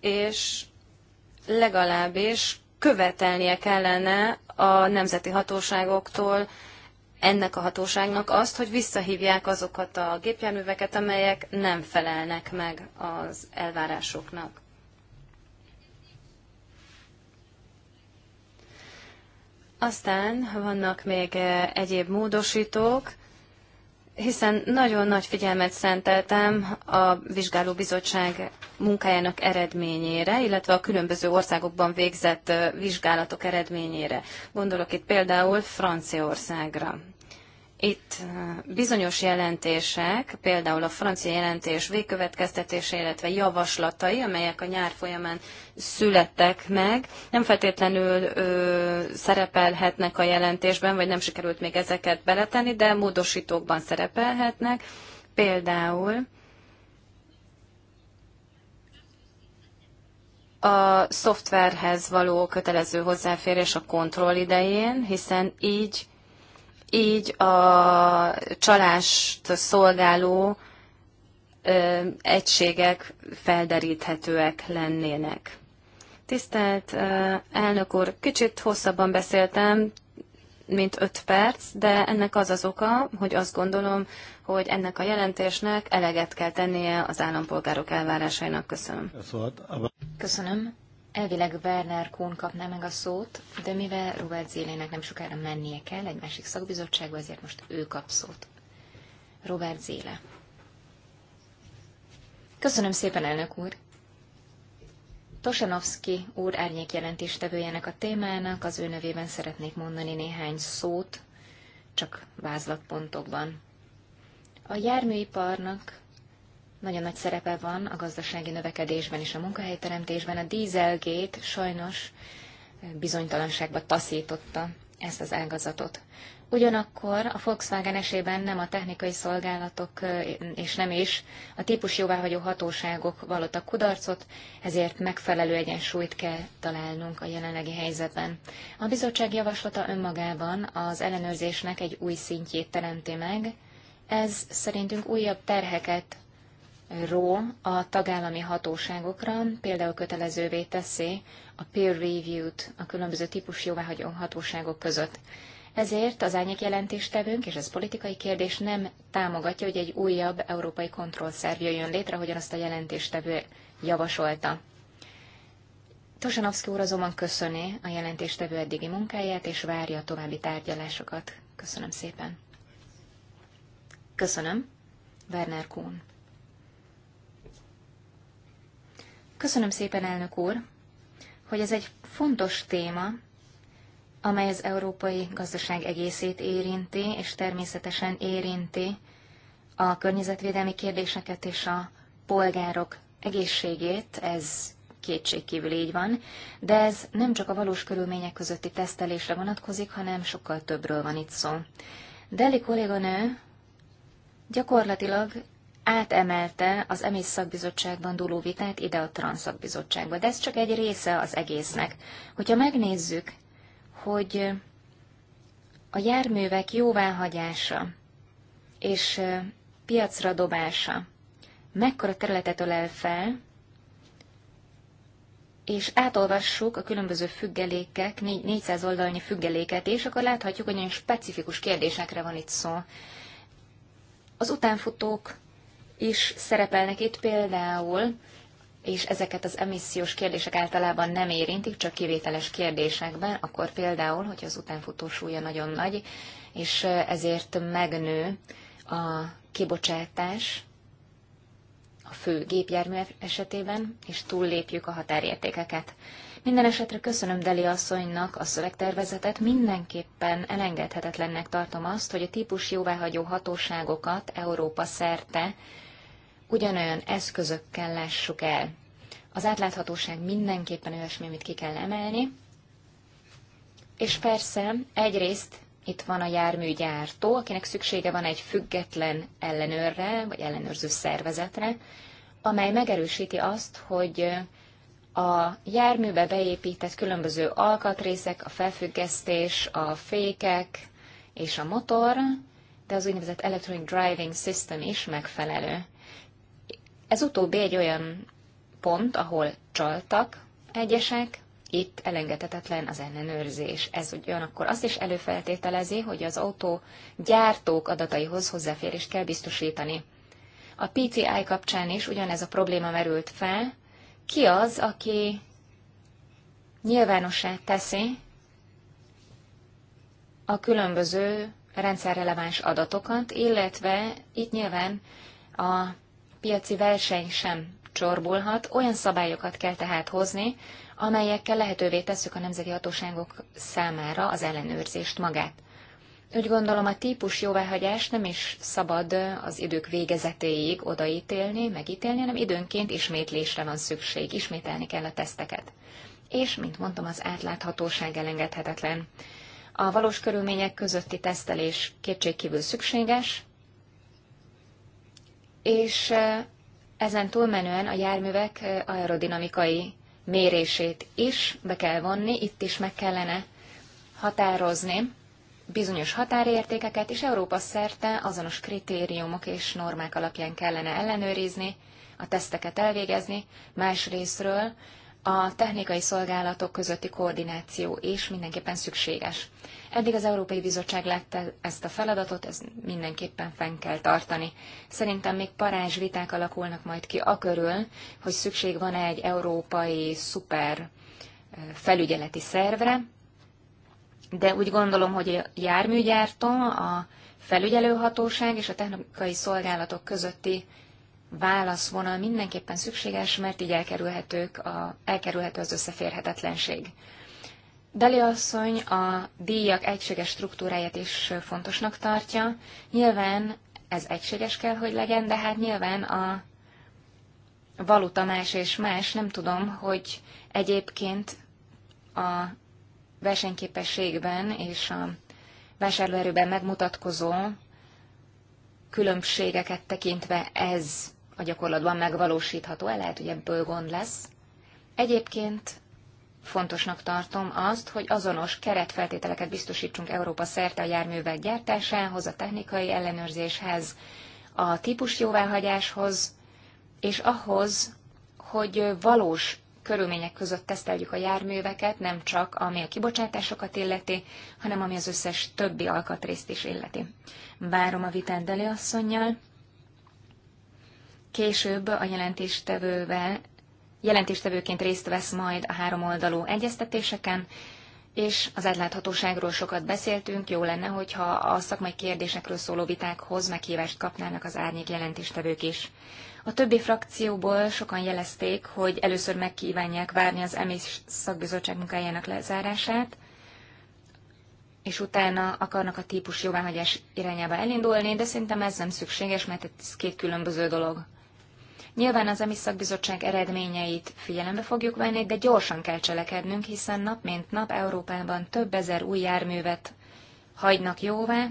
és legalábbis követelnie kellene a nemzeti hatóságoktól ennek a hatóságnak azt, hogy visszahívják azokat a gépjárműveket, amelyek nem felelnek meg az elvárásoknak. Aztán vannak még eh, egyéb módosítók, hiszen nagyon nagy figyelmet szenteltem a vizsgálóbizottság munkájának eredményére, illetve a különböző országokban végzett vizsgálatok eredményére. Gondolok itt például Franciaországra. Itt bizonyos jelentések, például a francia jelentés végkövetkeztetése, illetve javaslatai, amelyek a nyár folyamán születtek meg, nem feltétlenül ö, szerepelhetnek a jelentésben, vagy nem sikerült még ezeket beletenni, de módosítókban szerepelhetnek. Például a szoftverhez való kötelező hozzáférés a kontroll idején, hiszen így így a csalást szolgáló ö, egységek felderíthetőek lennének. Tisztelt ö, elnök úr, kicsit hosszabban beszéltem, mint 5 perc, de ennek az az oka, hogy azt gondolom, hogy ennek a jelentésnek eleget kell tennie az állampolgárok elvárásainak. Köszönöm. Köszönöm. Elvileg Werner Kuhn kapná meg a szót, de mivel Robert Zélének nem sokára mennie kell egy másik szakbizottságba, ezért most ő kap szót. Robert Zéle. Köszönöm szépen, elnök úr! Tosanovszki úr árnyék jelentéstevőjének a témának, az ő nevében szeretnék mondani néhány szót, csak vázlatpontokban. A járműiparnak nagyon nagy szerepe van a gazdasági növekedésben és a munkahelyteremtésben. A Dieselgate sajnos eh, bizonytalanságba taszította ezt az ágazatot. Ugyanakkor a Volkswagen esében nem a technikai szolgálatok eh, és nem is a típus jóváhagyó hatóságok vallottak kudarcot, ezért megfelelő egyensúlyt kell találnunk a jelenlegi helyzetben. A bizottság javaslata önmagában az ellenőrzésnek egy új szintjét teremti meg, ez szerintünk újabb terheket ró a tagállami hatóságokra, például kötelezővé teszi a peer review-t a különböző típus jóváhagyó hatóságok között. Ezért az árnyék jelentéstevőnk, és ez politikai kérdés, nem támogatja, hogy egy újabb európai kontrollszerv jöjjön létre, ahogyan azt a jelentéstevő javasolta. Tosanovszki úr azonban köszöni a jelentéstevő eddigi munkáját, és várja a további tárgyalásokat. Köszönöm szépen. Köszönöm. Werner Kuhn. Köszönöm szépen, elnök úr, hogy ez egy fontos téma, amely az európai gazdaság egészét érinti, és természetesen érinti a környezetvédelmi kérdéseket és a polgárok egészségét, ez kétségkívül így van, de ez nem csak a valós körülmények közötti tesztelésre vonatkozik, hanem sokkal többről van itt szó. Deli kolléganő gyakorlatilag átemelte az emész szakbizottságban dúló vitát ide a transzakbizottságba. De ez csak egy része az egésznek. Hogyha megnézzük, hogy a járművek jóváhagyása és piacra dobása mekkora területet ölel fel, és átolvassuk a különböző függelékek, 400 oldalnyi függeléket, és akkor láthatjuk, hogy olyan specifikus kérdésekre van itt szó. Az utánfutók is szerepelnek itt például, és ezeket az emissziós kérdések általában nem érintik, csak kivételes kérdésekben, akkor például, hogy az utánfutó súlya nagyon nagy, és ezért megnő a kibocsátás a fő gépjármű esetében, és túllépjük a határértékeket. Minden esetre köszönöm Deli asszonynak a szövegtervezetet, mindenképpen elengedhetetlennek tartom azt, hogy a típus jóváhagyó hatóságokat Európa szerte ugyanolyan eszközökkel lássuk el. Az átláthatóság mindenképpen olyasmi, amit ki kell emelni. És persze egyrészt itt van a járműgyártó, akinek szüksége van egy független ellenőrre, vagy ellenőrző szervezetre, amely megerősíti azt, hogy a járműbe beépített különböző alkatrészek, a felfüggesztés, a fékek és a motor, de az úgynevezett Electronic Driving System is megfelelő. Ez utóbbi egy olyan pont, ahol csaltak egyesek, itt elengedhetetlen az ellenőrzés. Ez ugyanakkor azt is előfeltételezi, hogy az autó gyártók adataihoz hozzáférést kell biztosítani. A PCI kapcsán is ugyanez a probléma merült fel. Ki az, aki nyilvánossá teszi a különböző rendszerreleváns adatokat, illetve itt nyilván a piaci verseny sem csorbulhat, olyan szabályokat kell tehát hozni, amelyekkel lehetővé tesszük a nemzeti hatóságok számára az ellenőrzést magát. Úgy gondolom, a típus jóváhagyás nem is szabad az idők végezetéig odaítélni, megítélni, hanem időnként ismétlésre van szükség, ismételni kell a teszteket. És, mint mondtam, az átláthatóság elengedhetetlen. A valós körülmények közötti tesztelés kétségkívül szükséges, és ezen túlmenően a járművek aerodinamikai mérését is be kell vonni, itt is meg kellene határozni bizonyos határértékeket, és Európa szerte azonos kritériumok és normák alapján kellene ellenőrizni, a teszteket elvégezni, másrésztről a technikai szolgálatok közötti koordináció és mindenképpen szükséges. Eddig az Európai Bizottság látta ezt a feladatot, ez mindenképpen fenn kell tartani. Szerintem még parázs viták alakulnak majd ki a körül, hogy szükség van -e egy európai szuper felügyeleti szervre, de úgy gondolom, hogy a járműgyártó, a felügyelőhatóság és a technikai szolgálatok közötti válaszvonal mindenképpen szükséges, mert így elkerülhetők a, elkerülhető az összeférhetetlenség. Deli asszony a díjak egységes struktúráját is fontosnak tartja. Nyilván ez egységes kell, hogy legyen, de hát nyilván a valuta más és más. Nem tudom, hogy egyébként a versenyképességben és a vásárlóerőben megmutatkozó különbségeket tekintve ez a gyakorlatban megvalósítható-e, lehet, hogy ebből gond lesz. Egyébként fontosnak tartom azt, hogy azonos keretfeltételeket biztosítsunk Európa szerte a járművek gyártásához, a technikai ellenőrzéshez, a típus jóváhagyáshoz, és ahhoz, hogy valós körülmények között teszteljük a járműveket, nem csak ami a kibocsátásokat illeti, hanem ami az összes többi alkatrészt is illeti. Várom a vitendeli asszonynal, Később a jelentéstevővel, jelentéstevőként részt vesz majd a három oldalú egyeztetéseken, és az átláthatóságról sokat beszéltünk, jó lenne, hogyha a szakmai kérdésekről szóló vitákhoz meghívást kapnának az árnyék jelentéstevők is. A többi frakcióból sokan jelezték, hogy először megkívánják várni az emész szakbizottság munkájának lezárását, és utána akarnak a típus jóváhagyás irányába elindulni, de szerintem ez nem szükséges, mert ez két különböző dolog. Nyilván az EMISZ szakbizottság eredményeit figyelembe fogjuk venni, de gyorsan kell cselekednünk, hiszen nap mint nap Európában több ezer új járművet hagynak jóvá.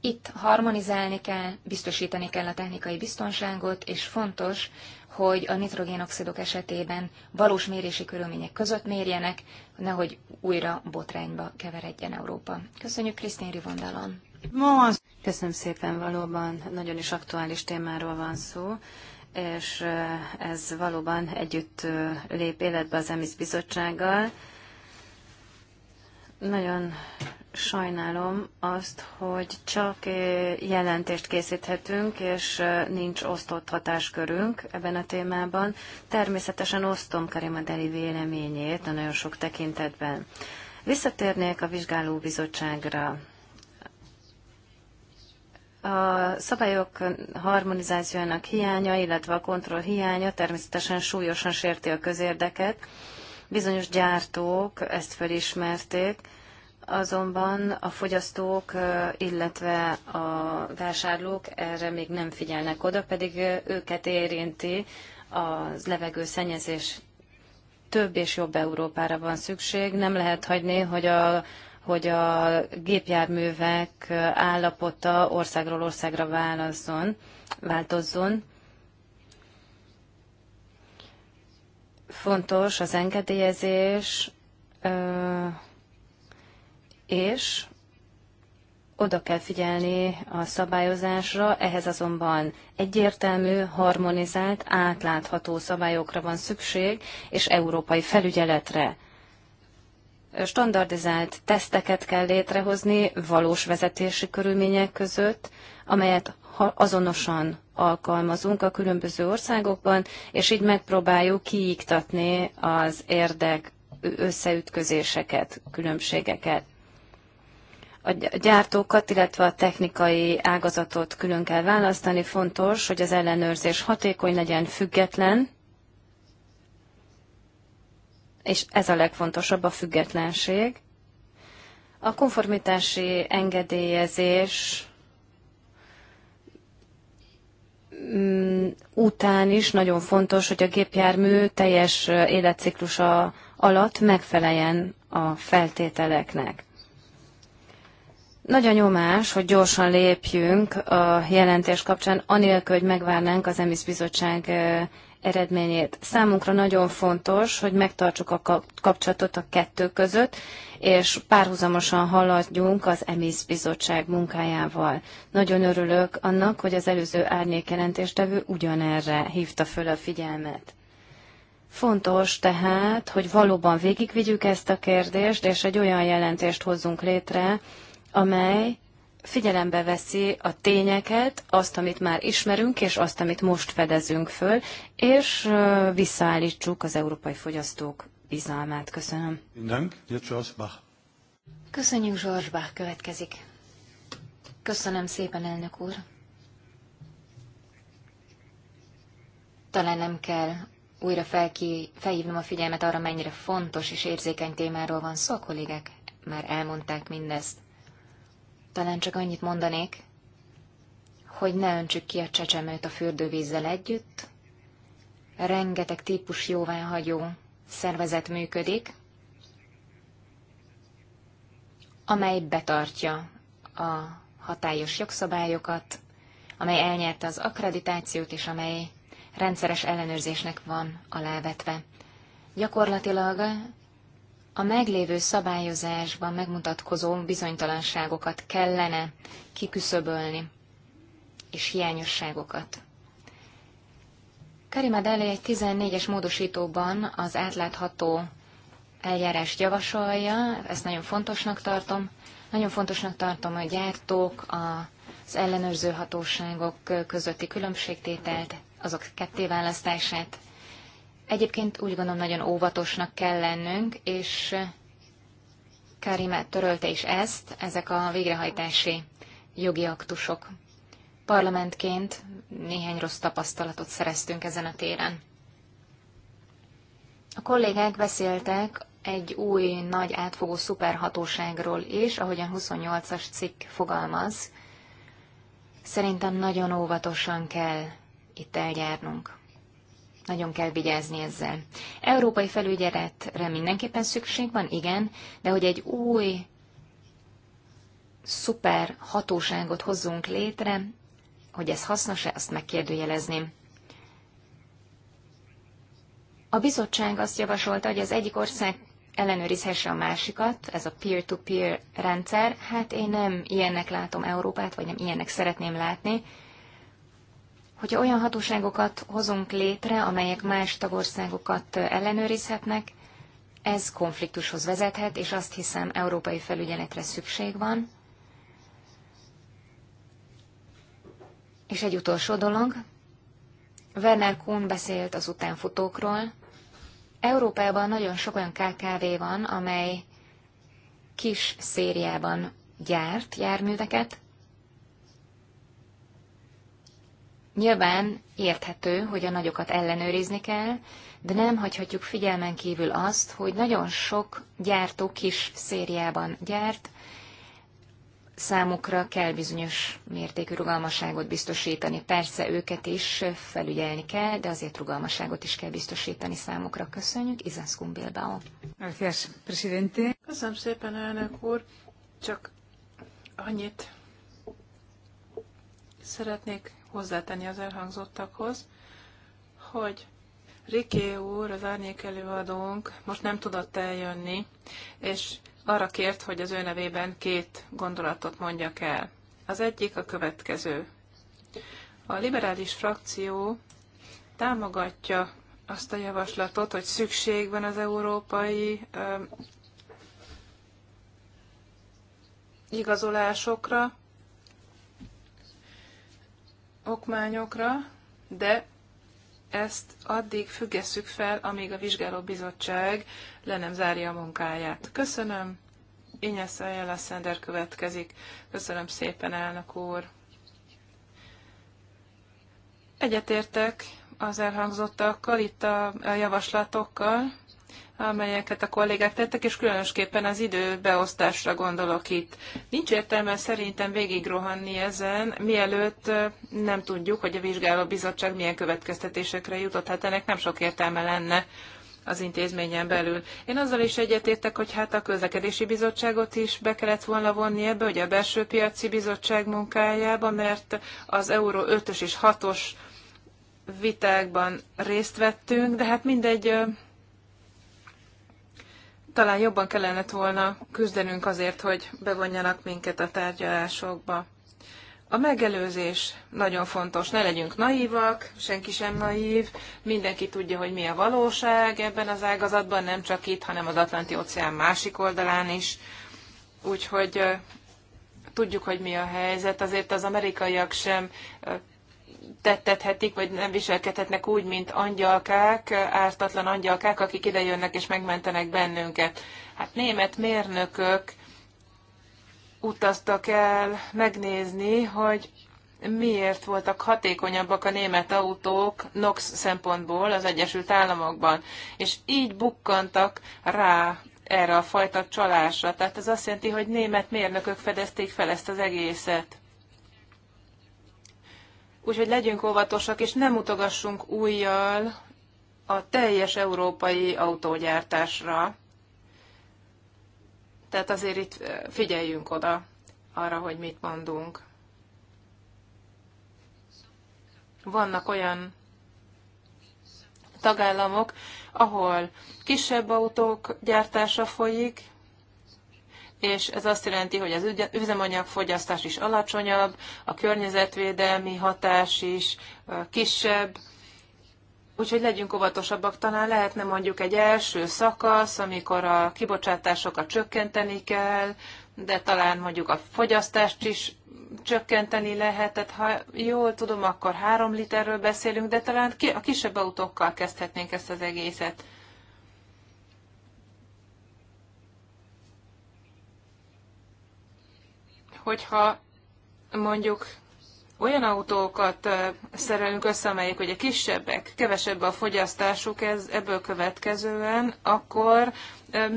Itt harmonizálni kell, biztosítani kell a technikai biztonságot, és fontos, hogy a nitrogénoxidok esetében valós mérési körülmények között mérjenek, nehogy újra botrányba keveredjen Európa. Köszönjük Krisztin Rivondalon! Köszönöm szépen, valóban nagyon is aktuális témáról van szó és ez valóban együtt lép életbe az EMISZ bizottsággal. Nagyon sajnálom azt, hogy csak jelentést készíthetünk, és nincs osztott hatáskörünk ebben a témában. Természetesen osztom Karima Deli véleményét a nagyon sok tekintetben. Visszatérnék a vizsgálóbizottságra. bizottságra a szabályok harmonizációjának hiánya, illetve a kontroll hiánya természetesen súlyosan sérti a közérdeket. Bizonyos gyártók ezt felismerték, azonban a fogyasztók, illetve a vásárlók erre még nem figyelnek oda, pedig őket érinti az szennyezés. több és jobb Európára van szükség. Nem lehet hagyni, hogy a, hogy a gépjárművek állapota országról országra válaszon, változzon. Fontos az engedélyezés, és oda kell figyelni a szabályozásra, ehhez azonban egyértelmű, harmonizált, átlátható szabályokra van szükség, és európai felügyeletre standardizált teszteket kell létrehozni valós vezetési körülmények között, amelyet azonosan alkalmazunk a különböző országokban, és így megpróbáljuk kiiktatni az érdek összeütközéseket, különbségeket. A gyártókat, illetve a technikai ágazatot külön kell választani. Fontos, hogy az ellenőrzés hatékony legyen, független, és ez a legfontosabb, a függetlenség. A konformitási engedélyezés mm, után is nagyon fontos, hogy a gépjármű teljes életciklusa alatt megfeleljen a feltételeknek. Nagy a nyomás, hogy gyorsan lépjünk a jelentés kapcsán, anélkül, hogy megvárnánk az EMISZ bizottság eredményét. Számunkra nagyon fontos, hogy megtartsuk a kapcsolatot a kettő között, és párhuzamosan haladjunk az EMISZ bizottság munkájával. Nagyon örülök annak, hogy az előző árnyékjelentéstevő ugyanerre hívta föl a figyelmet. Fontos tehát, hogy valóban végigvigyük ezt a kérdést, és egy olyan jelentést hozzunk létre, amely figyelembe veszi a tényeket, azt, amit már ismerünk, és azt, amit most fedezünk föl, és visszaállítsuk az európai fogyasztók bizalmát. Köszönöm. Köszönjük, George Bach következik. Köszönöm szépen, elnök úr. Talán nem kell újra felki, felhívnom a figyelmet arra, mennyire fontos és érzékeny témáról van szó, a kollégek már elmondták mindezt. Talán csak annyit mondanék, hogy ne öntsük ki a csecsemőt a fürdővízzel együtt. Rengeteg típus jóváhagyó szervezet működik, amely betartja a hatályos jogszabályokat, amely elnyerte az akkreditációt, és amely rendszeres ellenőrzésnek van alávetve. Gyakorlatilag a meglévő szabályozásban megmutatkozó bizonytalanságokat kellene kiküszöbölni, és hiányosságokat. Karima Deli egy 14-es módosítóban az átlátható eljárás javasolja, ezt nagyon fontosnak tartom. Nagyon fontosnak tartom a gyártók, az ellenőrző hatóságok közötti különbségtételt, azok kettéválasztását, Egyébként úgy gondolom, nagyon óvatosnak kell lennünk, és Karimet törölte is ezt, ezek a végrehajtási jogi aktusok. Parlamentként néhány rossz tapasztalatot szereztünk ezen a téren. A kollégák beszéltek egy új, nagy átfogó szuperhatóságról is, ahogyan 28-as cikk fogalmaz. Szerintem nagyon óvatosan kell itt eljárnunk. Nagyon kell vigyázni ezzel. Európai felügyeletre mindenképpen szükség van, igen, de hogy egy új szuper hatóságot hozzunk létre, hogy ez hasznos-e, azt megkérdőjelezném. A bizottság azt javasolta, hogy az egyik ország ellenőrizhesse a másikat, ez a peer-to-peer -peer rendszer. Hát én nem ilyennek látom Európát, vagy nem ilyennek szeretném látni. Hogyha olyan hatóságokat hozunk létre, amelyek más tagországokat ellenőrizhetnek, ez konfliktushoz vezethet, és azt hiszem európai felügyeletre szükség van. És egy utolsó dolog. Werner Kuhn beszélt az utánfutókról. Európában nagyon sok olyan KKV van, amely kis szériában gyárt járműveket, Nyilván érthető, hogy a nagyokat ellenőrizni kell, de nem hagyhatjuk figyelmen kívül azt, hogy nagyon sok gyártó kis szériában gyárt, számukra kell bizonyos mértékű rugalmasságot biztosítani. Persze őket is felügyelni kell, de azért rugalmasságot is kell biztosítani számukra. Köszönjük, Izan Skumbilbao. Köszönöm szépen, elnök úr. Csak annyit szeretnék hozzátenni az elhangzottakhoz, hogy Riké úr, az árnyék előadónk most nem tudott eljönni, és arra kért, hogy az ő nevében két gondolatot mondjak el. Az egyik a következő. A liberális frakció támogatja azt a javaslatot, hogy szükség van az európai igazolásokra, okmányokra, de ezt addig függesszük fel, amíg a vizsgálóbizottság le nem zárja a munkáját. Köszönöm. Ines Ayala Szender következik. Köszönöm szépen, elnök úr. Egyetértek az elhangzottakkal, itt a javaslatokkal, amelyeket a kollégák tettek, és különösképpen az időbeosztásra gondolok itt. Nincs értelme szerintem végigrohanni ezen, mielőtt nem tudjuk, hogy a bizottság milyen következtetésekre jutott. Hát ennek nem sok értelme lenne az intézményen belül. Én azzal is egyetértek, hogy hát a közlekedési bizottságot is be kellett volna vonni ebbe, hogy a belső piaci bizottság munkájába, mert az euró 5-ös és 6-os vitákban részt vettünk, de hát mindegy talán jobban kellene volna küzdenünk azért, hogy bevonjanak minket a tárgyalásokba. A megelőzés nagyon fontos, ne legyünk naívak, senki sem naív, mindenki tudja, hogy mi a valóság ebben az ágazatban, nem csak itt, hanem az Atlanti óceán másik oldalán is. Úgyhogy tudjuk, hogy mi a helyzet, azért az amerikaiak sem tettethetik, vagy nem viselkedhetnek úgy, mint angyalkák, ártatlan angyalkák, akik idejönnek és megmentenek bennünket. Hát német mérnökök utaztak el megnézni, hogy miért voltak hatékonyabbak a német autók NOx szempontból az Egyesült Államokban. És így bukkantak rá erre a fajta csalásra. Tehát ez azt jelenti, hogy német mérnökök fedezték fel ezt az egészet. Úgyhogy legyünk óvatosak, és nem mutogassunk újjal a teljes európai autógyártásra. Tehát azért itt figyeljünk oda arra, hogy mit mondunk. Vannak olyan tagállamok, ahol kisebb autók gyártása folyik, és ez azt jelenti, hogy az üzemanyagfogyasztás is alacsonyabb, a környezetvédelmi hatás is kisebb, Úgyhogy legyünk óvatosabbak, talán lehetne mondjuk egy első szakasz, amikor a kibocsátásokat csökkenteni kell, de talán mondjuk a fogyasztást is csökkenteni lehet. Tehát ha jól tudom, akkor három literről beszélünk, de talán a kisebb autókkal kezdhetnénk ezt az egészet. hogyha mondjuk olyan autókat szerelünk össze, amelyek ugye kisebbek, kevesebb a fogyasztásuk ez, ebből következően, akkor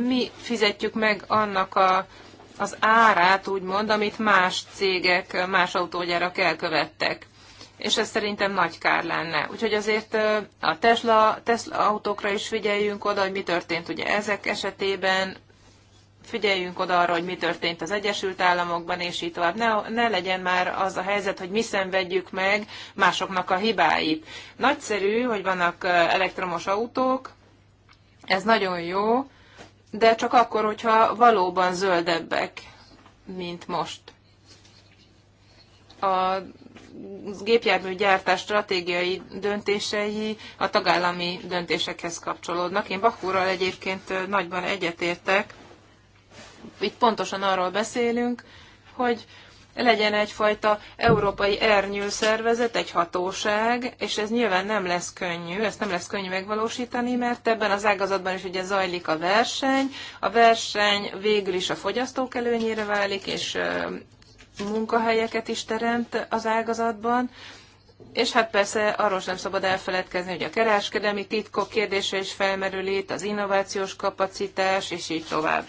mi fizetjük meg annak a, az árát, úgymond, amit más cégek, más autógyárak elkövettek. És ez szerintem nagy kár lenne. Úgyhogy azért a Tesla, Tesla autókra is figyeljünk oda, hogy mi történt ugye ezek esetében, figyeljünk oda arra, hogy mi történt az Egyesült Államokban, és így tovább. Ne, ne legyen már az a helyzet, hogy mi szenvedjük meg másoknak a hibáit. Nagyszerű, hogy vannak elektromos autók, ez nagyon jó, de csak akkor, hogyha valóban zöldebbek, mint most. A gépjárműgyártás stratégiai döntései a tagállami döntésekhez kapcsolódnak. Én Bakúrral egyébként nagyban egyetértek, itt pontosan arról beszélünk, hogy legyen egyfajta európai ernyő szervezet, egy hatóság, és ez nyilván nem lesz könnyű, ezt nem lesz könnyű megvalósítani, mert ebben az ágazatban is ugye zajlik a verseny, a verseny végül is a fogyasztók előnyére válik, és munkahelyeket is teremt az ágazatban, és hát persze arról sem szabad elfeledkezni, hogy a kereskedelmi titkok kérdése is felmerül itt, az innovációs kapacitás, és így tovább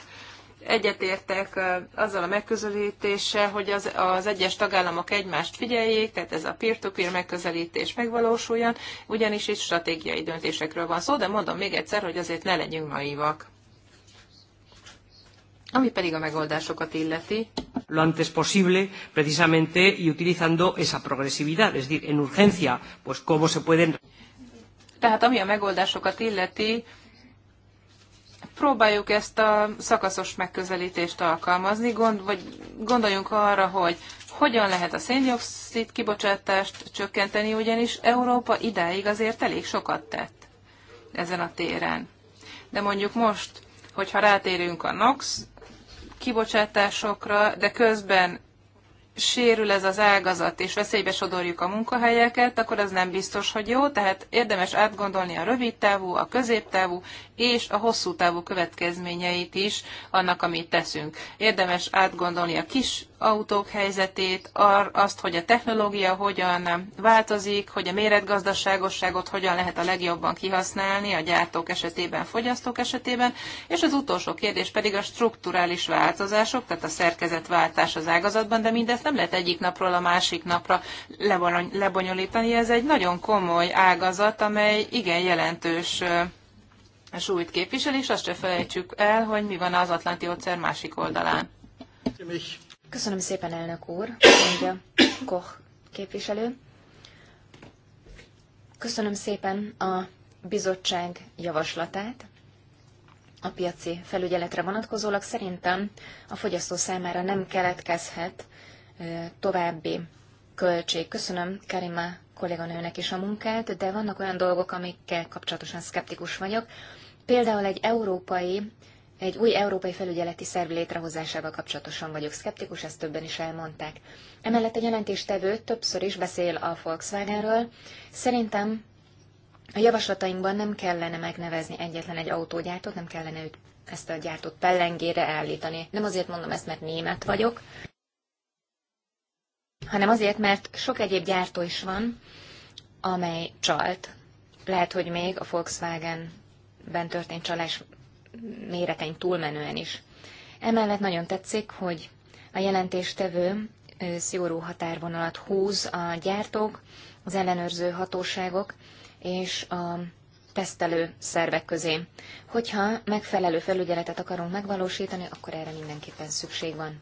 egyetértek azzal a megközelítéssel, hogy az, az egyes tagállamok egymást figyeljék, tehát ez a peer-to-peer -peer megközelítés megvalósuljon, ugyanis itt stratégiai döntésekről van szó, de mondom még egyszer, hogy azért ne legyünk naivak. Ami pedig a megoldásokat illeti. Lo antes posible, precisamente, y utilizando esa progresividad, es decir, en urgencia, pues cómo se pueden... Tehát ami a megoldásokat illeti, próbáljuk ezt a szakaszos megközelítést alkalmazni, gond, vagy gondoljunk arra, hogy hogyan lehet a széndiokszid kibocsátást csökkenteni, ugyanis Európa idáig azért elég sokat tett ezen a téren. De mondjuk most, hogyha rátérünk a NOx kibocsátásokra, de közben sérül ez az ágazat, és veszélybe sodorjuk a munkahelyeket, akkor az nem biztos, hogy jó, tehát érdemes átgondolni a rövid távú, a középtávú és a hosszú távú következményeit is annak, amit teszünk. Érdemes átgondolni a kis autók helyzetét, azt, hogy a technológia hogyan változik, hogy a méretgazdaságosságot hogyan lehet a legjobban kihasználni a gyártók esetében, fogyasztók esetében, és az utolsó kérdés pedig a strukturális változások, tehát a szerkezetváltás az ágazatban, de mindezt nem lehet egyik napról a másik napra lebonyolítani. Ez egy nagyon komoly ágazat, amely igen jelentős súlyt képvisel, és azt se felejtsük el, hogy mi van az Atlanti óceán másik oldalán. Köszönöm szépen, elnök úr, mondja Koch képviselő. Köszönöm szépen a bizottság javaslatát a piaci felügyeletre vonatkozólag. Szerintem a fogyasztó számára nem keletkezhet további költség. Köszönöm Karima kolléganőnek is a munkát, de vannak olyan dolgok, amikkel kapcsolatosan szkeptikus vagyok. Például egy európai, egy új európai felügyeleti szerv létrehozásával kapcsolatosan vagyok szkeptikus, ezt többen is elmondták. Emellett a jelentéstevő többször is beszél a Volkswagenről. Szerintem a javaslatainkban nem kellene megnevezni egyetlen egy autógyártót, nem kellene őt ezt a gyártót pellengére állítani. Nem azért mondom ezt, mert német vagyok, hanem azért, mert sok egyéb gyártó is van, amely csalt. Lehet, hogy még a Volkswagen ben történt csalás méretein túlmenően is. Emellett nagyon tetszik, hogy a jelentéstevő szigorú határvonalat húz a gyártók, az ellenőrző hatóságok és a tesztelő szervek közé. Hogyha megfelelő felügyeletet akarunk megvalósítani, akkor erre mindenképpen szükség van.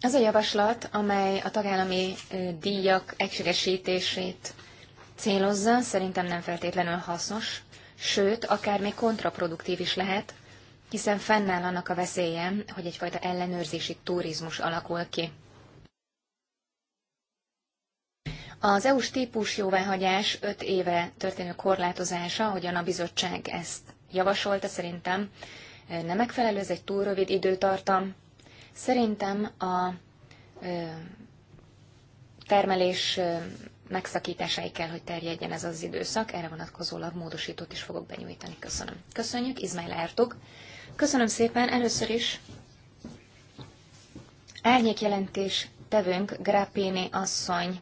Ez a javaslat, amely a tagállami díjak egységesítését célozza, szerintem nem feltétlenül hasznos, sőt, akár még kontraproduktív is lehet, hiszen fennáll annak a veszélye, hogy egyfajta ellenőrzési turizmus alakul ki. Az EU-s típus jóváhagyás 5 éve történő korlátozása, ahogyan a bizottság ezt javasolta, szerintem eh, nem megfelelő, ez egy túl rövid időtartam. Szerintem a eh, termelés eh, megszakításáig kell, hogy terjedjen ez az időszak, erre vonatkozólag módosítót is fogok benyújtani. Köszönöm. Köszönjük, Izmail Ertug. Köszönöm szépen, először is árnyékjelentés tevünk Grappini asszony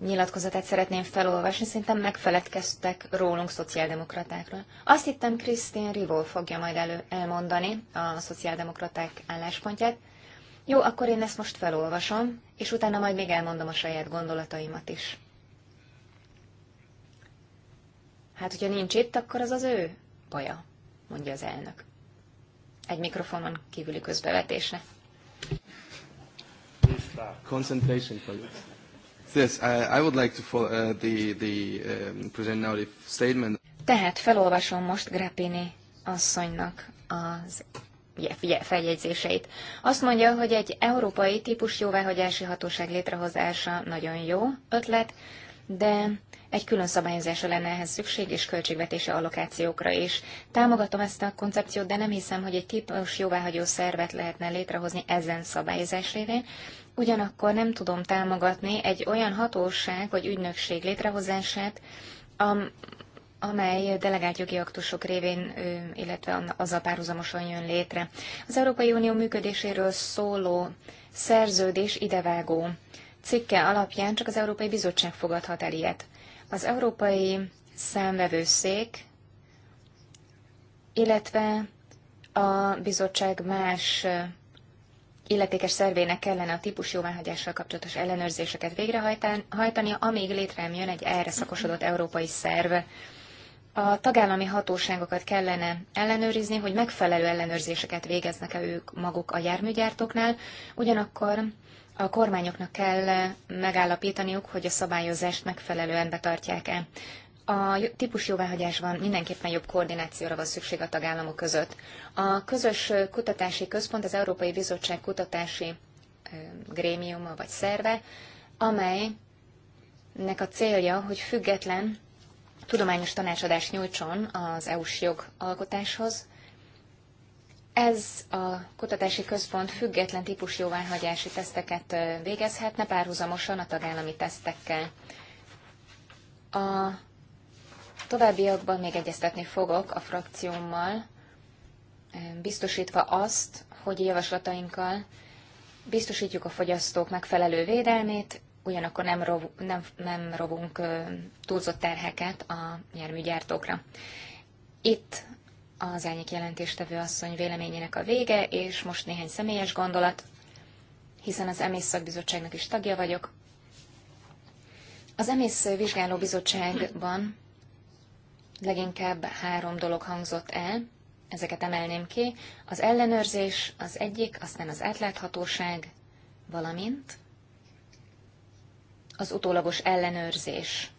nyilatkozatát szeretném felolvasni, szerintem megfeledkeztek rólunk szociáldemokratákról. Azt hittem, Krisztin Rivol fogja majd elő, elmondani a szociáldemokraták álláspontját, jó, akkor én ezt most felolvasom, és utána majd még elmondom a saját gondolataimat is. Hát, hogyha nincs itt, akkor az az ő baja, mondja az elnök. Egy mikrofonon kívüli közbevetésre. Concentration, for Yes, I, I would like to follow uh, the, the um, present now the statement. Tehát felolvasom most Grappini asszonynak az feljegyzéseit. Azt mondja, hogy egy európai típus jóváhagyási hatóság létrehozása nagyon jó ötlet, de egy külön szabályozása lenne ehhez szükség, és költségvetési allokációkra is. Támogatom ezt a koncepciót, de nem hiszem, hogy egy típus jóváhagyó szervet lehetne létrehozni ezen szabályozás révén. Ugyanakkor nem tudom támogatni egy olyan hatóság vagy ügynökség létrehozását, amely delegált jogi aktusok révén, illetve azzal párhuzamosan jön létre. Az Európai Unió működéséről szóló szerződés idevágó cikke alapján csak az Európai Bizottság fogadhat el ilyet. Az Európai Számvevőszék, illetve a bizottság más illetékes szervének kellene a típus jóváhagyással kapcsolatos ellenőrzéseket végrehajtani, amíg létre jön egy erre szakosodott európai szerv a tagállami hatóságokat kellene ellenőrizni, hogy megfelelő ellenőrzéseket végeznek-e ők maguk a járműgyártóknál, ugyanakkor a kormányoknak kell megállapítaniuk, hogy a szabályozást megfelelően betartják-e. A típus jóváhagyásban mindenképpen jobb koordinációra van szükség a tagállamok között. A közös kutatási központ az Európai Bizottság kutatási grémiuma vagy szerve, amelynek a célja, hogy független tudományos tanácsadást nyújtson az EU-s jogalkotáshoz. Ez a kutatási központ független típus jóváhagyási teszteket végezhetne párhuzamosan a tagállami tesztekkel. A továbbiakban még egyeztetni fogok a frakciómmal, biztosítva azt, hogy javaslatainkkal biztosítjuk a fogyasztók megfelelő védelmét, ugyanakkor nem, rov, nem, nem rovunk túlzott terheket a nyerműgyártókra. Itt az elnyék jelentéstevő asszony véleményének a vége, és most néhány személyes gondolat, hiszen az Emész Szakbizottságnak is tagja vagyok. Az Emész Vizsgáló Bizottságban leginkább három dolog hangzott el, ezeket emelném ki. Az ellenőrzés az egyik, aztán az átláthatóság, valamint az utólagos ellenőrzés.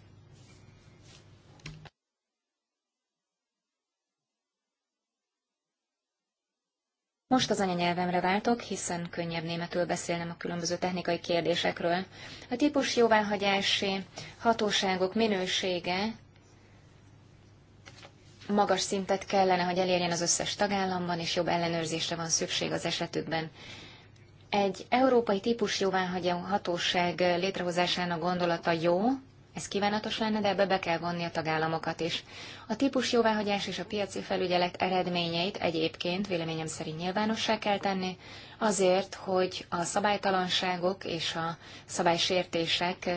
Most az anyanyelvemre váltok, hiszen könnyebb németül beszélnem a különböző technikai kérdésekről. A típus jóváhagyási hatóságok minősége magas szintet kellene, hogy elérjen az összes tagállamban, és jobb ellenőrzésre van szükség az esetükben. Egy európai típus jóváhagyó hatóság létrehozásának gondolata jó, ez kívánatos lenne, de ebbe be kell vonni a tagállamokat is. A típus jóváhagyás és a piaci felügyelet eredményeit egyébként véleményem szerint nyilvánossá kell tenni, azért, hogy a szabálytalanságok és a szabálysértések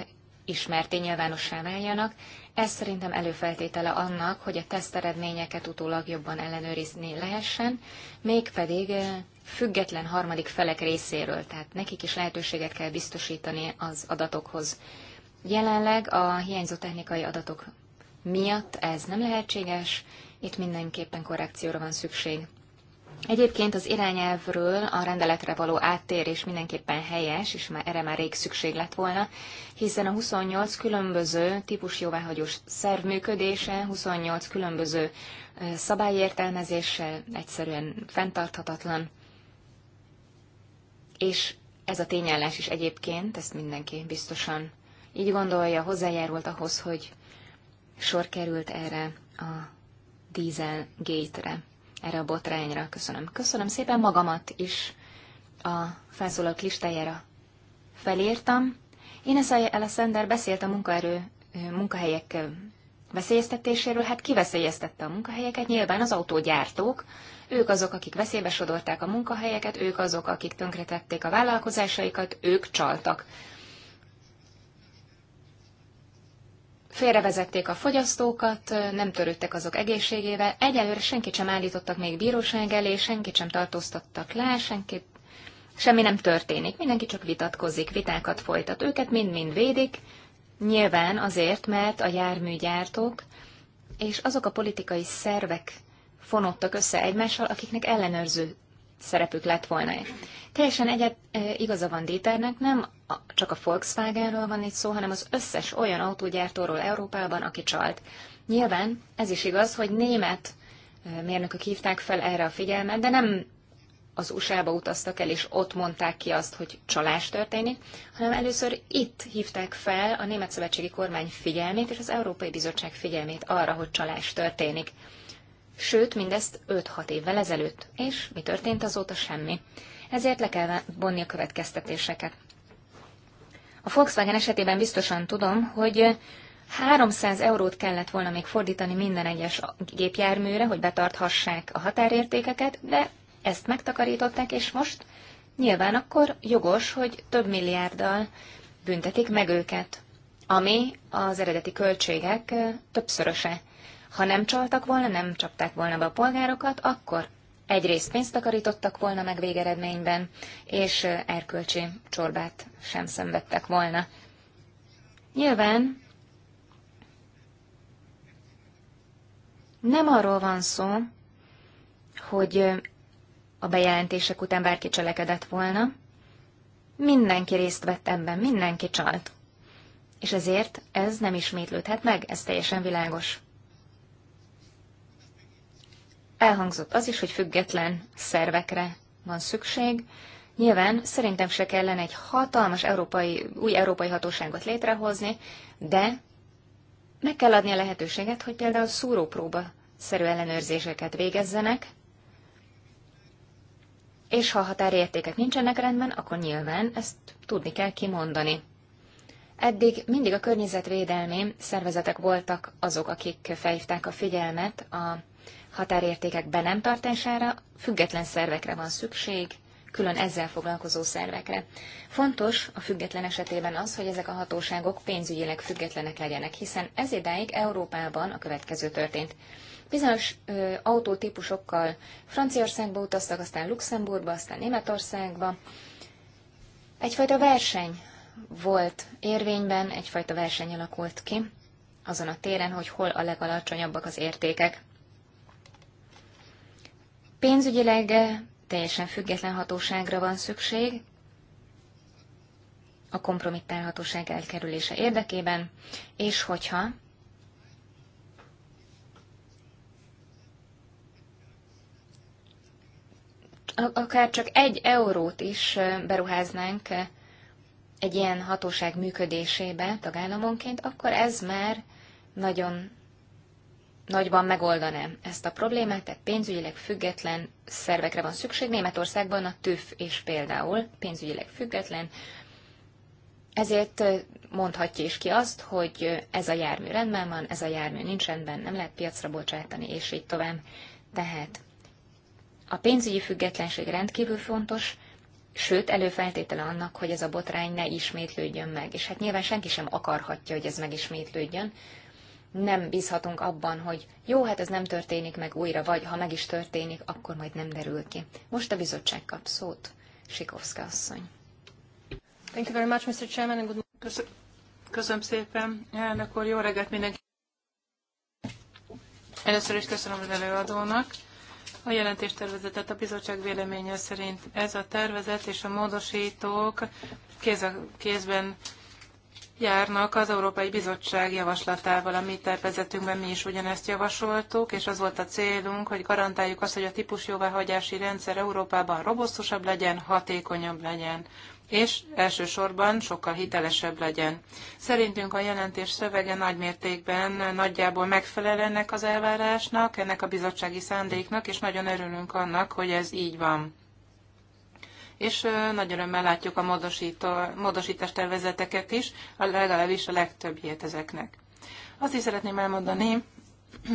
ismerté nyilvánossá váljanak. Ez szerintem előfeltétele annak, hogy a teszt eredményeket utólag jobban ellenőrizni lehessen, mégpedig eh, független harmadik felek részéről, tehát nekik is lehetőséget kell biztosítani az adatokhoz. Jelenleg a hiányzó technikai adatok miatt ez nem lehetséges, itt mindenképpen korrekcióra van szükség. Egyébként az irányelvről a rendeletre való áttérés mindenképpen helyes, és már erre már rég szükség lett volna, hiszen a 28 különböző típus jóváhagyós szerv működése, 28 különböző szabályértelmezéssel egyszerűen fenntarthatatlan és ez a tényállás is egyébként, ezt mindenki biztosan így gondolja, hozzájárult ahhoz, hogy sor került erre a Diesel Gate-re, erre a botrányra. Köszönöm. Köszönöm szépen magamat is a felszólalók listájára felírtam. Én ezt a Alexander beszélt a munkaerő munkahelyek veszélyeztetéséről, hát ki veszélyeztette a munkahelyeket? Nyilván az autógyártók. Ők azok, akik veszélybe sodorták a munkahelyeket, ők azok, akik tönkretették a vállalkozásaikat, ők csaltak. Félrevezették a fogyasztókat, nem törődtek azok egészségével, egyelőre senkit sem állítottak még bíróság elé, senkit sem tartóztattak le, senkit semmi nem történik, mindenki csak vitatkozik, vitákat folytat, őket mind-mind védik, Nyilván azért, mert a járműgyártók és azok a politikai szervek fonottak össze egymással, akiknek ellenőrző szerepük lett volna. Teljesen egyet e, igaza van Dieternek, nem a, csak a Volkswagenről van itt szó, hanem az összes olyan autógyártóról Európában, aki csalt. Nyilván ez is igaz, hogy német mérnökök hívták fel erre a figyelmet, de nem az USA-ba utaztak el, és ott mondták ki azt, hogy csalás történik, hanem először itt hívták fel a Német Szövetségi Kormány figyelmét és az Európai Bizottság figyelmét arra, hogy csalás történik. Sőt, mindezt 5-6 évvel ezelőtt, és mi történt azóta semmi. Ezért le kell vonni a következtetéseket. A Volkswagen esetében biztosan tudom, hogy 300 eurót kellett volna még fordítani minden egyes gépjárműre, hogy betarthassák a határértékeket, de ezt megtakarították, és most nyilván akkor jogos, hogy több milliárddal büntetik meg őket, ami az eredeti költségek többszöröse. Ha nem csaltak volna, nem csapták volna be a polgárokat, akkor egyrészt pénzt takarítottak volna meg végeredményben, és erkölcsi csorbát sem szenvedtek volna. Nyilván nem arról van szó, hogy a bejelentések után bárki cselekedett volna. Mindenki részt vett ebben, mindenki csalt. És ezért ez nem ismétlődhet meg, ez teljesen világos. Elhangzott az is, hogy független szervekre van szükség. Nyilván szerintem se kellene egy hatalmas európai, új európai hatóságot létrehozni, de meg kell adni a lehetőséget, hogy például szúrópróba szerű ellenőrzéseket végezzenek, és ha határértékek nincsenek rendben, akkor nyilván ezt tudni kell kimondani. Eddig mindig a környezetvédelmi szervezetek voltak azok, akik felhívták a figyelmet a határértékek be nem tartására, független szervekre van szükség, külön ezzel foglalkozó szervekre. Fontos a független esetében az, hogy ezek a hatóságok pénzügyileg függetlenek legyenek, hiszen ez idáig Európában a következő történt. Bizonyos ö, autótípusokkal Franciaországba utaztak, aztán Luxemburgba, aztán Németországba. Egyfajta verseny volt érvényben, egyfajta verseny alakult ki azon a téren, hogy hol a legalacsonyabbak az értékek. Pénzügyileg teljesen független hatóságra van szükség, a kompromittálhatóság elkerülése érdekében, és hogyha akár csak egy eurót is beruháznánk egy ilyen hatóság működésébe tagállamonként, akkor ez már nagyon nagyban megoldaná ezt a problémát, tehát pénzügyileg független szervekre van szükség. Németországban a TÜV és például pénzügyileg független, ezért mondhatja is ki azt, hogy ez a jármű rendben van, ez a jármű nincs rendben, nem lehet piacra bocsátani, és így tovább. Tehát a pénzügyi függetlenség rendkívül fontos, sőt előfeltétele annak, hogy ez a botrány ne ismétlődjön meg. És hát nyilván senki sem akarhatja, hogy ez megismétlődjön. Nem bízhatunk abban, hogy jó, hát ez nem történik meg újra, vagy ha meg is történik, akkor majd nem derül ki. Most a bizottság kap szót. Sikovszka asszony. Thank you very much, Mr. Chairman, and good morning. Köszönöm szépen, elnök úr, jó reggelt mindenki. Először is köszönöm az előadónak a jelentéstervezetet a bizottság véleménye szerint. Ez a tervezet és a módosítók kéz a kézben járnak az Európai Bizottság javaslatával. A mi tervezetünkben mi is ugyanezt javasoltuk, és az volt a célunk, hogy garantáljuk azt, hogy a típus jóváhagyási rendszer Európában robosztusabb legyen, hatékonyabb legyen és elsősorban sokkal hitelesebb legyen. Szerintünk a jelentés szövege nagymértékben nagyjából megfelel ennek az elvárásnak, ennek a bizottsági szándéknak, és nagyon örülünk annak, hogy ez így van és nagy örömmel látjuk a módosító, módosítás tervezeteket is, a legalábbis a legtöbbjét ezeknek. Azt is szeretném elmondani,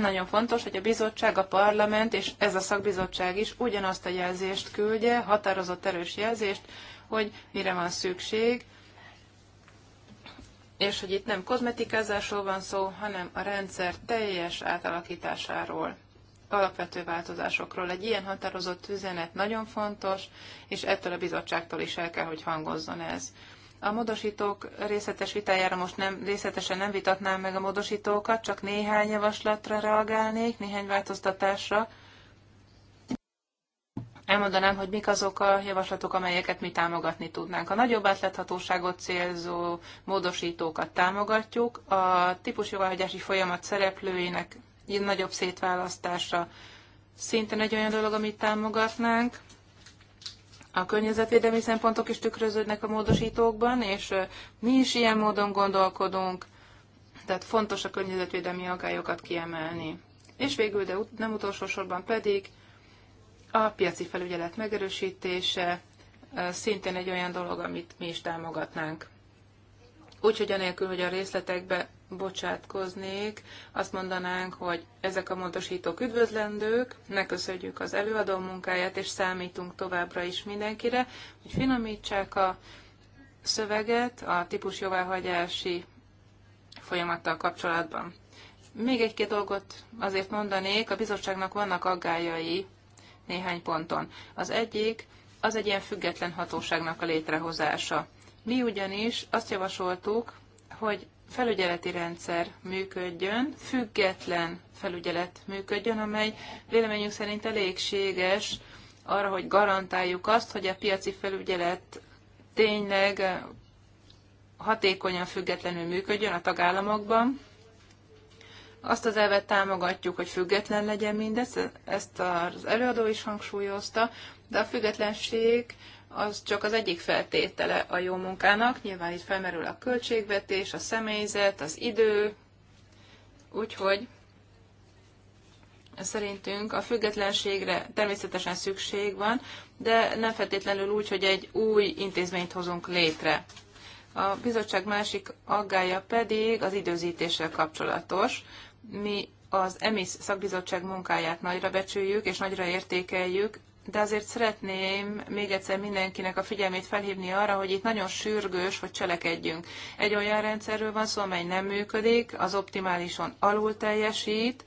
nagyon fontos, hogy a bizottság, a parlament és ez a szakbizottság is ugyanazt a jelzést küldje, határozott erős jelzést, hogy mire van szükség, és hogy itt nem kozmetikázásról van szó, hanem a rendszer teljes átalakításáról, alapvető változásokról. Egy ilyen határozott üzenet nagyon fontos, és ettől a bizottságtól is el kell, hogy hangozzon ez. A módosítók részletes vitájára most nem, részletesen nem vitatnám meg a módosítókat, csak néhány javaslatra reagálnék, néhány változtatásra elmondanám, hogy mik azok a javaslatok, amelyeket mi támogatni tudnánk. A nagyobb átláthatóságot célzó módosítókat támogatjuk, a típusjogalhagyási folyamat szereplőinek nagyobb szétválasztása szintén egy olyan dolog, amit támogatnánk. A környezetvédelmi szempontok is tükröződnek a módosítókban, és mi is ilyen módon gondolkodunk, tehát fontos a környezetvédelmi aggályokat kiemelni. És végül, de nem utolsó sorban pedig, a piaci felügyelet megerősítése szintén egy olyan dolog, amit mi is támogatnánk. Úgyhogy anélkül, hogy a részletekbe bocsátkoznék, azt mondanánk, hogy ezek a módosítók üdvözlendők, ne köszönjük az előadó munkáját, és számítunk továbbra is mindenkire, hogy finomítsák a szöveget a típus jóváhagyási folyamattal kapcsolatban. Még egy-két dolgot azért mondanék, a bizottságnak vannak aggályai néhány ponton. Az egyik, az egy ilyen független hatóságnak a létrehozása. Mi ugyanis azt javasoltuk, hogy felügyeleti rendszer működjön, független felügyelet működjön, amely véleményünk szerint elégséges arra, hogy garantáljuk azt, hogy a piaci felügyelet tényleg hatékonyan, függetlenül működjön a tagállamokban, azt az elvet támogatjuk, hogy független legyen mindez, ezt az előadó is hangsúlyozta, de a függetlenség az csak az egyik feltétele a jó munkának. Nyilván itt felmerül a költségvetés, a személyzet, az idő, úgyhogy szerintünk a függetlenségre természetesen szükség van, de nem feltétlenül úgy, hogy egy új intézményt hozunk létre. A bizottság másik aggája pedig az időzítéssel kapcsolatos mi az EMIS szakbizottság munkáját nagyra becsüljük és nagyra értékeljük, de azért szeretném még egyszer mindenkinek a figyelmét felhívni arra, hogy itt nagyon sürgős, hogy cselekedjünk. Egy olyan rendszerről van szó, amely nem működik, az optimálison alul teljesít,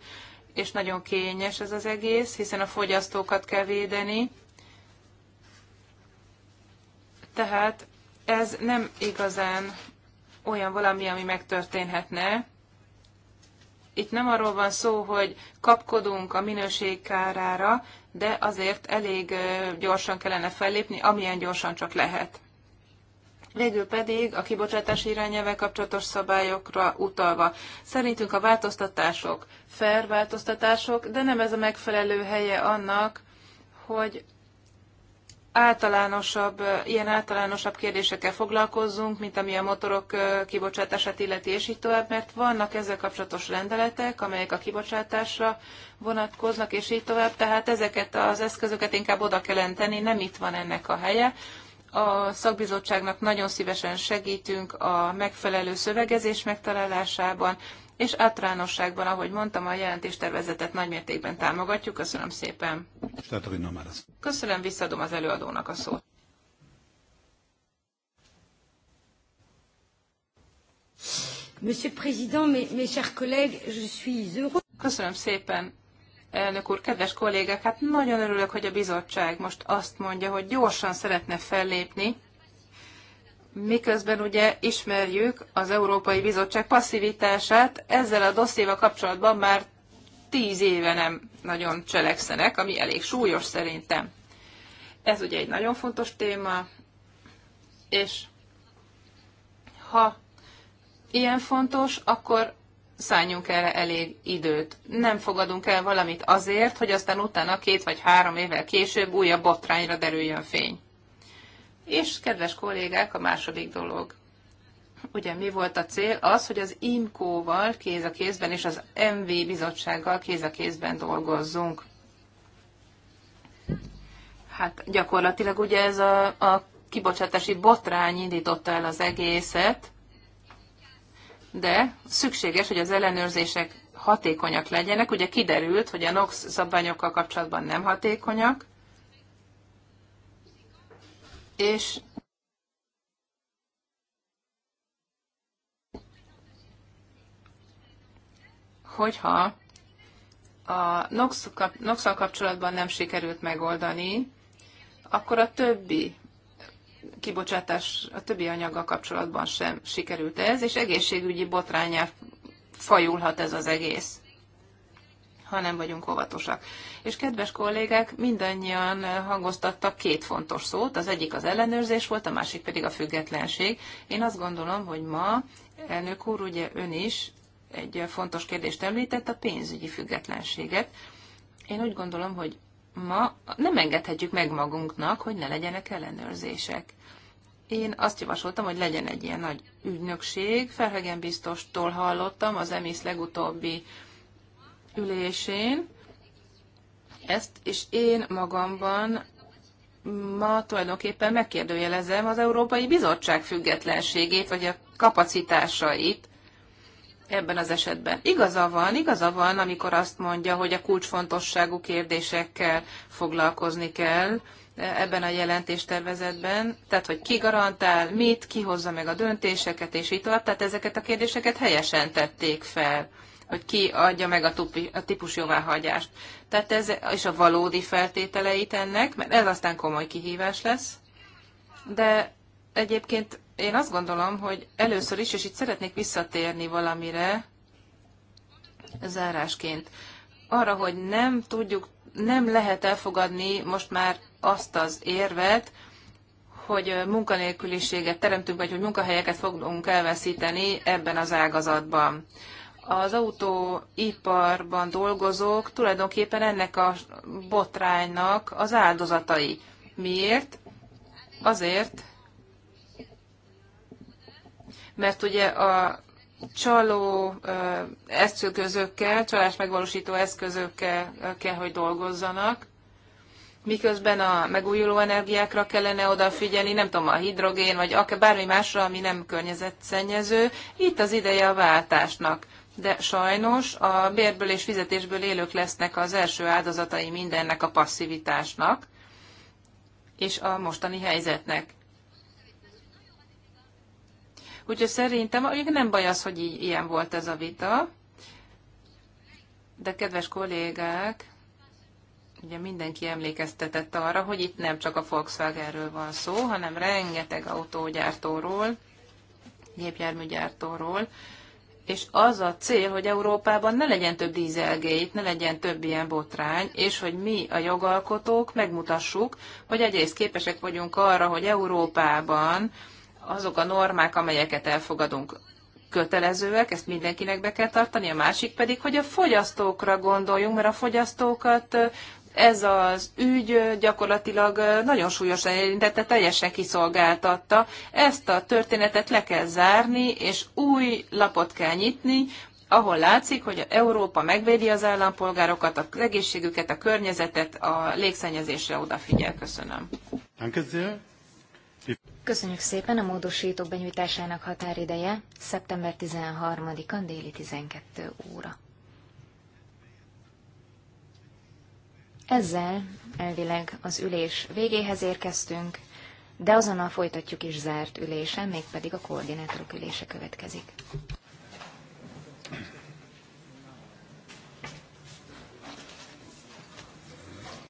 és nagyon kényes ez az egész, hiszen a fogyasztókat kell védeni. Tehát ez nem igazán olyan valami, ami megtörténhetne, itt nem arról van szó, hogy kapkodunk a minőség kárára, de azért elég gyorsan kellene fellépni, amilyen gyorsan csak lehet. Végül pedig a kibocsátási irányelve kapcsolatos szabályokra utalva. Szerintünk a változtatások fair változtatások, de nem ez a megfelelő helye annak, hogy általánosabb, ilyen általánosabb kérdésekkel foglalkozzunk, mint ami a motorok kibocsátását illeti, és így tovább, mert vannak ezzel kapcsolatos rendeletek, amelyek a kibocsátásra vonatkoznak, és így tovább, tehát ezeket az eszközöket inkább oda kell enteni, nem itt van ennek a helye. A szakbizottságnak nagyon szívesen segítünk a megfelelő szövegezés megtalálásában, és általánosságban, ahogy mondtam, a jelentéstervezetet nagymértékben támogatjuk. Köszönöm szépen. Köszönöm, visszadom az előadónak a szót. Monsieur Président, mes, mes chers collègues, je suis heureux. Köszönöm szépen, elnök úr, kedves kollégák, hát nagyon örülök, hogy a bizottság most azt mondja, hogy gyorsan szeretne fellépni, miközben ugye ismerjük az Európai Bizottság passzivitását, ezzel a dosszéval kapcsolatban már tíz éve nem nagyon cselekszenek, ami elég súlyos szerintem. Ez ugye egy nagyon fontos téma, és ha ilyen fontos, akkor szálljunk erre elég időt. Nem fogadunk el valamit azért, hogy aztán utána két vagy három évvel később újabb botrányra derüljön fény. És kedves kollégák, a második dolog. Ugye mi volt a cél? Az, hogy az IMCO-val kéz a kézben és az MV bizottsággal kéz a kézben dolgozzunk. Hát gyakorlatilag ugye ez a, a kibocsátási botrány indította el az egészet, de szükséges, hogy az ellenőrzések hatékonyak legyenek. Ugye kiderült, hogy a NOx szabványokkal kapcsolatban nem hatékonyak, és hogyha a nox kapcsolatban nem sikerült megoldani, akkor a többi kibocsátás, a többi anyaggal kapcsolatban sem sikerült ez, és egészségügyi botrányá fajulhat ez az egész ha nem vagyunk óvatosak. És kedves kollégák, mindannyian hangoztattak két fontos szót, az egyik az ellenőrzés volt, a másik pedig a függetlenség. Én azt gondolom, hogy ma, elnök úr, ugye ön is egy fontos kérdést említett, a pénzügyi függetlenséget. Én úgy gondolom, hogy ma nem engedhetjük meg magunknak, hogy ne legyenek ellenőrzések. Én azt javasoltam, hogy legyen egy ilyen nagy ügynökség. Felhegen biztostól hallottam az EMISZ legutóbbi ülésén. Ezt és én magamban ma tulajdonképpen megkérdőjelezem az Európai Bizottság függetlenségét, vagy a kapacitásait ebben az esetben. Igaza van, igaza van, amikor azt mondja, hogy a kulcsfontosságú kérdésekkel foglalkozni kell ebben a jelentéstervezetben, tehát hogy ki garantál, mit, ki hozza meg a döntéseket, és így tovább, tehát ezeket a kérdéseket helyesen tették fel hogy ki adja meg a, tupi, a típus jóváhagyást. Tehát ez és a valódi feltételeit ennek, mert ez aztán komoly kihívás lesz. De egyébként én azt gondolom, hogy először is, és itt szeretnék visszatérni valamire zárásként, arra, hogy nem tudjuk, nem lehet elfogadni most már azt az érvet, hogy munkanélküliséget teremtünk, vagy hogy munkahelyeket fogunk elveszíteni ebben az ágazatban az autóiparban dolgozók tulajdonképpen ennek a botránynak az áldozatai. Miért? Azért, mert ugye a csaló eszközökkel, csalás megvalósító eszközökkel kell, hogy dolgozzanak, miközben a megújuló energiákra kellene odafigyelni, nem tudom, a hidrogén, vagy akár bármi másra, ami nem környezetszennyező. Itt az ideje a váltásnak de sajnos a bérből és fizetésből élők lesznek az első áldozatai mindennek a passzivitásnak és a mostani helyzetnek. Úgyhogy szerintem nem baj az, hogy ilyen volt ez a vita, de kedves kollégák, ugye mindenki emlékeztetett arra, hogy itt nem csak a Volkswagenről van szó, hanem rengeteg autógyártóról, gépjárműgyártóról, és az a cél, hogy Európában ne legyen több dízelgét, ne legyen több ilyen botrány, és hogy mi a jogalkotók megmutassuk, hogy egyrészt képesek vagyunk arra, hogy Európában azok a normák, amelyeket elfogadunk, kötelezőek, ezt mindenkinek be kell tartani, a másik pedig, hogy a fogyasztókra gondoljunk, mert a fogyasztókat ez az ügy gyakorlatilag nagyon súlyosan érintette, teljesen kiszolgáltatta. Ezt a történetet le kell zárni, és új lapot kell nyitni, ahol látszik, hogy Európa megvédi az állampolgárokat, az egészségüket, a környezetet, a légszennyezésre odafigyel. Köszönöm. Köszönjük szépen a módosítók benyújtásának határideje, szeptember 13-a déli 12 óra. Ezzel elvileg az ülés végéhez érkeztünk, de azonnal folytatjuk is zárt ülésen, mégpedig a koordinátorok ülése következik.